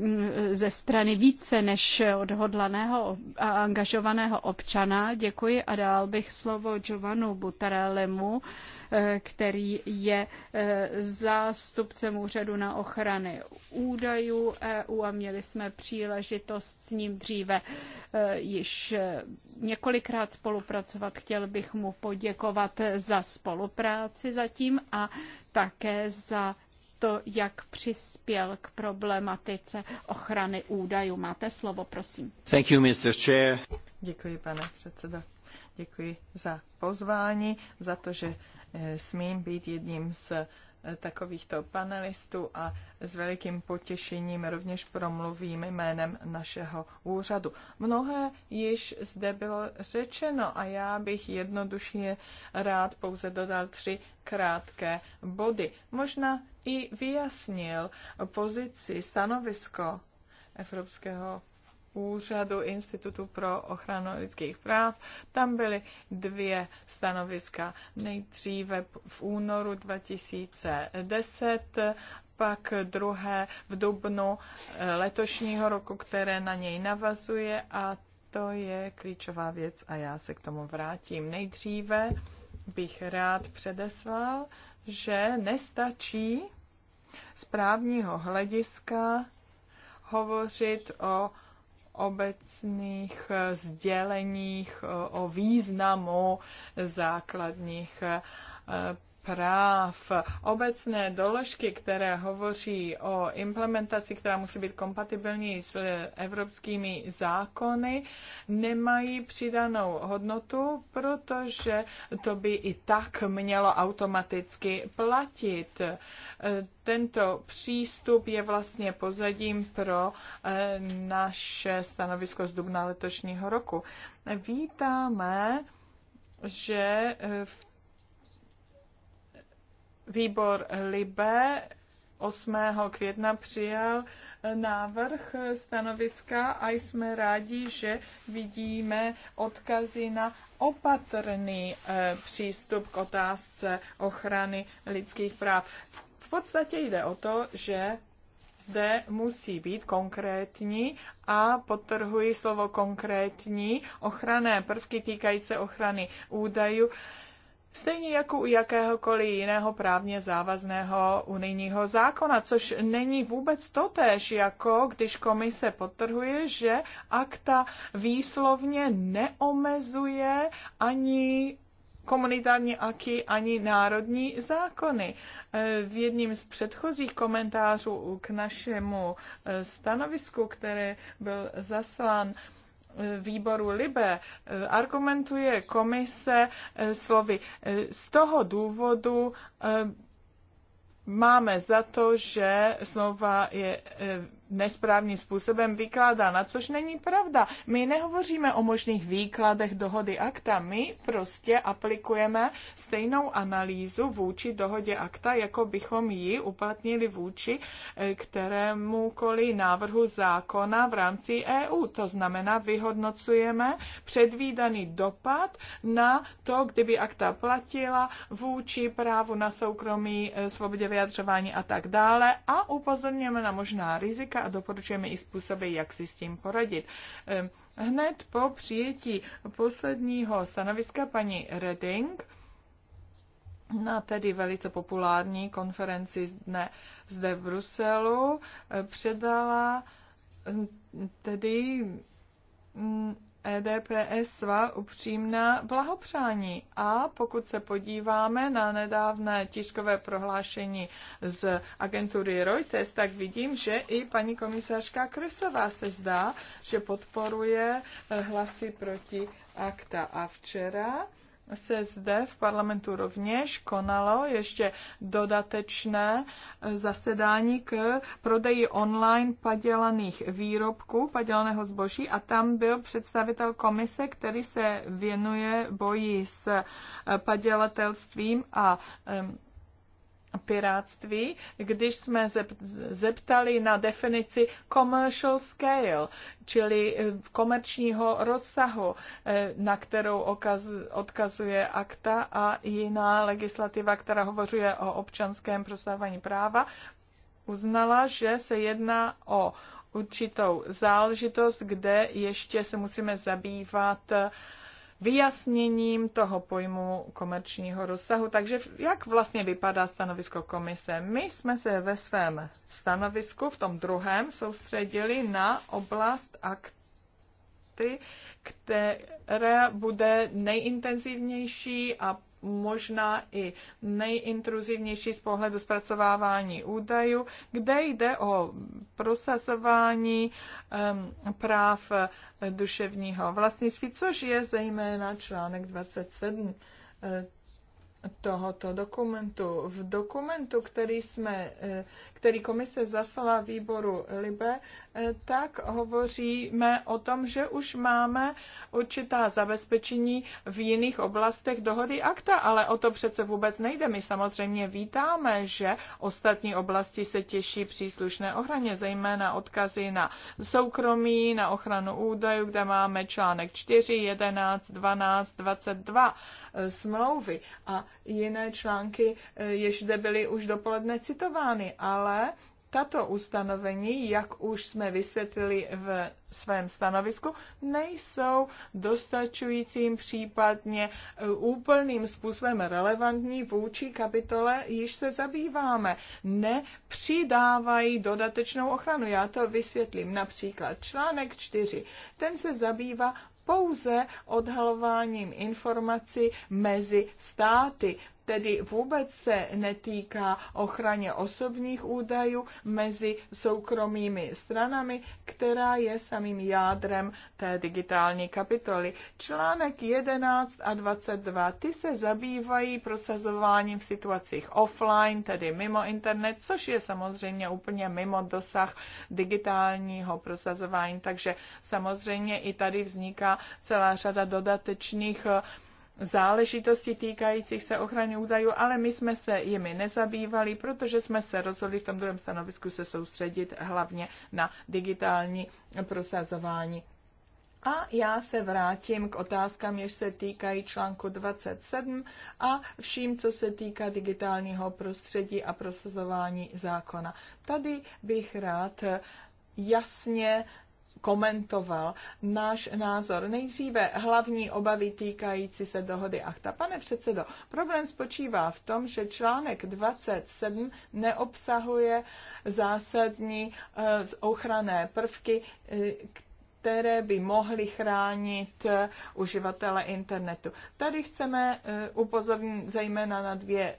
ze strany více než odhodlaného a angažovaného občana. Děkuji a dál bych slovo Giovanu Butarelemu, který je eh, zástupcem úřadu na ochrany údajů EU a měli jsme příležitost s ním dříve eh, již eh, několikrát spolupracovat. Chtěl bych mu poděkovat za spolupráci zatím a také za to, jak přispěl k problematice ochrany údajů. Máte slovo, prosím. Thank you, Mr. Chair. Děkuji, pane předsedo. Děkuji za pozvání, za to, že Eh, smím být jedním z eh, takovýchto panelistů a s velikým potěšením rovněž promluvím jménem našeho úřadu. Mnohé již zde bylo řečeno a já bych jednoduše rád pouze dodal tři krátké body. Možná i vyjasnil pozici, stanovisko Evropského úřadu Institutu pro ochranu lidských práv. Tam byly dvě stanoviska. Nejdříve v únoru 2010, pak druhé v dubnu eh, letošního roku, které na něj navazuje a to je klíčová věc a já se k tomu vrátím. Nejdříve bych rád předeslal, že nestačí z právního hlediska hovořit o obecných eh, sděleních eh, o významu základních eh, práv. Obecné doložky, které hovoří o implementaci, která musí být kompatibilní s eh, evropskými zákony, nemají přidanou hodnotu, protože to by i tak mělo automaticky platit. Eh, tento přístup je vlastně pozadím pro eh, naše stanovisko z dubna letošního roku. Vítáme, že v Výbor Libe 8. května přijal návrh stanoviska a jsme rádi, že vidíme odkazy na opatrný eh, přístup k otázce ochrany lidských práv. V podstatě jde o to, že zde musí být konkrétní a potrhuji slovo konkrétní ochranné prvky týkající ochrany údajů Stejně jako u jakéhokoliv jiného právně závazného unijního zákona, což není vůbec totéž, jako když komise potrhuje, že akta výslovně neomezuje ani komunitární aky ani národní zákony. E, v jedním z předchozích komentářů k našemu e, stanovisku, které byl zaslán, výboru Libe eh, argumentuje komise eh, slovy eh, z toho důvodu máme za to, že smlouva je nesprávným způsobem vykládána, což není pravda. My nehovoříme o možných výkladech dohody akta, my prostě aplikujeme stejnou analýzu vůči dohodě akta, jako bychom ji uplatnili vůči eh, kterémukoliv návrhu zákona v rámci EU. To znamená, vyhodnocujeme předvídaný dopad na to, kdyby akta platila vůči právu na soukromí, eh, svobodě vyjadřování a tak dále a upozorněme na možná rizika, a doporučujeme i způsoby, jak si s tím poradit. Ehm, hned po přijetí posledního stanoviska paní Reding, na tedy velice populární konferenci dne zde v Bruselu eh, předala hm, tedy hm, EDPS svá upřímná blahopřání. A pokud se podíváme na nedávné tiskové prohlášení z agentury Reuters, tak vidím, že i paní komisařka Krysová se zdá, že podporuje hlasy proti akta. A včera se zde v parlamentu rovněž konalo ještě dodatečné eh, zasedání k prodeji online padělaných výrobků, padělaného zboží a tam byl představitel komise, který se věnuje boji s eh, padělatelstvím a piráctví, když jsme zeptali na definici commercial scale, čili eh, komerčního rozsahu, eh, na kterou odkazuje akta a jiná legislativa, která hovořuje o občanském prosávání práva, uznala, že se jedná o určitou záležitost, kde ještě se musíme zabývat uh, vyjasněním toho pojmu komerčního rozsahu. Takže jak vlastně vypadá stanovisko komise? My jsme se ve svém stanovisku v tom druhém soustředili na oblast akty, které bude nejintenzivnější a možná i nejintruzivnější z pohledu zpracovávání údajů, kde jde o prosazování um, práv eh, duševního vlastnictví, což je zejména článek 27 tohoto dokumentu. V dokumentu, který, jsme, eh, který komise zaslala výboru Libe, eh, tak hovoříme o tom, že už máme určitá zabezpečení v jiných oblastech dohody akta, ale o to přece vůbec nejde. My samozřejmě vítáme, že ostatní oblasti se těší příslušné ochraně, zejména odkazy na soukromí, na ochranu údajů, kde máme článek 4, 11, 12, 22 Eh, smlouvy a jiné články, eh, jež zde byly už dopoledne citovány, ale tato ustanovení, jak už jsme vysvětlili v svém stanovisku, nejsou dostačujícím případně eh, úplným způsobem relevantní vůči kapitole, již se zabýváme. Nepřidávají dodatečnou ochranu. Já to vysvětlím. Například článek 4. Ten se zabývá pouze odhalováním informací mezi státy, tedy vůbec se netýká ochraně osobních údajů mezi soukromými stranami, která je samým jádrem té digitální kapitoly. Článek 11 a 22, ty se zabývají procesováním v situacích offline, tedy mimo internet, což je samozřejmě úplně mimo dosah digitálního prosazování, takže samozřejmě i tady vzniká celá řada dodatečných uh, záležitosti týkajících se ochrany údajů, ale my jsme se jimi nezabývali, protože jsme se rozhodli v tom druhém stanovisku se soustředit hlavně na digitální prosazování a já se vrátím k otázkám, jež se týkají článku 27 a vším, co se týká digitálního prostředí a prosazování zákona. Tady bych rád jasně komentoval náš názor. Nejdříve hlavní obavy týkající se dohody Achta. Pane předsedo, problém spočívá v tom, že článek 27 neobsahuje zásadní eh, ochranné prvky, eh, které by mohly chránit eh, uživatele internetu. Tady chceme upozornit zejména na dvě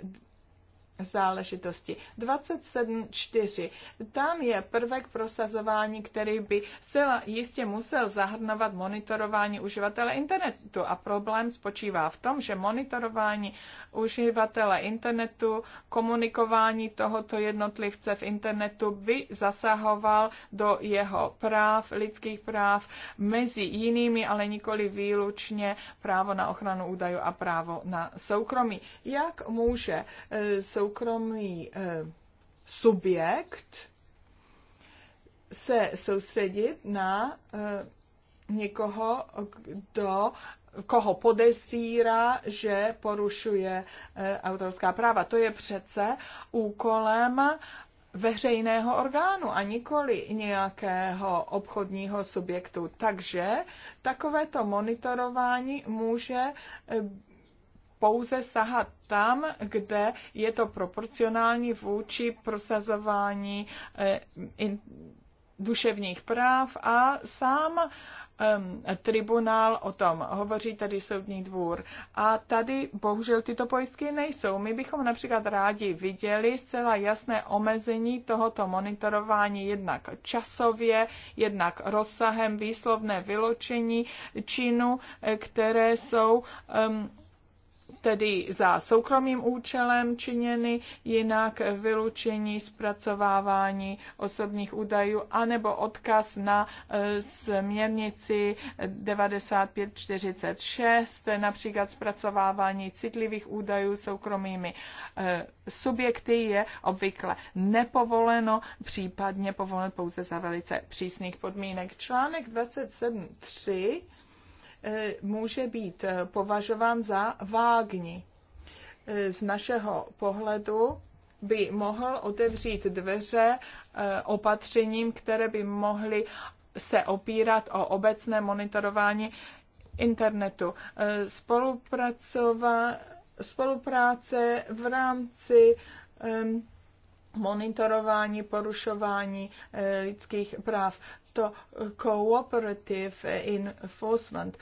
záležitosti. 27.4. Tam je prvek prosazování, který by se jistě musel zahrnovat monitorování uživatele internetu. A problém spočívá v tom, že monitorování uživatele internetu, komunikování tohoto jednotlivce v internetu by zasahoval do jeho práv, lidských práv, mezi jinými, ale nikoli výlučně právo na ochranu údajů a právo na soukromí. Jak může eh, soukromí soukromý eh, subjekt se soustředit na eh, někoho, kdo koho podezírá, že porušuje eh, autorská práva. To je přece úkolem veřejného orgánu a nikoli nějakého obchodního subjektu. Takže takovéto monitorování může pouze sahat tam, kde je to proporcionální vůči prosazování eh, duševních práv a sám ehm, tribunál o tom hovoří tady soudní dvůr. A tady bohužel tyto pojistky nejsou. My bychom například rádi viděli zcela jasné omezení tohoto monitorování jednak časově, jednak rozsahem výslovné vyloučení činu, eh, které jsou um, tedy za soukromým účelem činěny, jinak vylučení, zpracovávání osobních údajů, anebo odkaz na e, směrnici 9546, například zpracovávání citlivých údajů soukromými e, subjekty je obvykle nepovoleno, případně povoleno pouze za velice přísných podmínek. Článek 27.3 E, může být e, považován za vágní. E, z našeho pohledu by mohl otevřít dveře opatřením, které by mohly se opírat o obecné monitorování internetu. Spolupráce v rámci monitorování porušování lidských práv to cooperative enforcement,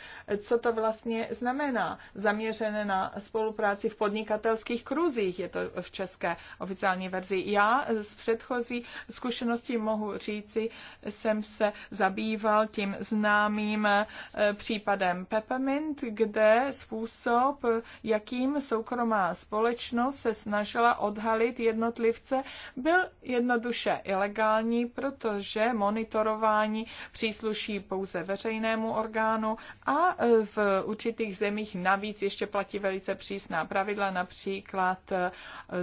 co to vlastně znamená? Zaměřené na spolupráci v podnikatelských kruzích, je to v české oficiální verzi. Já z předchozí zkušeností mohu říci, jsem se zabýval tím známým eh, případem Peppermint, kde způsob, jakým soukromá společnost se snažila odhalit jednotlivce, byl jednoduše ilegální, protože monitorování rozhodování přísluší pouze veřejnému orgánu a e, v určitých zemích navíc ještě platí velice přísná pravidla, například e,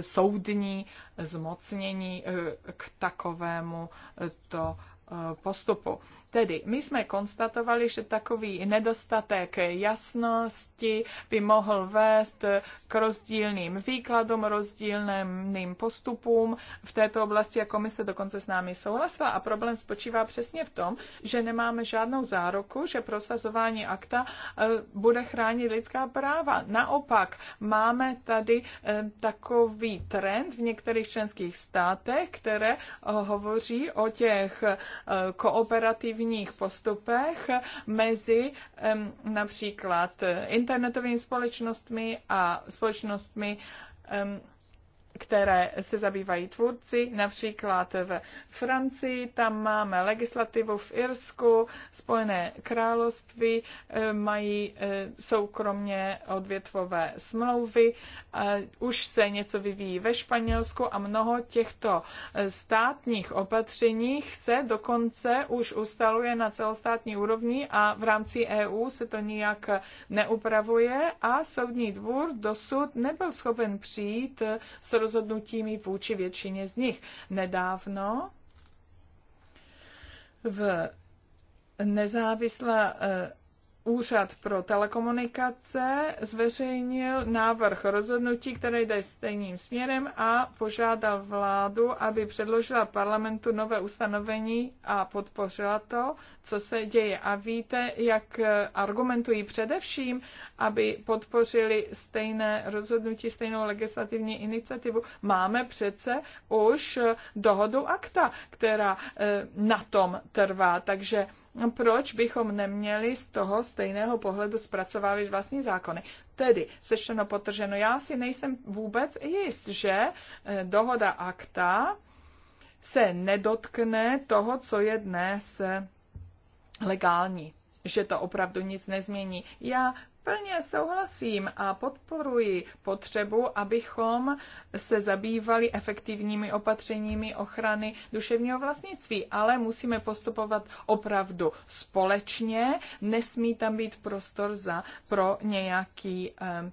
soudní zmocnění e, k takovému to postupu. Tedy my jsme konstatovali, že takový nedostatek jasnosti by mohl vést k rozdílným výkladům, rozdílným postupům v této oblasti a komise dokonce s námi souhlasila a problém spočívá přesně v tom, že nemáme žádnou záruku, že prosazování akta eh, bude chránit lidská práva. Naopak máme tady eh, takový trend v některých členských státech, které eh, hovoří o těch kooperativních legislativních postupech mezi například internetovými společnostmi a společnostmi které se zabývají tvůrci, například v Francii, tam máme legislativu v Irsku, Spojené království mají e, soukromně odvětvové smlouvy, už se něco vyvíjí ve Španělsku a mnoho těchto státních opatřeních se dokonce už ustaluje na celostátní úrovni a v rámci EU se to nijak neupravuje a soudní dvůr dosud nebyl schopen přijít s rozhodnutími vůči většině z nich. Nedávno v nezávislá eh, Úřad pro telekomunikace zveřejnil návrh rozhodnutí, které jde stejným směrem a požádal vládu, aby předložila parlamentu nové ustanovení a podpořila to, co se děje. A víte, jak argumentují především, aby podpořili stejné rozhodnutí, stejnou legislativní iniciativu. Máme přece už dohodu akta, která eh, na tom trvá, takže proč bychom neměli z toho stejného pohledu zpracovávat vlastní zákony. Tedy, sečteno potrženo, já si nejsem vůbec jist, že eh, dohoda akta se nedotkne toho, co je dnes eh, legální že to opravdu nic nezmění. Já Plně souhlasím a podporuji potřebu, abychom se zabývali efektivními opatřeními ochrany duševního vlastnictví, ale musíme postupovat opravdu společně, nesmí tam být prostor za, pro nějaký eh,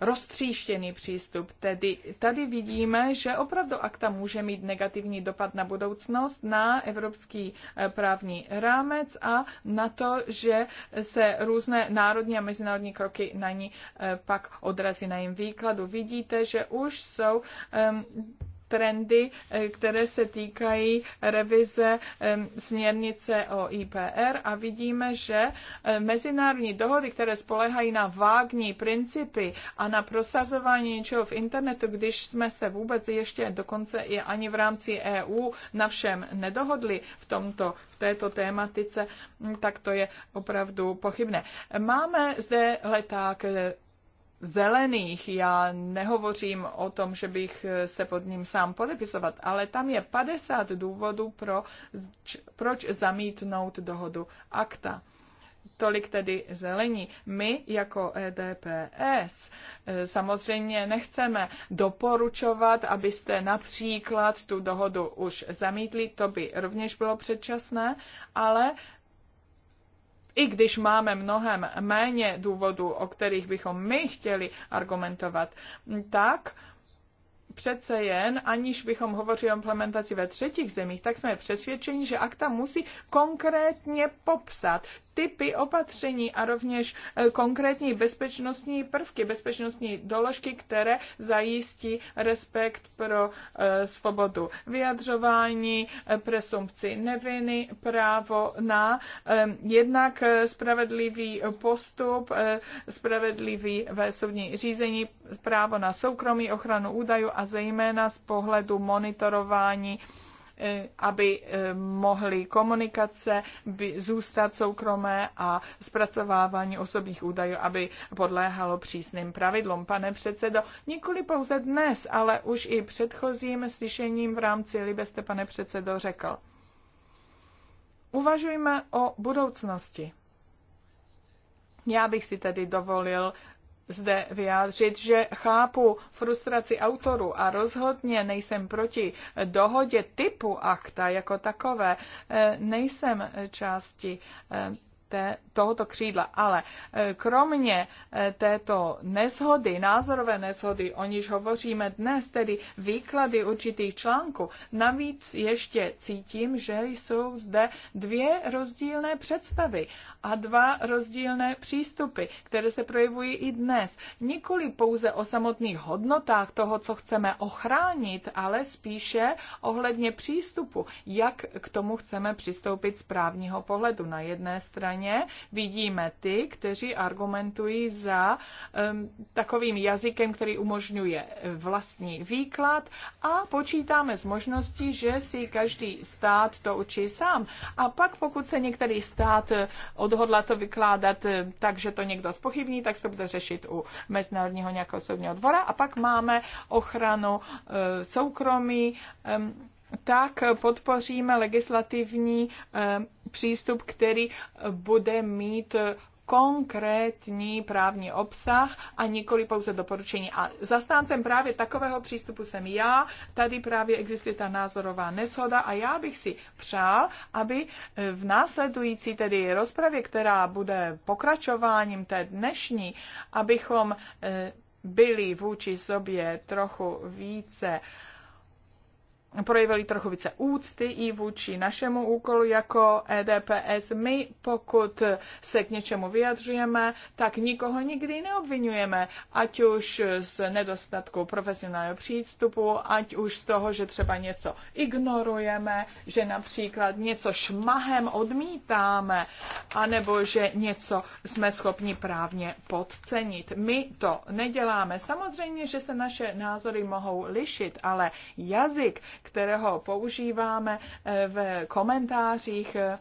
roztříštěný přístup. Tedy tady vidíme, že opravdu akta může mít negativní dopad na budoucnost, na evropský eh, právní rámec a na to, že se různé národní a mezinárodní kroky na ní eh, pak odrazí na jejím výkladu. Vidíte, že už jsou um, trendy, eh, které se týkají revize směrnice o IPR a vidíme, že eh, mezinárodní dohody, které spolehají na vágní principy a na prosazování něčeho v internetu, když jsme se vůbec ještě dokonce i ani v rámci EU na všem nedohodli v tomto, v této tématice, hm, tak to je opravdu pochybné. Máme zde leták eh, zelených, já nehovořím o tom, že bych se pod ním sám podepisovat, ale tam je 50 důvodů, pro, proč zamítnout dohodu akta. Tolik tedy zelení. My jako EDPS e, samozřejmě nechceme doporučovat, abyste například tu dohodu už zamítli, to by rovněž bylo předčasné, ale i když máme mnohem méně důvodů, o kterých bychom my chtěli argumentovat, tak přece jen, aniž bychom hovořili o implementaci ve třetích zemích, tak jsme přesvědčeni, že akta musí konkrétně popsat, typy opatření a rovněž eh, konkrétní bezpečnostní prvky, bezpečnostní doložky, které zajistí respekt pro eh, svobodu vyjadřování, eh, presumpci neviny, právo na jednak spravedlivý postup, spravedlivý ve soudní řízení, právo na soukromí, ochranu údajů a zejména z pohledu monitorování Eh, aby eh, mohly komunikace zůstat soukromé a zpracovávání osobních údajů, aby podléhalo přísným pravidlům. Pane předsedo, nikoli pouze dnes, ale už i předchozím slyšením v rámci Libeste, pane předsedo, řekl. Uvažujme o budoucnosti. Já bych si tedy dovolil zde vyjádřit, že chápu frustraci autoru a rozhodně nejsem proti dohodě typu akta jako takové. E, nejsem části e, té, tohoto křídla. Ale e, kromě e, této neshody, názorové neshody, o níž hovoříme dnes, tedy výklady určitých článků, navíc ještě cítím, že jsou zde dvě rozdílné představy a dva rozdílné přístupy, které se projevují i dnes. Nikoli pouze o samotných hodnotách toho, co chceme ochránit, ale spíše ohledně přístupu, jak k tomu chceme přistoupit z právního pohledu na jedné straně straně vidíme ty, kteří argumentují za um, takovým jazykem, který umožňuje vlastní výklad a počítáme s možností, že si každý stát to učí sám. A pak pokud se některý stát eh, odhodla to vykládat eh, tak, že to někdo spochybní, tak se to bude řešit u Mezinárodního nějakého soudního dvora. A pak máme ochranu e, soukromí, Um, tak podpoříme legislativní eh, přístup, který bude mít konkrétní právní obsah a nikoli pouze doporučení. A zastáncem právě takového přístupu jsem já. Tady právě existuje ta názorová neshoda a já bych si přál, aby v následující tedy rozpravě, která bude pokračováním té dnešní, abychom eh, byli vůči sobě trochu více uh, projevili trochu více úcty i vůči našemu úkolu jako EDPS. My, pokud se k něčemu vyjadřujeme, tak nikoho nikdy neobvinujeme, ať už z nedostatku profesionálního přístupu, ať už z toho, že třeba něco ignorujeme, že například něco šmahem odmítáme, anebo že něco jsme schopni právně podcenit. My to neděláme. Samozřejmě, že se naše názory mohou lišit, ale jazyk, kterého používáme eh, v komentářích, eh,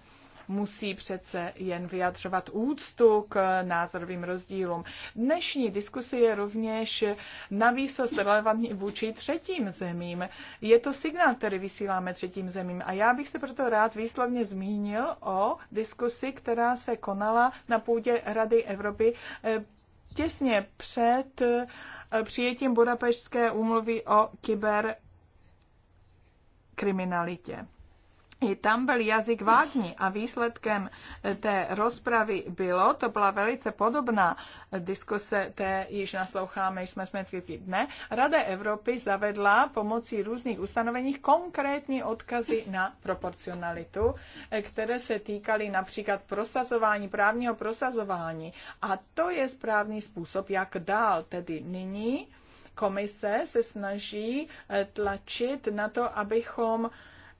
musí přece jen vyjadřovat úctu k názorovým rozdílům. Dnešní diskusie je rovněž navýsost relevantní vůči třetím zemím. Je to signál, který vysíláme třetím zemím a já bych se proto rád výslovně zmínil o diskusi, která se konala na půdě Rady Evropy eh, těsně před přijetím Budapešské úmluvy o kyber kriminalitě. I tam byl jazyk vágní a výsledkem eh, té rozpravy bylo, to byla velice podobná eh, diskuse, té již nasloucháme, jsme tři dne, Rada Evropy zavedla pomocí různých ustanovení konkrétní odkazy na proporcionalitu, eh, které se týkaly například prosazování, právního prosazování. A to je správný způsob, jak dál, tedy nyní komise se snaží eh, tlačit na to, abychom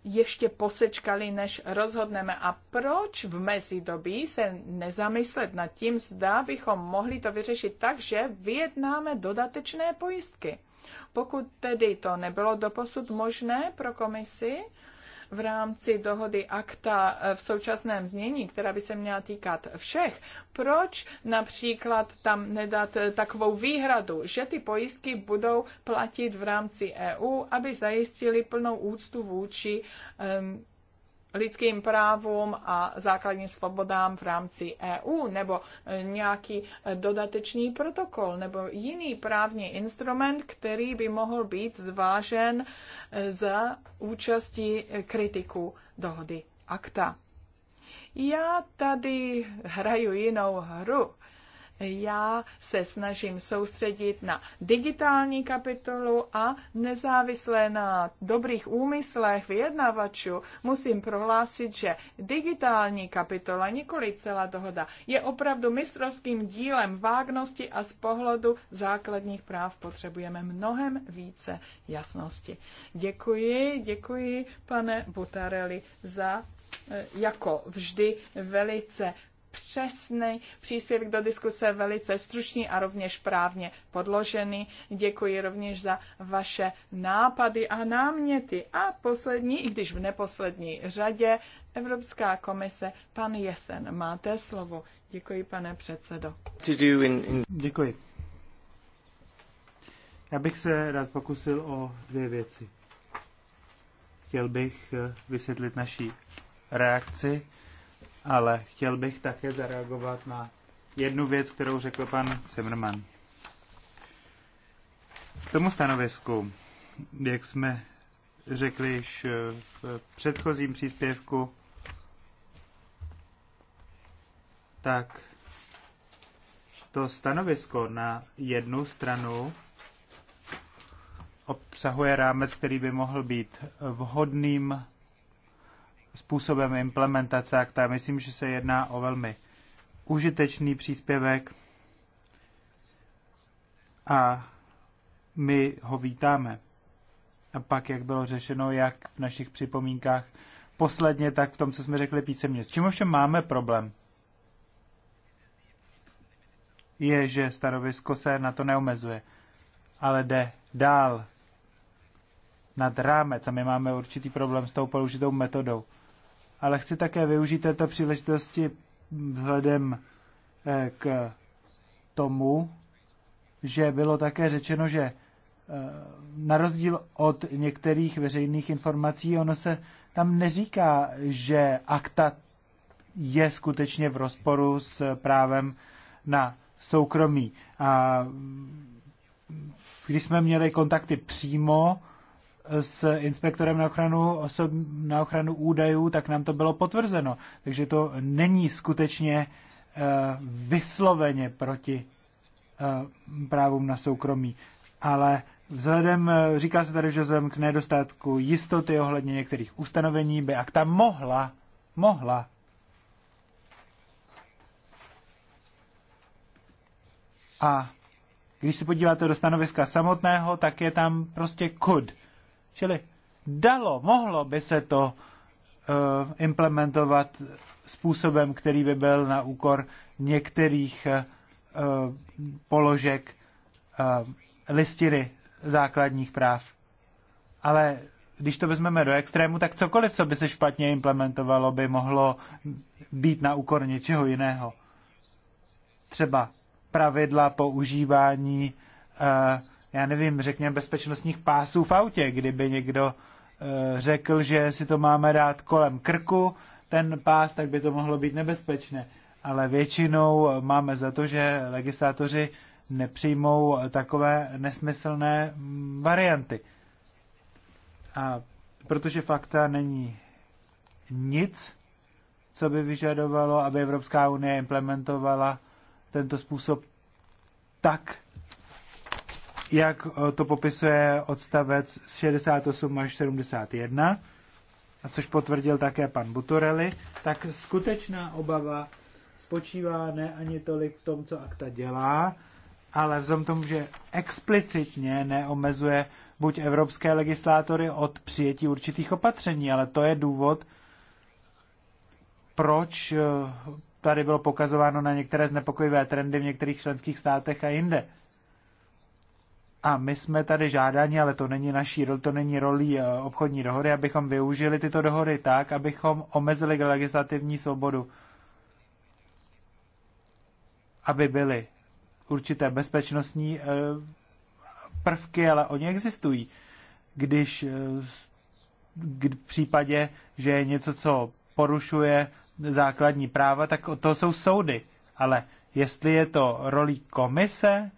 ještě posečkali, než rozhodneme. A proč v mezidobí se nezamyslet nad tím, zda bychom mohli to vyřešit tak, že vyjednáme dodatečné pojistky. Pokud tedy to nebylo doposud možné pro komisi, v rámci dohody akta eh, v současném znění, která by se měla týkat všech, proč například tam nedat eh, takovou výhradu, že ty pojistky budou platit v rámci EU, aby zajistili plnou úctu vůči um, lidským právům a základním svobodám v rámci EU, nebo e, nějaký e, dodatečný protokol, nebo jiný právní instrument, který by mohl být zvážen e, za účastí kritiku dohody akta. Já tady hraju jinou hru já se snažím soustředit na digitální kapitolu a nezávisle na dobrých úmyslech vyjednavačů musím prohlásit, že digitální kapitola, nikoli celá dohoda, je opravdu mistrovským dílem vágnosti a z pohledu základních práv potřebujeme mnohem více jasnosti. Děkuji, děkuji pane Butareli za eh, jako vždy velice přesný příspěvek do diskuse, velice stručný a rovněž právně podložený. Děkuji rovněž za vaše nápady a náměty. A poslední, i když v neposlední řadě, Evropská komise, pan Jesen, máte slovo. Děkuji, pane předsedo. Děkuji. Já bych se rád pokusil o dvě věci. Chtěl bych eh, vysvětlit naší reakci ale chtěl bych také zareagovat na jednu věc, kterou řekl pan Zimmerman. K tomu stanovisku, jak jsme řekli již v předchozím příspěvku, tak to stanovisko na jednu stranu obsahuje rámec, který by mohl být vhodným způsobem implementace akta. Myslím, že se jedná o velmi užitečný příspěvek a my ho vítáme. A pak, jak bylo řešeno, jak v našich připomínkách posledně, tak v tom, co jsme řekli písemně. S čím ovšem máme problém? Je, že starovisko se na to neomezuje, ale jde dál nad rámec a my máme určitý problém s tou použitou metodou ale chci také využít této příležitosti vzhledem eh, k tomu, že bylo také řečeno, že eh, na rozdíl od některých veřejných informací, ono se tam neříká, že akta je skutečně v rozporu s právem na soukromí. A když jsme měli kontakty přímo s inspektorem na ochranu, osob, na ochranu údajů, tak nám to bylo potvrzeno. Takže to není skutečně eh, vysloveně proti eh, právům na soukromí. Ale vzhledem, eh, říká se tady, že vzhledem k nedostatku jistoty ohledně některých ustanovení by akta mohla, mohla A když se podíváte do stanoviska samotného, tak je tam prostě could. Čili dalo, mohlo by se to eh, implementovat způsobem, který by byl na úkor některých eh, položek eh, listiny základních práv. Ale když to vezmeme do extrému, tak cokoliv, co by se špatně implementovalo, by mohlo být na úkor něčeho jiného. Třeba pravidla používání uh, já nevím, řekněme bezpečnostních pásů v autě, kdyby někdo eh, řekl, že si to máme dát kolem krku, ten pás, tak by to mohlo být nebezpečné. Ale většinou máme za to, že legislátoři nepřijmou takové nesmyslné mm, varianty. A protože fakta není nic, co by vyžadovalo, aby Evropská unie implementovala tento způsob tak, jak eh, to popisuje odstavec 68 až 71, a což potvrdil také pan Butorelli, tak skutečná obava spočívá ne ani tolik v tom, co akta dělá, ale vzhledem tomu, že explicitně neomezuje buď evropské legislátory od přijetí určitých opatření, ale to je důvod, proč eh, tady bylo pokazováno na některé znepokojivé trendy v některých členských státech a jinde. A my jsme tady žádáni, ale to není naší rol, to není rolí eh, obchodní dohody, abychom využili tyto dohody tak, abychom omezili legislativní svobodu, aby byly určité bezpečnostní eh, prvky, ale oni existují. Když eh, v případě, že je něco, co porušuje základní práva, tak to jsou soudy. Ale jestli je to rolí komise,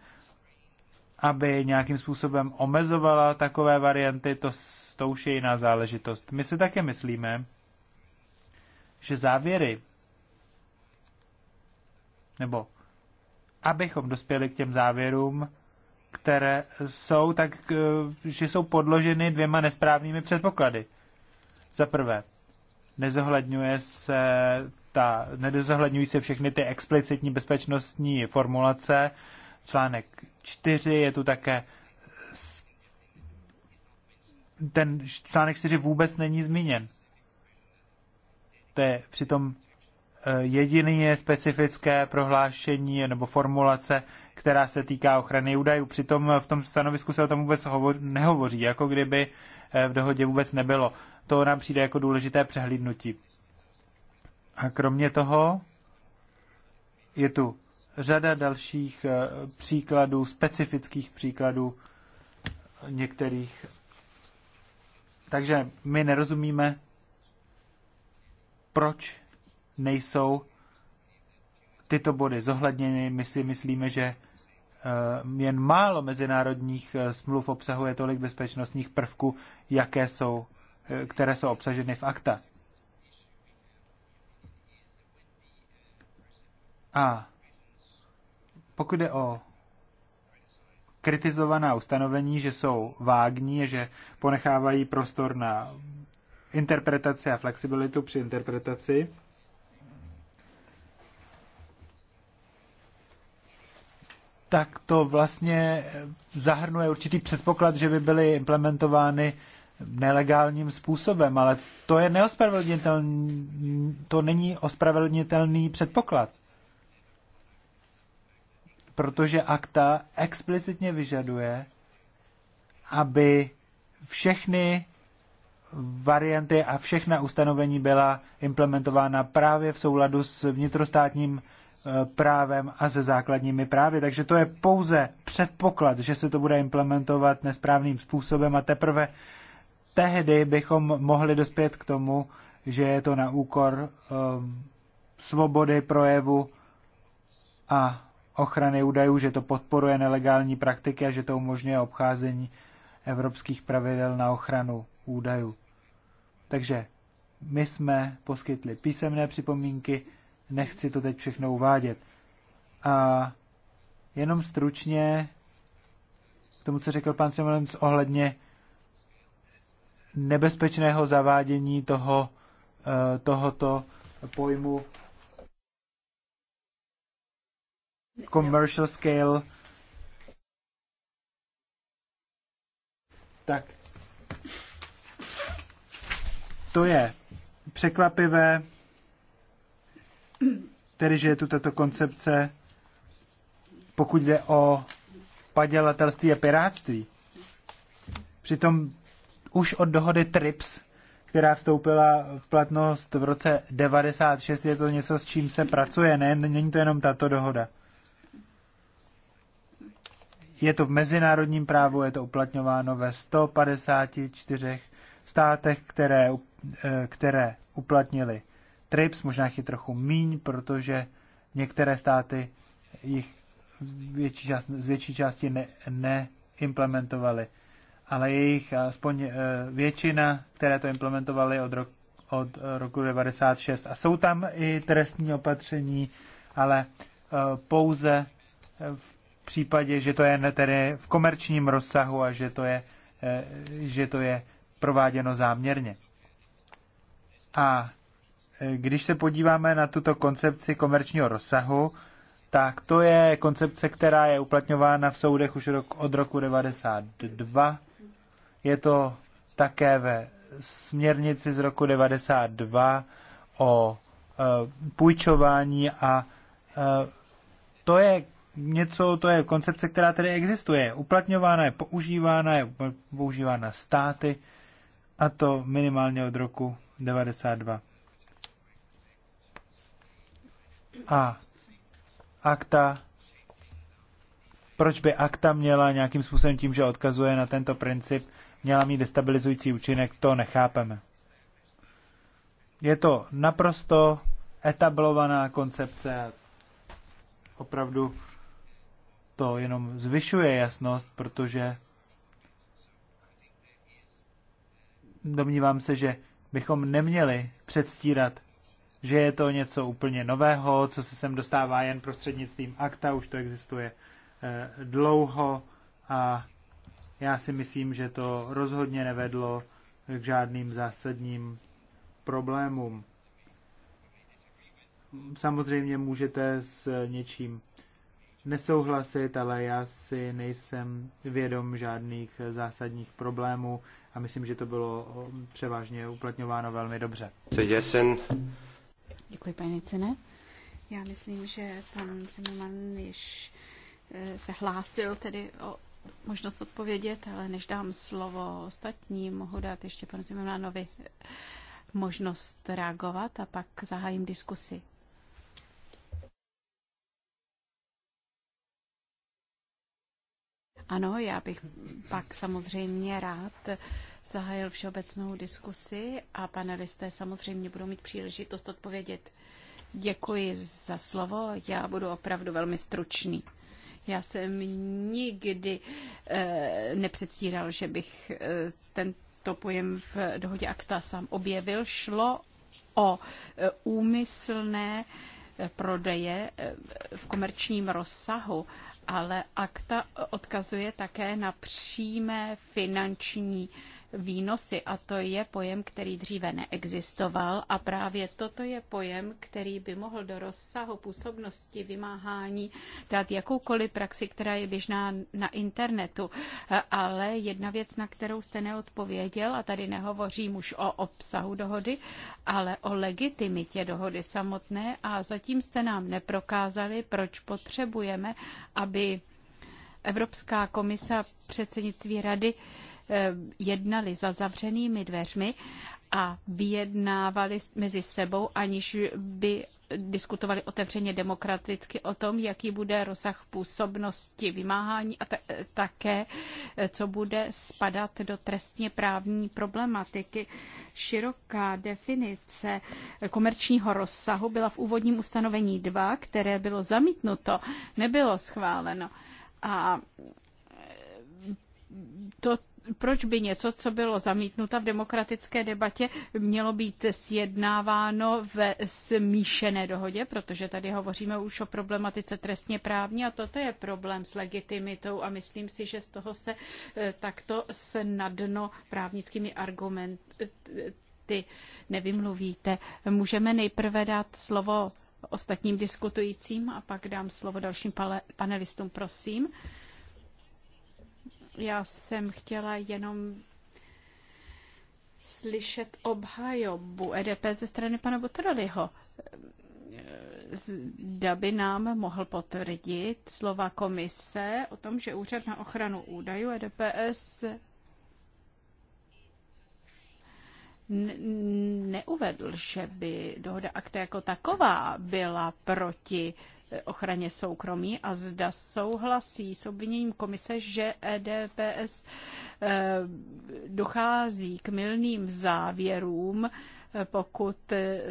aby nějakým způsobem omezovala takové varianty, to, to už je jiná záležitost. My si také myslíme, že závěry, nebo abychom dospěli k těm závěrům, které jsou tak, eh, že jsou podloženy dvěma nesprávnými předpoklady. Za prvé, nezohledňuje se ta, nedozohledňují se všechny ty explicitní bezpečnostní formulace, článek 4, je tu také ten článek 4 vůbec není zmíněn. To je přitom e, jediný je specifické prohlášení nebo formulace, která se týká ochrany údajů. Přitom v tom stanovisku se o tom vůbec nehovoří, jako kdyby e, v dohodě vůbec nebylo. To nám přijde jako důležité přehlídnutí. A kromě toho je tu řada dalších eh, příkladů, specifických příkladů některých. Takže my nerozumíme, proč nejsou tyto body zohledněny. My si myslíme, že eh, jen málo mezinárodních eh, smluv obsahuje tolik bezpečnostních prvků, jaké jsou, které jsou obsaženy v akta. A pokud jde o kritizovaná ustanovení, že jsou vágní, že ponechávají prostor na interpretaci a flexibilitu při interpretaci. Tak to vlastně zahrnuje určitý předpoklad, že by byly implementovány nelegálním způsobem, ale to je neospravedlnitelný, to není ospravedlnitelný předpoklad protože akta explicitně vyžaduje, aby všechny varianty a všechna ustanovení byla implementována právě v souladu s vnitrostátním eh, právem a se základními právy. Takže to je pouze předpoklad, že se to bude implementovat nesprávným způsobem a teprve tehdy bychom mohli dospět k tomu, že je to na úkor um, svobody projevu a ochrany údajů, že to podporuje nelegální praktiky a že to umožňuje obcházení evropských pravidel na ochranu údajů. Takže my jsme poskytli písemné připomínky, nechci to teď všechno uvádět. A jenom stručně k tomu, co řekl pan Simonens ohledně nebezpečného zavádění toho, eh, tohoto pojmu commercial scale, tak to je překvapivé, tedy, že je tu tato koncepce, pokud jde o padělatelství a piráctví. Přitom už od dohody TRIPS, která vstoupila v platnost v roce 96, je to něco, s čím se pracuje, ne, není to jenom tato dohoda. Je to v mezinárodním právu, je to uplatňováno ve 154 státech, které, eh, které uplatnili TRIPS, možná je trochu míň, protože některé státy jich větší část, z větší části ne, Ale jejich aspoň eh, většina, které to implementovaly od, roku od roku 96. A jsou tam i trestní opatření, ale eh, pouze v případě, že to je tedy v komerčním rozsahu a že to je, eh, že to je prováděno záměrně. A eh, když se podíváme na tuto koncepci komerčního rozsahu, tak to je koncepce, která je uplatňována v soudech už od roku 92. Je to také ve směrnici z roku 92 o eh, půjčování a to je něco, to je koncepce, která tedy existuje, je uplatňována, je používána, je používána státy a to minimálně od roku 92. A akta, proč by akta měla nějakým způsobem tím, že odkazuje na tento princip, měla mít destabilizující účinek, to nechápeme. Je to naprosto etablovaná koncepce, opravdu to jenom zvyšuje jasnost, protože domnívám se, že bychom neměli předstírat, že je to něco úplně nového, co se sem dostává jen prostřednictvím akta, už to existuje eh, dlouho a já si myslím, že to rozhodně nevedlo k žádným zásadním problémům. Samozřejmě můžete s něčím nesouhlasit, ale já si nejsem vědom žádných zásadních problémů a myslím, že to bylo um, převážně uplatňováno velmi dobře. Děkuji, paní Cene. Já myslím, že pan Zimmerman již eh, se hlásil tedy o možnost odpovědět, ale než dám slovo ostatním, mohu dát ještě panu Zimmermanovi eh, možnost reagovat a pak zahájím diskusi. Ano, já bych pak samozřejmě rád zahájil všeobecnou diskusi a panelisté samozřejmě budou mít příležitost odpovědět. Děkuji za slovo, já budu opravdu velmi stručný. Já jsem nikdy e, nepředstíral, že bych e, tento pojem v dohodě akta sám objevil. Šlo o e, úmyslné prodeje v komerčním rozsahu ale akta odkazuje také na přímé finanční výnosy a to je pojem, který dříve neexistoval a právě toto je pojem, který by mohl do rozsahu působnosti vymáhání dát jakoukoliv praxi, která je běžná na internetu. Ale jedna věc, na kterou jste neodpověděl, a tady nehovořím už o obsahu dohody, ale o legitimitě dohody samotné a zatím jste nám neprokázali, proč potřebujeme, aby Evropská komisa předsednictví rady Eh, jednali za zavřenými dveřmi a vyjednávali mezi sebou, aniž by diskutovali otevřeně demokraticky o tom, jaký bude rozsah působnosti vymáhání a eh, také, eh, co bude spadat do trestně právní problematiky. Široká definice komerčního rozsahu byla v úvodním ustanovení 2, které bylo zamítnuto, nebylo schváleno. A to proč by něco, co bylo zamítnuto v demokratické debatě, mělo být sjednáváno ve smíšené dohodě, protože tady hovoříme už o problematice trestně právní a toto je problém s legitimitou a myslím si, že z toho se eh, takto snadno právnickými argumenty nevymluvíte. Můžeme nejprve dát slovo ostatním diskutujícím a pak dám slovo dalším panelistům, prosím. Já jsem chtěla jenom slyšet obhajobu EDP ze strany pana Botoroliho. Zda by nám mohl potvrdit slova komise o tom, že Úřad na ochranu údajů EDPS neuvedl, že by dohoda akta jako taková byla proti uh, ochraně soukromí a zda souhlasí s obviněním komise, že EDPS eh, dochází k milným závěrům, eh, pokud eh,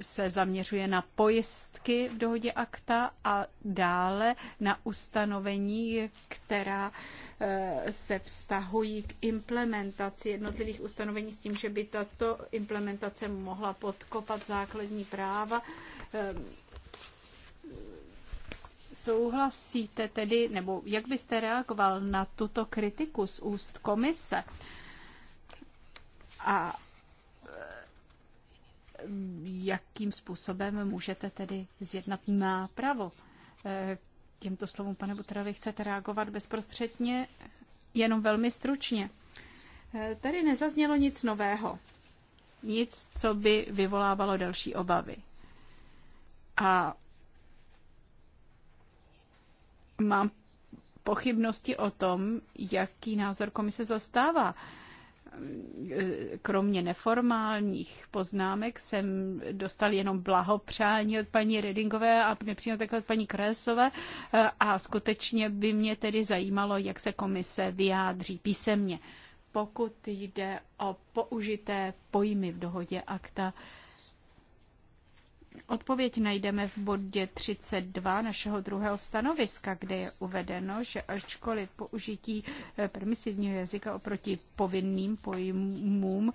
se zaměřuje na pojistky v dohodě akta a dále na ustanovení, která se vztahují k implementaci jednotlivých ustanovení s tím, že by tato implementace mohla podkopat základní práva Souhlasíte tedy, nebo jak byste reagoval na tuto kritiku z úst komise? A eh, jakým způsobem můžete tedy zjednat nápravu? Eh, těmto slovům, pane Butrali, chcete reagovat bezprostředně, jenom velmi stručně. Eh, tady nezaznělo nic nového, nic, co by vyvolávalo další obavy. A mám pochybnosti o tom, jaký názor komise zastává. Kromě neformálních poznámek jsem dostal jenom blahopřání od paní Redingové a nepřímo takhle od paní Kresové a skutečně by mě tedy zajímalo, jak se komise vyjádří písemně. Pokud jde o použité pojmy v dohodě akta, Odpověď najdeme v bodě 32 našeho druhého stanoviska, kde je uvedeno, že ačkoliv použití eh, permisivního jazyka oproti povinným pojmům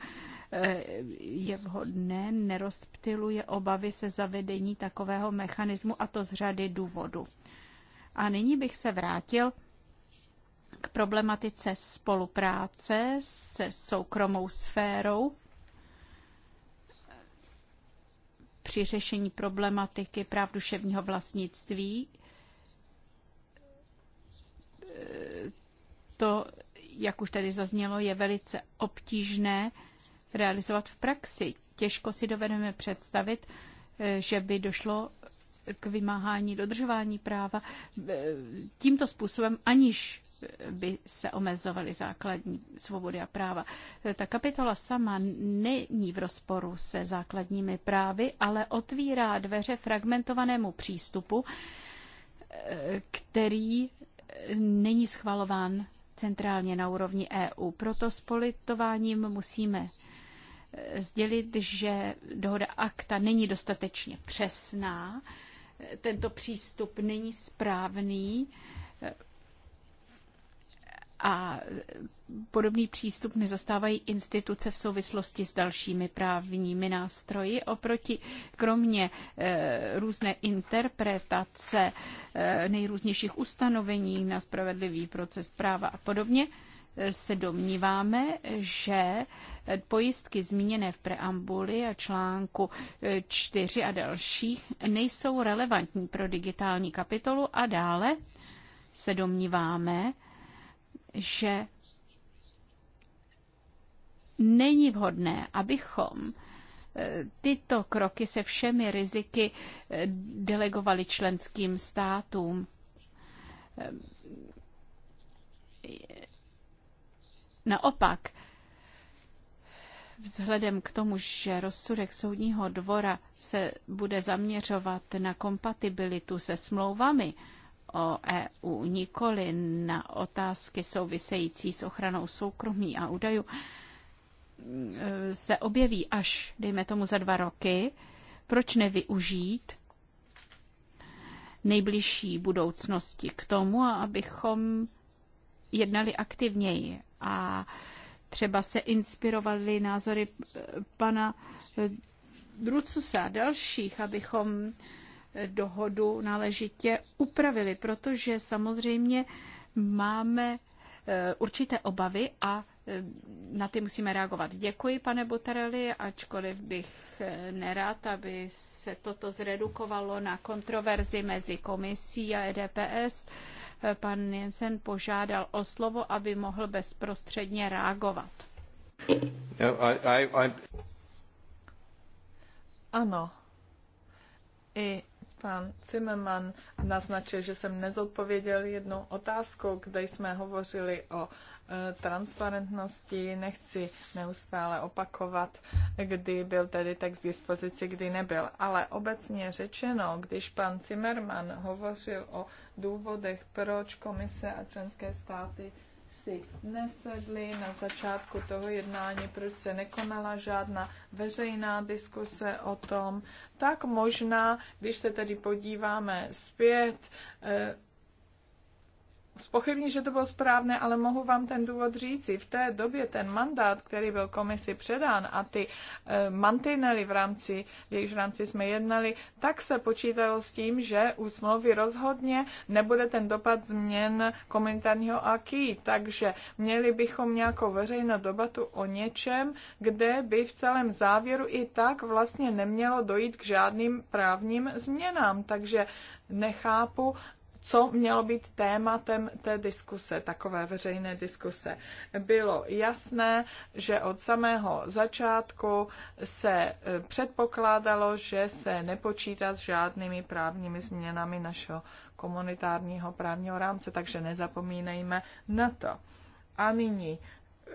eh, je vhodné, nerozptiluje obavy se zavedení takového mechanismu a to z řady důvodů. A nyní bych se vrátil k problematice spolupráce se soukromou sférou při řešení problematiky práv duševního vlastnictví. To, jak už tady zaznělo, je velice obtížné realizovat v praxi. Těžko si dovedeme představit, že by došlo k vymáhání dodržování práva tímto způsobem, aniž by se omezovaly základní svobody a práva. Ta kapitola sama není v rozporu se základními právy, ale otvírá dveře fragmentovanému přístupu, eh, který není schvalován centrálně na úrovni EU. Proto s politováním musíme eh, sdělit, že dohoda akta není dostatečně přesná, tento přístup není správný, eh, a podobný přístup nezastávají instituce v souvislosti s dalšími právními nástroji. Oproti kromě eh, různé interpretace eh, nejrůznějších ustanovení na spravedlivý proces práva a podobně, eh, se domníváme, že pojistky zmíněné v preambuli a článku 4 a dalších nejsou relevantní pro digitální kapitolu a dále se domníváme, že není vhodné, abychom eh, tyto kroky se všemi riziky eh, delegovali členským státům. Eh, naopak, vzhledem k tomu, že rozsudek soudního dvora se bude zaměřovat na kompatibilitu se smlouvami, o EU, nikoli na otázky související s ochranou soukromí a údajů, e, se objeví až, dejme tomu, za dva roky, proč nevyužít nejbližší budoucnosti k tomu, abychom jednali aktivněji a třeba se inspirovali názory e, pana e, Drucusa a dalších, abychom dohodu náležitě upravili, protože samozřejmě máme eh, určité obavy a eh, na ty musíme reagovat. Děkuji, pane Butareli, ačkoliv bych eh, nerád, aby se toto zredukovalo na kontroverzi mezi komisí a EDPS. Pan Jensen požádal o slovo, aby mohl bezprostředně reagovat. No, I, I, I... Ano. I Pan Zimmerman naznačil, že jsem nezodpověděl jednu otázku, kde jsme hovořili o e, transparentnosti. Nechci neustále opakovat, kdy byl tedy text k dispozici, kdy nebyl. Ale obecně řečeno, když pan Zimmerman hovořil o důvodech, proč komise a členské státy si nesedli na začátku toho jednání, proč se nekonala žádná veřejná diskuse o tom, tak možná, když se tedy podíváme zpět, eh, spochybní, že to bylo správné, ale mohu vám ten důvod říci. V té době ten mandát, který byl komisi předán a ty eh, mantinely v rámci, v jejichž rámci jsme jednali, tak se počítalo s tím, že u smlouvy rozhodně nebude ten dopad změn komunitárního AKI, takže měli bychom nějakou veřejnou debatu o něčem, kde by v celém závěru i tak vlastně nemělo dojít k žádným právním změnám. Takže nechápu, co mělo být tématem té diskuse, takové veřejné diskuse. Bylo jasné, že od samého začátku se e, předpokládalo, že se nepočítá s žádnými právními změnami našeho komunitárního právního rámce, takže nezapomínejme na to. A nyní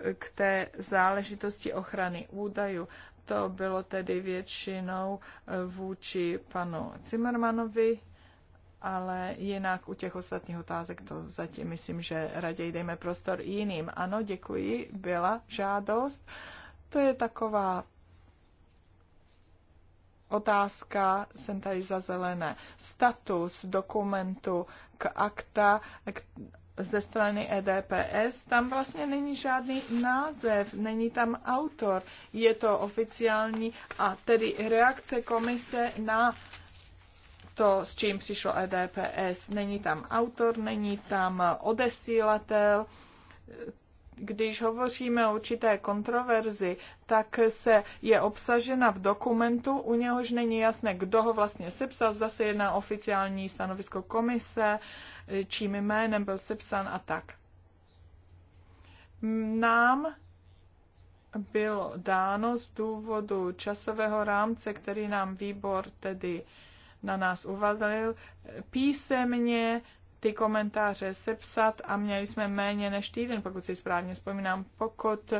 e, k té záležitosti ochrany údajů. To bylo tedy většinou e, vůči panu Zimmermanovi, ale jinak u těch ostatních otázek to zatím myslím, že raději dejme prostor jiným. Ano, děkuji, byla žádost. To je taková otázka, jsem tady za zelené, status dokumentu k akta k, ze strany EDPS, tam vlastně není žádný název, není tam autor, je to oficiální a tedy reakce komise na to, s čím přišlo EDPS. Není tam autor, není tam odesílatel. Když hovoříme o určité kontroverzi, tak se je obsažena v dokumentu, u něhož není jasné, kdo ho vlastně sepsal, zda se jedná oficiální stanovisko komise, čím jménem byl sepsan a tak. Nám bylo dáno z důvodu časového rámce, který nám výbor tedy na nás uvalil, písemně ty komentáře sepsat a měli jsme méně než týden, pokud si správně vzpomínám, pokud,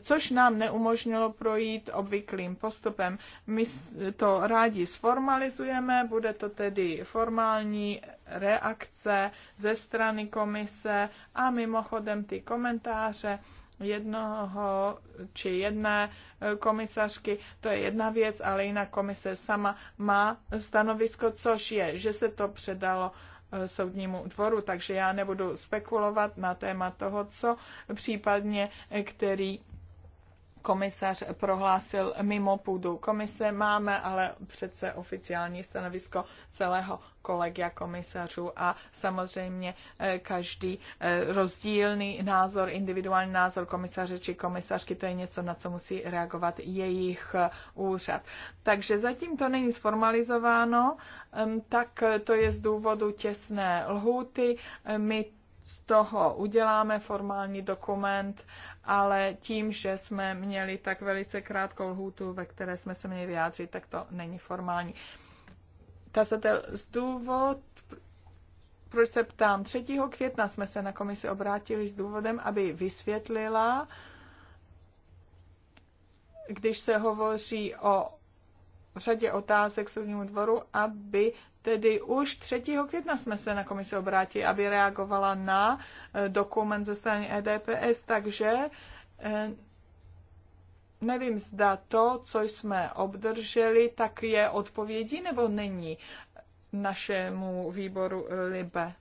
což nám neumožnilo projít obvyklým postupem. My to rádi sformalizujeme, bude to tedy formální reakce ze strany komise a mimochodem ty komentáře jednoho či jedné eh, komisařky, to je jedna věc, ale jinak komise sama má stanovisko, což je, že se to předalo eh, soudnímu dvoru, takže já nebudu spekulovat na téma toho, co případně eh, který komisař prohlásil mimo půdu komise. Máme ale přece oficiální stanovisko celého kolegia komisařů a samozřejmě eh, každý eh, rozdílný názor, individuální názor komisaře či komisařky, to je něco, na co musí reagovat jejich eh, úřad. Takže zatím to není sformalizováno, tak to je z důvodu těsné lhůty. My z toho uděláme formální dokument ale tím, že jsme měli tak velice krátkou lhůtu, ve které jsme se měli vyjádřit, tak to není formální. Tazatel z důvod, proč se ptám, 3. května jsme se na komisi obrátili s důvodem, aby vysvětlila, když se hovoří o řadě otázek soudnímu dvoru, aby Tedy už 3. května jsme se na komisi obrátili, aby reagovala na eh, dokument ze strany EDPS, takže eh, nevím, zda to, co jsme obdrželi, tak je odpovědí nebo není našemu výboru eh, LIBE.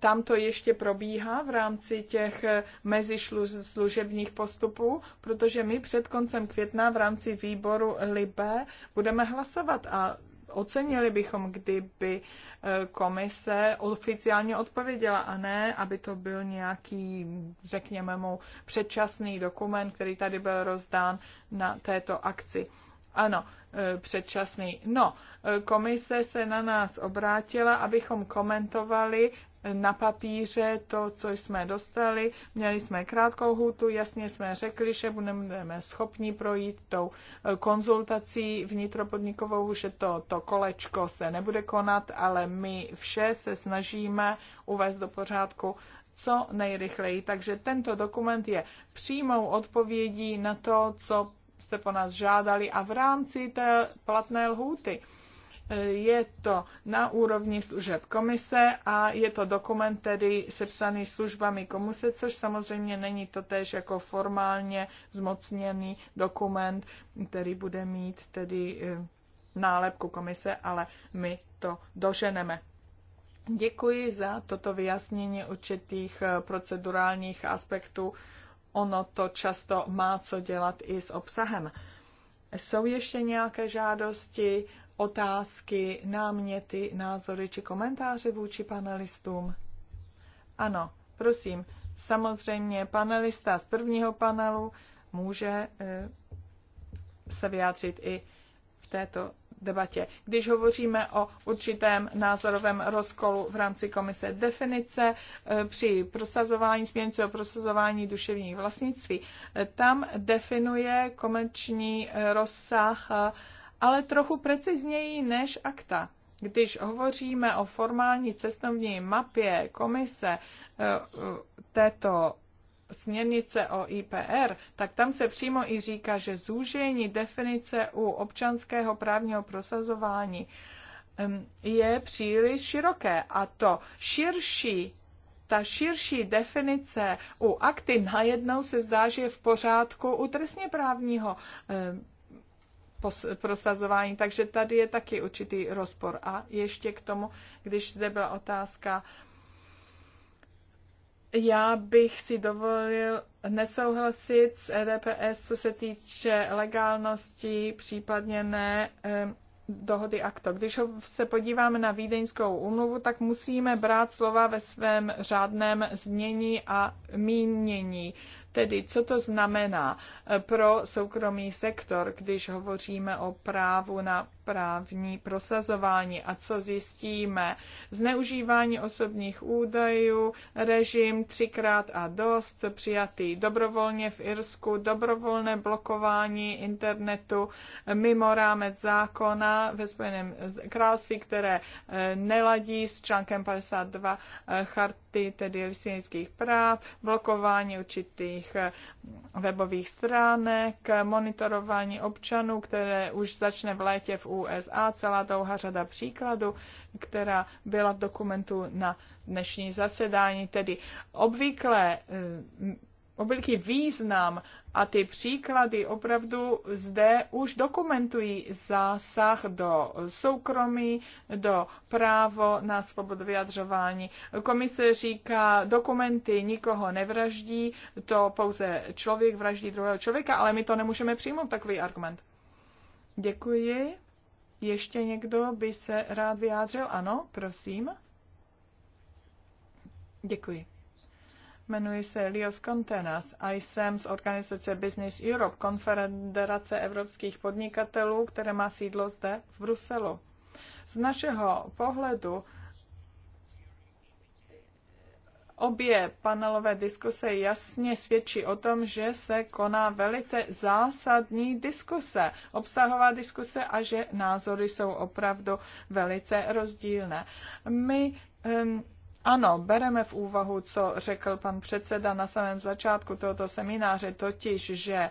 Tam to ještě probíhá v rámci těch mezislužebních postupů, protože my před koncem května v rámci výboru LIBE budeme hlasovat a Ocenili bychom, kdyby e, komise oficiálně odpověděla a ne, aby to byl nějaký, řekněme mu, předčasný dokument, který tady byl rozdán na této akci. Ano, e, předčasný. No, e, komise se na nás obrátila, abychom komentovali na papíře to, co jsme dostali. Měli jsme krátkou hutu, jasně jsme řekli, že budeme schopni projít tou eh, konzultací vnitropodnikovou, že to, to kolečko se nebude konat, ale my vše se snažíme uvést do pořádku co nejrychleji. Takže tento dokument je přímou odpovědí na to, co jste po nás žádali a v rámci té platné lhůty. Je to na úrovni služeb komise a je to dokument tedy sepsaný službami komise, což samozřejmě není to tež jako formálně zmocněný dokument, který bude mít tedy eh, nálepku komise, ale my to doženeme. Děkuji za toto vyjasnění určitých eh, procedurálních aspektů. Ono to často má co dělat i s obsahem. Jsou ještě nějaké žádosti? otázky, náměty, názory či komentáře vůči panelistům? Ano, prosím. Samozřejmě panelista z prvního panelu může eh, se vyjádřit i v této debatě. Když hovoříme o určitém názorovém rozkolu v rámci komise definice eh, při prosazování směrnice o prosazování duševních vlastnictví, eh, tam definuje komerční rozsah ale trochu precizněji než akta. Když hovoříme o formální cestovní mapě komise eh, eh, této směrnice o IPR, tak tam se přímo i říká, že zúžení definice u občanského právního prosazování je příliš široké a to širší ta širší definice u akty najednou se zdá, že je v pořádku u trestně právního prosazování. Takže tady je taky určitý rozpor. A ještě k tomu, když zde byla otázka, já bych si dovolil nesouhlasit s EDPS, co se týče legálnosti, případně ne dohody akto. Když se podíváme na vídeňskou úmluvu, tak musíme brát slova ve svém řádném znění a mínění. Tedy, co to znamená eh, pro soukromý sektor, když hovoříme o právu na právní prosazování. A co zjistíme? Zneužívání osobních údajů, režim třikrát a dost, přijatý dobrovolně v Irsku, dobrovolné blokování internetu mimo rámec zákona ve Spojeném království, které eh, neladí s článkem 52 eh, charty, tedy lisinických práv, blokování určitých eh, webových stránek, monitorování občanů, které už začne v létě v USA, celá dlouhá řada příkladů, která byla v dokumentu na dnešní zasedání, tedy obvykle eh, obvyký význam a ty příklady opravdu zde už dokumentují zásah do soukromí, do právo na svobodu vyjadřování. Komise říká, dokumenty nikoho nevraždí, to pouze člověk vraždí druhého člověka, ale my to nemůžeme přijmout, takový argument. Děkuji. Ještě někdo by se rád vyjádřil? Ano, prosím. Děkuji. Jmenuji se Elios Contenas a jsem z organizace Business Europe, konfederace evropských podnikatelů, které má sídlo zde v Bruselu. Z našeho pohledu Obě panelové diskuse jasně svědčí o tom, že se koná velice zásadní diskuse, obsahová diskuse a že názory jsou opravdu velice rozdílné. My um, ano, bereme v úvahu, co řekl pan předseda na samém začátku tohoto semináře, totiž, že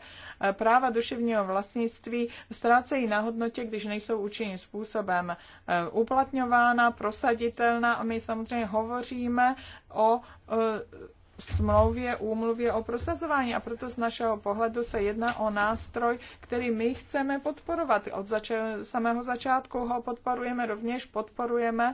práva duševního vlastnictví ztrácejí na hodnotě, když nejsou účinným způsobem eh, uplatňována, prosaditelná. A my samozřejmě hovoříme o eh, smlouvě, úmluvě o prosazování a proto z našeho pohledu se jedná o nástroj, který my chceme podporovat. Od zač- samého začátku ho podporujeme, rovněž podporujeme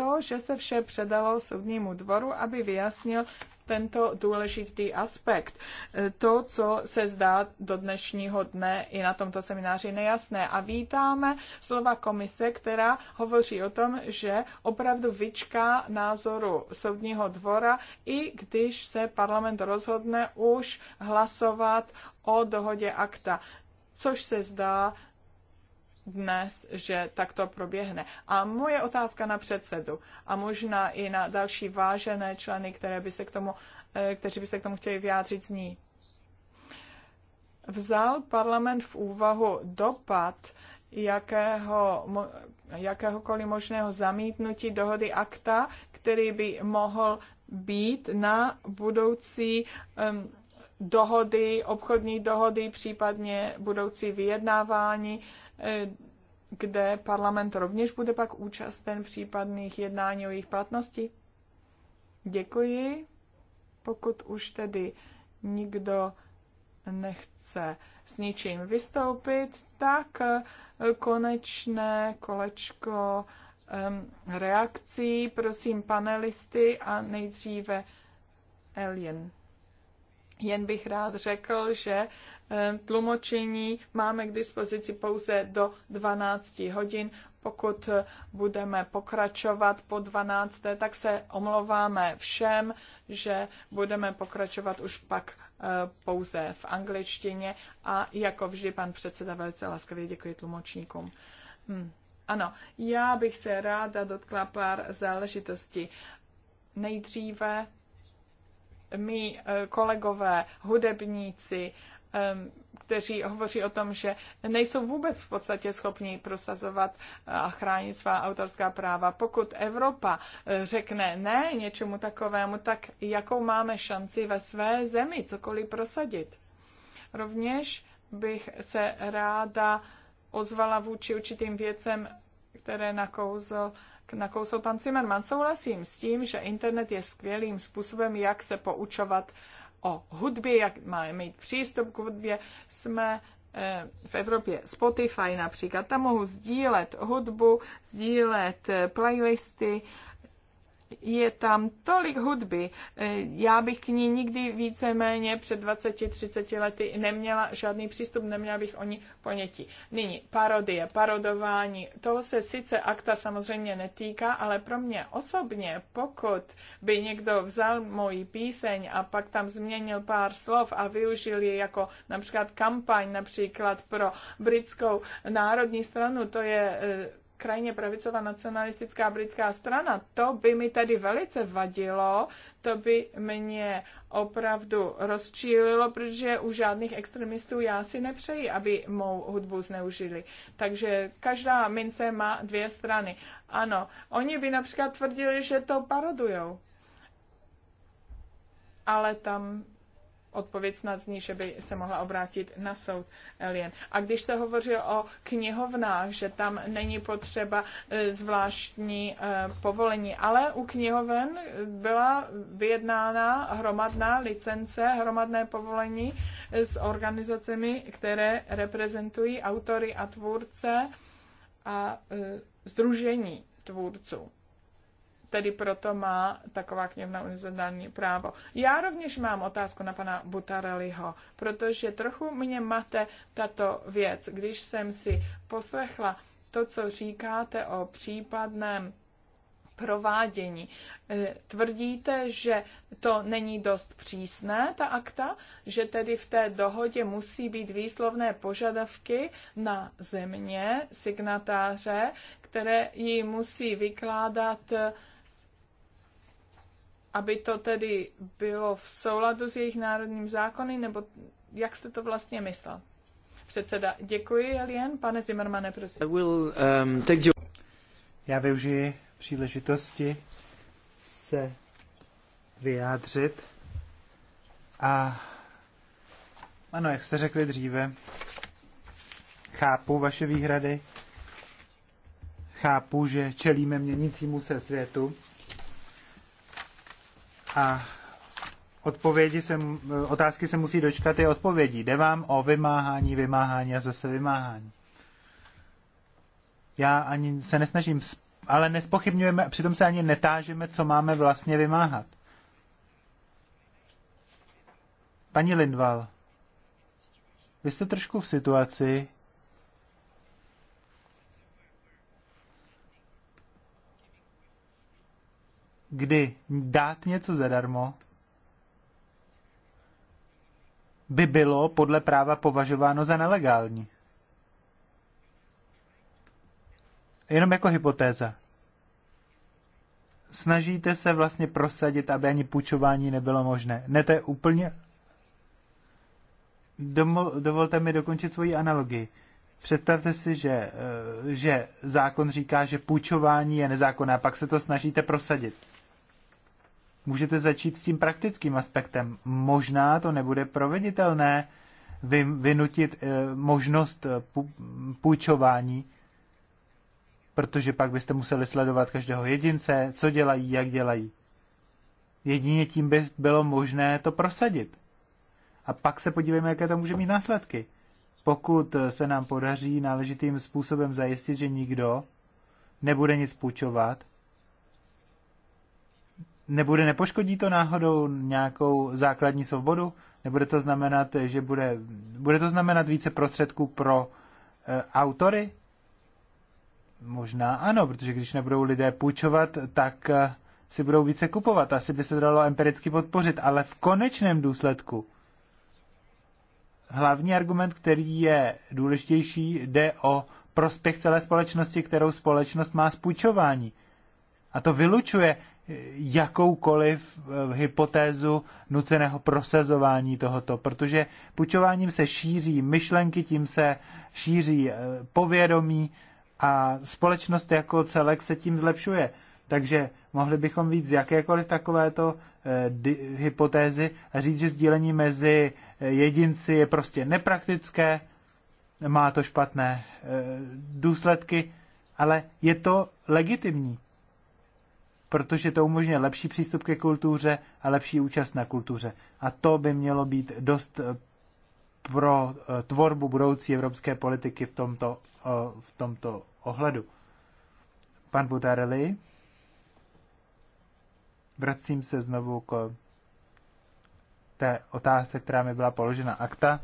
to, že se vše předalo soudnímu dvoru, aby vyjasnil tento důležitý aspekt. E, to, co se zdá do dnešního dne i na tomto semináři nejasné. A vítáme slova komise, která hovoří o tom, že opravdu vyčká názoru soudního dvora, i když se parlament rozhodne už hlasovat o dohodě akta což se zdá dnes, že tak to proběhne. A moje otázka na předsedu a možná i na další vážené členy, které by se k tomu, eh, kteří by se k tomu chtěli vyjádřit z ní. Vzal parlament v úvahu dopad jakého, jakéhokoliv možného zamítnutí dohody akta, který by mohl být na budoucí um, dohody, obchodní dohody, případně budoucí vyjednávání Eh, kde parlament rovněž bude pak účasten případných jednání o jejich platnosti? Děkuji. Pokud už tedy nikdo nechce s ničím vystoupit, tak eh, konečné kolečko reakcí. Prosím panelisty a nejdříve Elien. Jen bych rád řekl, že Eh, tlumočení máme k dispozici pouze do 12 hodin. Pokud eh, budeme pokračovat po 12, tak se omlouváme všem, že budeme pokračovat už pak eh, pouze v angličtině a jako vždy pan předseda velice laskavě děkuji tlumočníkům. Hm. Ano, já bych se ráda dotkla pár záležitostí. Nejdříve my kolegové, hudebníci, kteří hovoří o tom, že nejsou vůbec v podstatě schopni prosazovat eh, a chránit svá autorská práva. Pokud Evropa eh, řekne ne něčemu takovému, tak jakou máme šanci ve své zemi cokoliv prosadit? Rovněž bych se ráda ozvala vůči určitým věcem, které nakouzl nakousl pan Zimmerman. Souhlasím s tím, že internet je skvělým způsobem, jak se poučovat o hudbě, jak máme mít přístup k hudbě, jsme eh, v Evropě Spotify například. Tam mohu sdílet hudbu, sdílet eh, playlisty, je tam tolik hudby. E, já bych k ní nikdy víceméně před 20-30 lety neměla žádný přístup, neměla bych o ní ponětí. Nyní parodie, parodování. Toho se sice akta samozřejmě netýká, ale pro mě osobně, pokud by někdo vzal moji píseň a pak tam změnil pár slov a využil je jako například kampaň, například pro britskou národní stranu, to je e, krajně pravicová nacionalistická britská strana. To by mi tedy velice vadilo, to by mě opravdu rozčílilo, protože u žádných extremistů já si nepřeji, aby mou hudbu zneužili. Takže každá mince má dvě strany. Ano, oni by například tvrdili, že to parodujou. Ale tam Odpověď snad zní, že by se mohla obrátit na soud Elien. A když se hovořil o knihovnách, že tam není potřeba e, zvláštní e, povolení, ale u knihoven byla vyjednána hromadná licence, hromadné povolení e, s organizacemi, které reprezentují autory a tvůrce a združení tvůrců tedy proto má taková knihovna univerzální právo. Já rovněž mám otázku na pana Butareliho, protože trochu mě máte tato věc. Když jsem si poslechla to, co říkáte o případném provádění. Eh, tvrdíte, že to není dost přísné, ta akta, že tedy v té dohodě musí být výslovné požadavky na země signatáře, které ji musí vykládat eh, aby to tedy bylo v souladu s jejich národním zákony, nebo jak jste to vlastně myslel? Předseda, děkuji, Elien. Pane Zimmermane, prosím. I will, um, take you... Já využiji příležitosti se vyjádřit. A ano, jak jste řekli dříve, chápu vaše výhrady, chápu, že čelíme měnícímu se světu a odpovědi se, otázky se musí dočkat i odpovědí. Jde vám o vymáhání, vymáhání a zase vymáhání. Já ani se nesnažím, ale nespochybňujeme, přitom se ani netážeme, co máme vlastně vymáhat. Paní Lindval, vy jste trošku v situaci, kdy dát něco zadarmo by bylo podle práva považováno za nelegální. Jenom jako hypotéza. Snažíte se vlastně prosadit, aby ani půjčování nebylo možné. Ne, to je úplně... Domo, dovolte mi dokončit svoji analogii. Představte si, že, eh, že zákon říká, že půjčování je nezákonné, a pak se to snažíte prosadit můžete začít s tím praktickým aspektem. Možná to nebude proveditelné vynutit eh, možnost eh, půjčování, protože pak byste museli sledovat každého jedince, co dělají, jak dělají. Jedině tím by bylo možné to prosadit. A pak se podívejme, jaké to může mít následky. Pokud eh, se nám podaří náležitým způsobem zajistit, že nikdo nebude nic půjčovat, nebude, nepoškodí to náhodou nějakou základní svobodu? Nebude to znamenat, že bude, bude to znamenat více prostředků pro e, autory? Možná ano, protože když nebudou lidé půjčovat, tak e, si budou více kupovat. Asi by se to dalo empiricky podpořit, ale v konečném důsledku hlavní argument, který je důležitější, jde o prospěch celé společnosti, kterou společnost má z půjčování. A to vylučuje jakoukoliv eh, hypotézu nuceného prosazování tohoto, protože pučováním se šíří myšlenky, tím se šíří eh, povědomí a společnost jako celek se tím zlepšuje. Takže mohli bychom víc z jakékoliv takovéto eh, hypotézy a říct, že sdílení mezi jedinci je prostě nepraktické, má to špatné důsledky, ale je to legitimní protože to umožňuje lepší přístup ke kultuře a lepší účast na kultuře. A to by mělo být dost eh, pro eh, tvorbu budoucí evropské politiky v tomto, eh, v tomto ohledu. Pan Butarelli, vracím se znovu k té otázce, která mi byla položena. Akta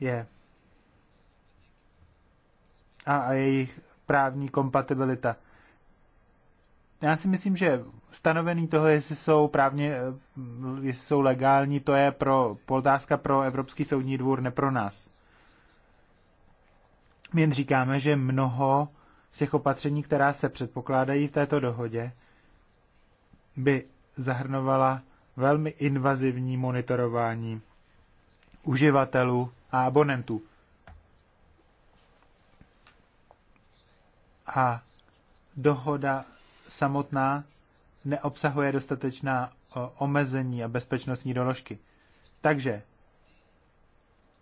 je a, a jejich právní kompatibilita já si myslím, že stanovený toho, jestli jsou právně, eh, jestli jsou legální, to je pro, otázka pro Evropský soudní dvůr, ne pro nás. My jen říkáme, že mnoho z těch opatření, která se předpokládají v této dohodě, by zahrnovala velmi invazivní monitorování uživatelů a abonentů. A dohoda samotná neobsahuje dostatečná omezení a bezpečnostní doložky. Takže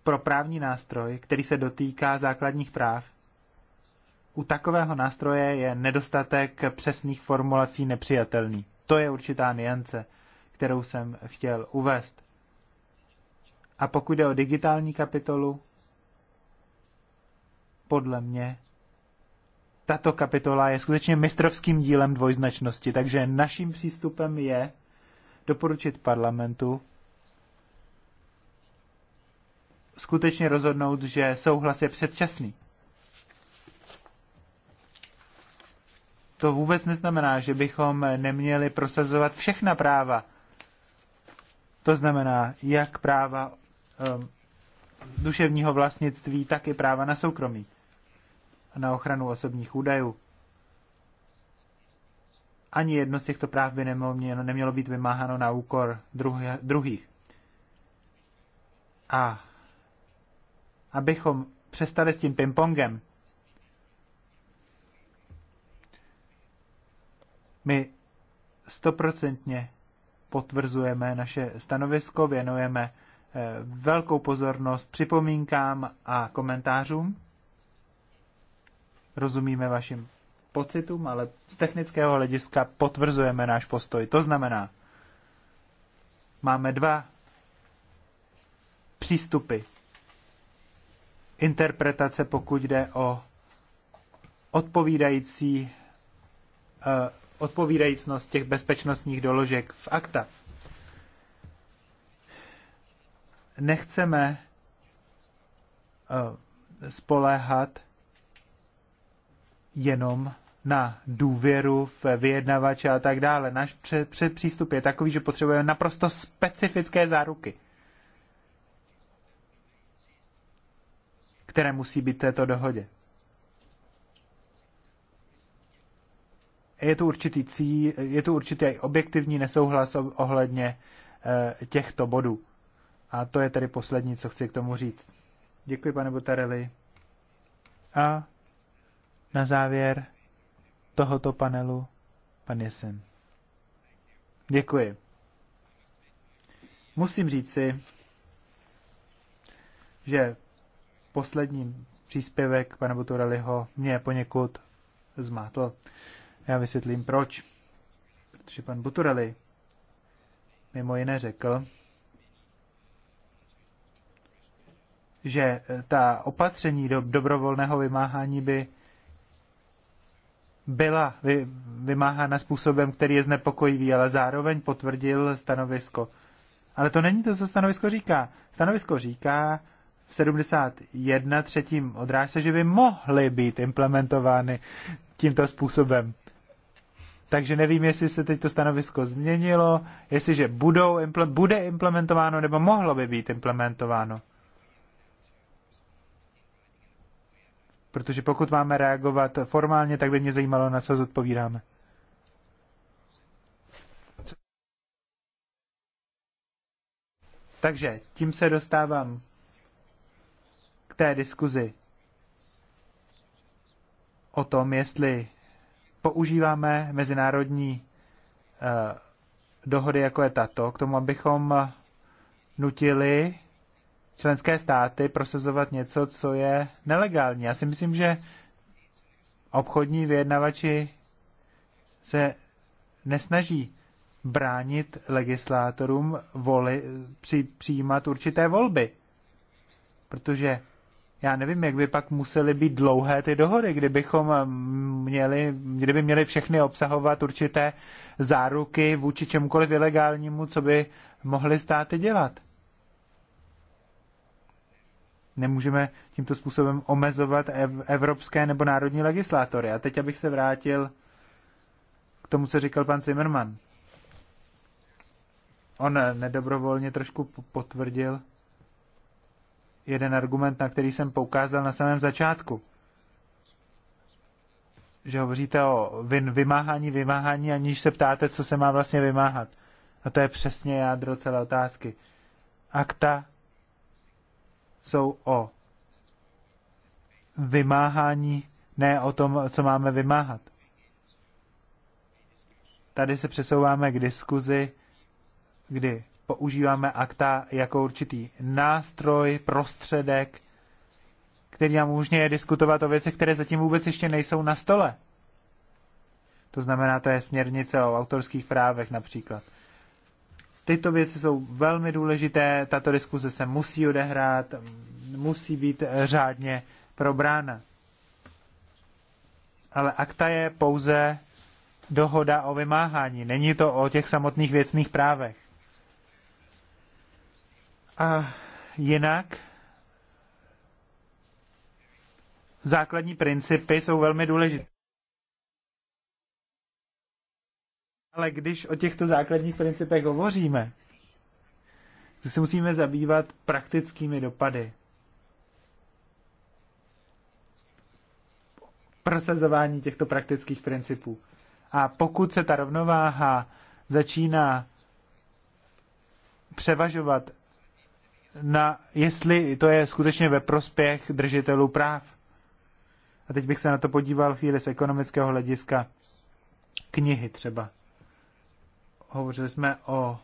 pro právní nástroj, který se dotýká základních práv, u takového nástroje je nedostatek přesných formulací nepřijatelný. To je určitá niance, kterou jsem chtěl uvést. A pokud jde o digitální kapitolu, podle mě tato kapitola je skutečně mistrovským dílem dvojznačnosti, takže naším přístupem je doporučit parlamentu skutečně rozhodnout, že souhlas je předčasný. To vůbec neznamená, že bychom neměli prosazovat všechna práva. To znamená, jak práva um, duševního vlastnictví, tak i práva na soukromí na ochranu osobních údajů. Ani jedno z těchto práv by nemělo, nemělo být vymáháno na úkor druhých. A abychom přestali s tím pingpongem, my stoprocentně potvrzujeme naše stanovisko, věnujeme eh, velkou pozornost připomínkám a komentářům rozumíme vašim pocitům, ale z technického hlediska potvrzujeme náš postoj. To znamená, máme dva přístupy interpretace, pokud jde o odpovídající eh, odpovídajícnost těch bezpečnostních doložek v akta. Nechceme eh, spoléhat jenom na důvěru v vyjednavače a tak dále. Náš přístup je takový, že potřebujeme naprosto specifické záruky, které musí být této dohodě. Je tu určitý cí, je tu určitý objektivní nesouhlas ohledně eh, těchto bodů. A to je tedy poslední, co chci k tomu říct. Děkuji, pane Botarelli. A na závěr tohoto panelu pan Jesen. Děkuji. Musím říci, že poslední příspěvek pana Butoreliho mě poněkud zmátl. Já vysvětlím proč. Protože pan Butorelli mimo jiné řekl, že ta opatření do dobrovolného vymáhání by byla vy, vymáhána způsobem, který je znepokojivý, ale zároveň potvrdil stanovisko. Ale to není to, co stanovisko říká. Stanovisko říká v 71. třetím odrážce, že by mohly být implementovány tímto způsobem. Takže nevím, jestli se teď to stanovisko změnilo, jestliže budou, bude implementováno nebo mohlo by být implementováno. Protože pokud máme reagovat formálně, tak by mě zajímalo, na co zodpovídáme. Takže tím se dostávám k té diskuzi o tom, jestli používáme mezinárodní eh, dohody, jako je tato, k tomu, abychom nutili členské státy prosazovat něco, co je nelegální. Já si myslím, že obchodní vyjednavači se nesnaží bránit legislátorům voli, při, přijímat určité volby. Protože já nevím, jak by pak musely být dlouhé ty dohody, kdybychom měli, kdyby měli všechny obsahovat určité záruky vůči čemukoliv ilegálnímu, co by mohly státy dělat nemůžeme tímto způsobem omezovat evropské nebo národní legislátory. A teď, abych se vrátil k tomu, co říkal pan Zimmerman. On nedobrovolně trošku potvrdil jeden argument, na který jsem poukázal na samém začátku. Že hovoříte o vin, vymáhání, vymáhání, aniž se ptáte, co se má vlastně vymáhat. A to je přesně jádro celé otázky. Akta jsou o vymáhání, ne o tom, co máme vymáhat. Tady se přesouváme k diskuzi, kdy používáme akta jako určitý nástroj, prostředek, který nám umožňuje diskutovat o věcech, které zatím vůbec ještě nejsou na stole. To znamená, to je směrnice o autorských právech například. Tyto věci jsou velmi důležité, tato diskuze se musí odehrát, musí být řádně probrána. Ale akta je pouze dohoda o vymáhání, není to o těch samotných věcných právech. A jinak základní principy jsou velmi důležité. Ale když o těchto základních principech hovoříme, to se musíme zabývat praktickými dopady. Prosazování těchto praktických principů. A pokud se ta rovnováha začíná převažovat na, jestli to je skutečně ve prospěch držitelů práv. A teď bych se na to podíval chvíli z ekonomického hlediska. Knihy třeba hovořili jsme o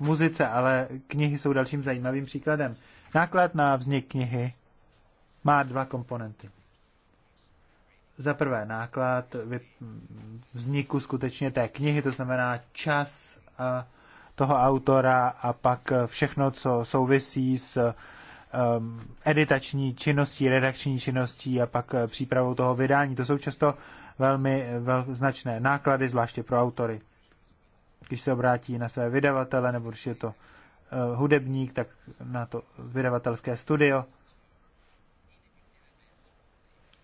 muzice, ale knihy jsou dalším zajímavým příkladem. Náklad na vznik knihy má dva komponenty. Za prvé náklad vzniku skutečně té knihy, to znamená čas a toho autora a pak všechno, co souvisí s um, editační činností, redakční činností a pak eh, přípravou toho vydání. To jsou často velmi eh, vel, značné náklady, zvláště pro autory když se obrátí na své vydavatele, nebo když je to eh, hudebník, tak na to vydavatelské studio.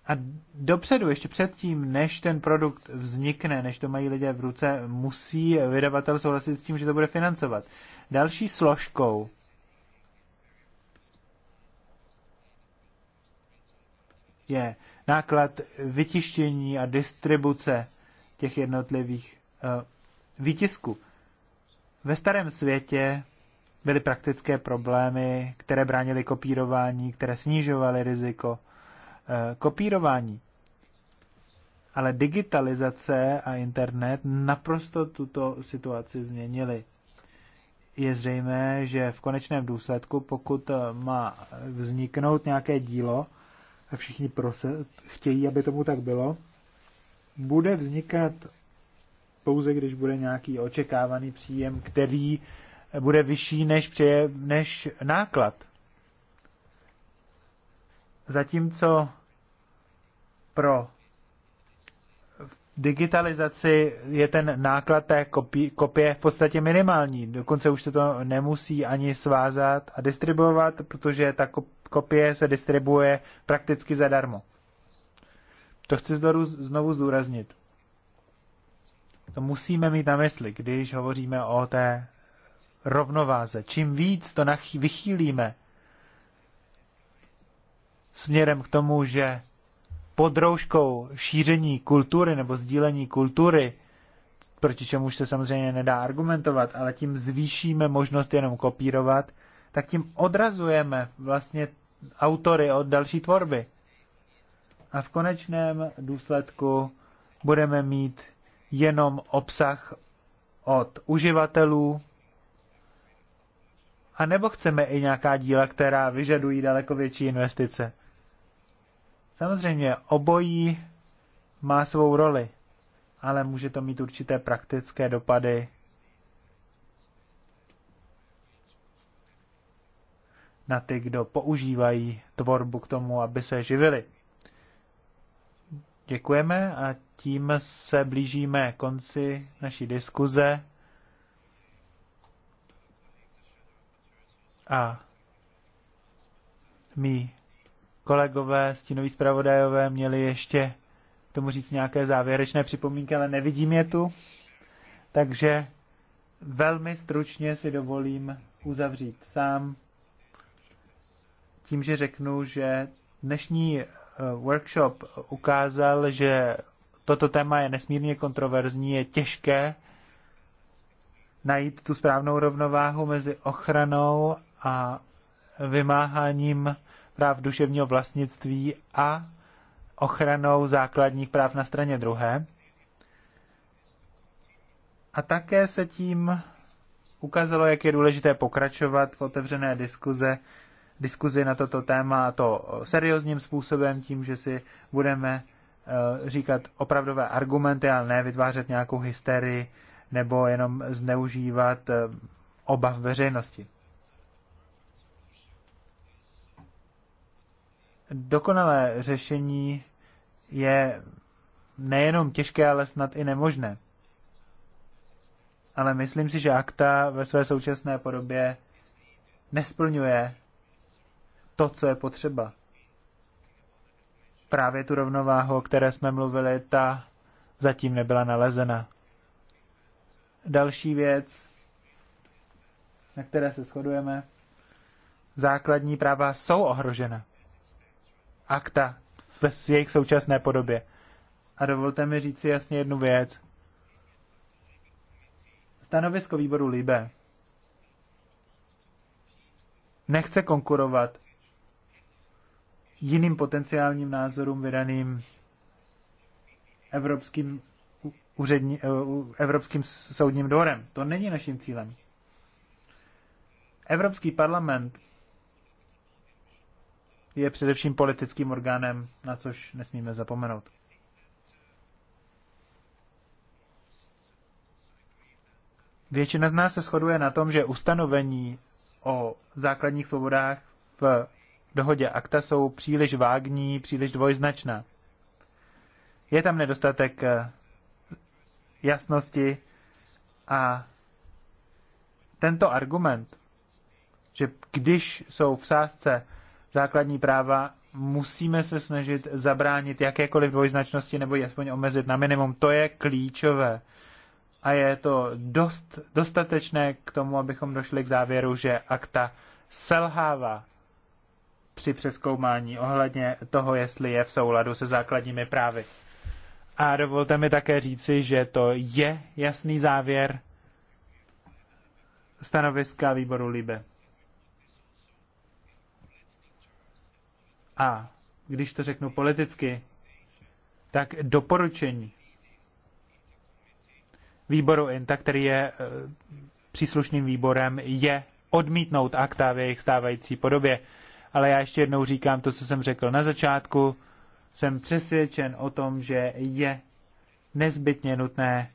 A dopředu, ještě předtím, než ten produkt vznikne, než to mají lidé v ruce, musí vydavatel souhlasit s tím, že to bude financovat. Další složkou je náklad vytištění a distribuce těch jednotlivých uh, výtisku. Ve starém světě byly praktické problémy, které bránily kopírování, které snižovaly riziko eh, kopírování. Ale digitalizace a internet naprosto tuto situaci změnily. Je zřejmé, že v konečném důsledku, pokud eh, má vzniknout nějaké dílo, a všichni prose, chtějí, aby tomu tak bylo, bude vznikat pouze když bude nějaký očekávaný příjem, který bude vyšší než, přeje, než náklad. Zatímco pro digitalizaci je ten náklad té kopie, kopie v podstatě minimální. Dokonce už se to nemusí ani svázat a distribuovat, protože ta kopie se distribuje prakticky zadarmo. To chci znovu zdůraznit. To musíme mít na mysli, když hovoříme o té rovnováze. Čím víc to vychýlíme směrem k tomu, že pod rouškou šíření kultury nebo sdílení kultury, proti už se samozřejmě nedá argumentovat, ale tím zvýšíme možnost jenom kopírovat, tak tím odrazujeme vlastně autory od další tvorby. A v konečném důsledku budeme mít jenom obsah od uživatelů, a nebo chceme i nějaká díla, která vyžadují daleko větší investice? Samozřejmě obojí má svou roli, ale může to mít určité praktické dopady na ty, kdo používají tvorbu k tomu, aby se živili. Děkujeme a tím se blížíme konci naší diskuze. A mý kolegové stínoví zpravodajové měli ještě k tomu říct nějaké závěrečné připomínky, ale nevidím je tu. Takže velmi stručně si dovolím uzavřít sám tím, že řeknu, že dnešní eh, workshop ukázal, že Toto téma je nesmírně kontroverzní, je těžké najít tu správnou rovnováhu mezi ochranou a vymáháním práv duševního vlastnictví a ochranou základních práv na straně druhé. A také se tím ukázalo, jak je důležité pokračovat v otevřené diskuze, diskuzi na toto téma, a to seriózním způsobem, tím, že si budeme Eh, říkat opravdové argumenty, ale ne vytvářet nějakou hysterii nebo jenom zneužívat eh, obav veřejnosti. Dokonalé řešení je nejenom těžké, ale snad i nemožné. Ale myslím si, že akta ve své současné podobě nesplňuje to, co je potřeba právě tu rovnováhu, o které jsme mluvili, ta zatím nebyla nalezena. Další věc, na které se shodujeme, základní práva jsou ohrožena. Akta v jejich současné podobě. A dovolte mi říct si jasně jednu věc. Stanovisko výboru Libe nechce konkurovat jiným potenciálním názorům vydaným Evropským, úřední, eh, Evropským soudním dvorem. To není naším cílem. Evropský parlament je především politickým orgánem, na což nesmíme zapomenout. Většina z nás se shoduje na tom, že ustanovení o základních svobodách v dohodě akta jsou příliš vágní, příliš dvojznačná. Je tam nedostatek eh, jasnosti a tento argument, že když jsou v sázce základní práva, musíme se snažit zabránit jakékoliv dvojznačnosti nebo aspoň omezit na minimum. To je klíčové. A je to dost, dostatečné k tomu, abychom došli k závěru, že akta selhává při přeskoumání ohledně toho, jestli je v souladu se základními právy. A dovolte mi také říci, že to je jasný závěr stanoviska výboru Libe. A když to řeknu politicky, tak doporučení výboru INTA, který je eh, příslušným výborem, je odmítnout akta v jejich stávající podobě ale já ještě jednou říkám to, co jsem řekl na začátku. Jsem přesvědčen o tom, že je nezbytně nutné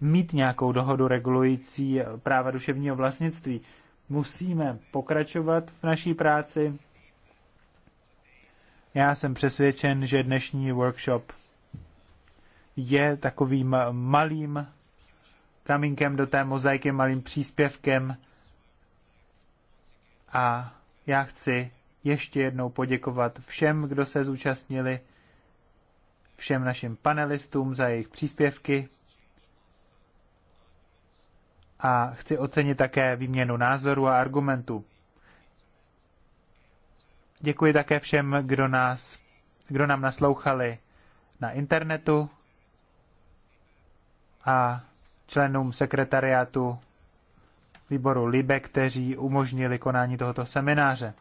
mít nějakou dohodu regulující práva duševního vlastnictví. Musíme pokračovat v naší práci. Já jsem přesvědčen, že dnešní workshop je takovým malým kamínkem do té mozaiky, malým příspěvkem a já chci ještě jednou poděkovat všem, kdo se zúčastnili, všem našim panelistům za jejich příspěvky a chci ocenit také výměnu názoru a argumentů. Děkuji také všem, kdo, nás, kdo nám naslouchali na internetu a členům sekretariátu výboru LIBE, kteří umožnili konání tohoto semináře.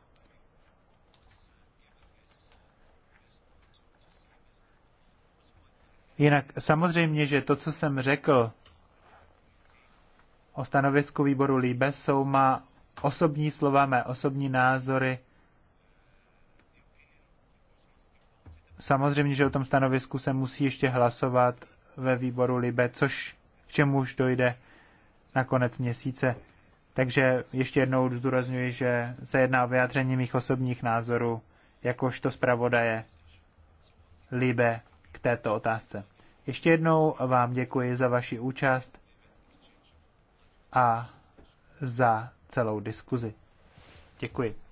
Jinak samozřejmě, že to, co jsem řekl o stanovisku výboru Libe, jsou má osobní slova, mé osobní názory. Samozřejmě, že o tom stanovisku se musí ještě hlasovat ve výboru Libe, což k čemuž dojde na konec měsíce. Takže ještě jednou zdůrazňuji, že se jedná o vyjádření mých osobních názorů, jakožto zpravodaje Libe k této otázce. Ještě jednou vám děkuji za vaši účast a za celou diskuzi. Děkuji.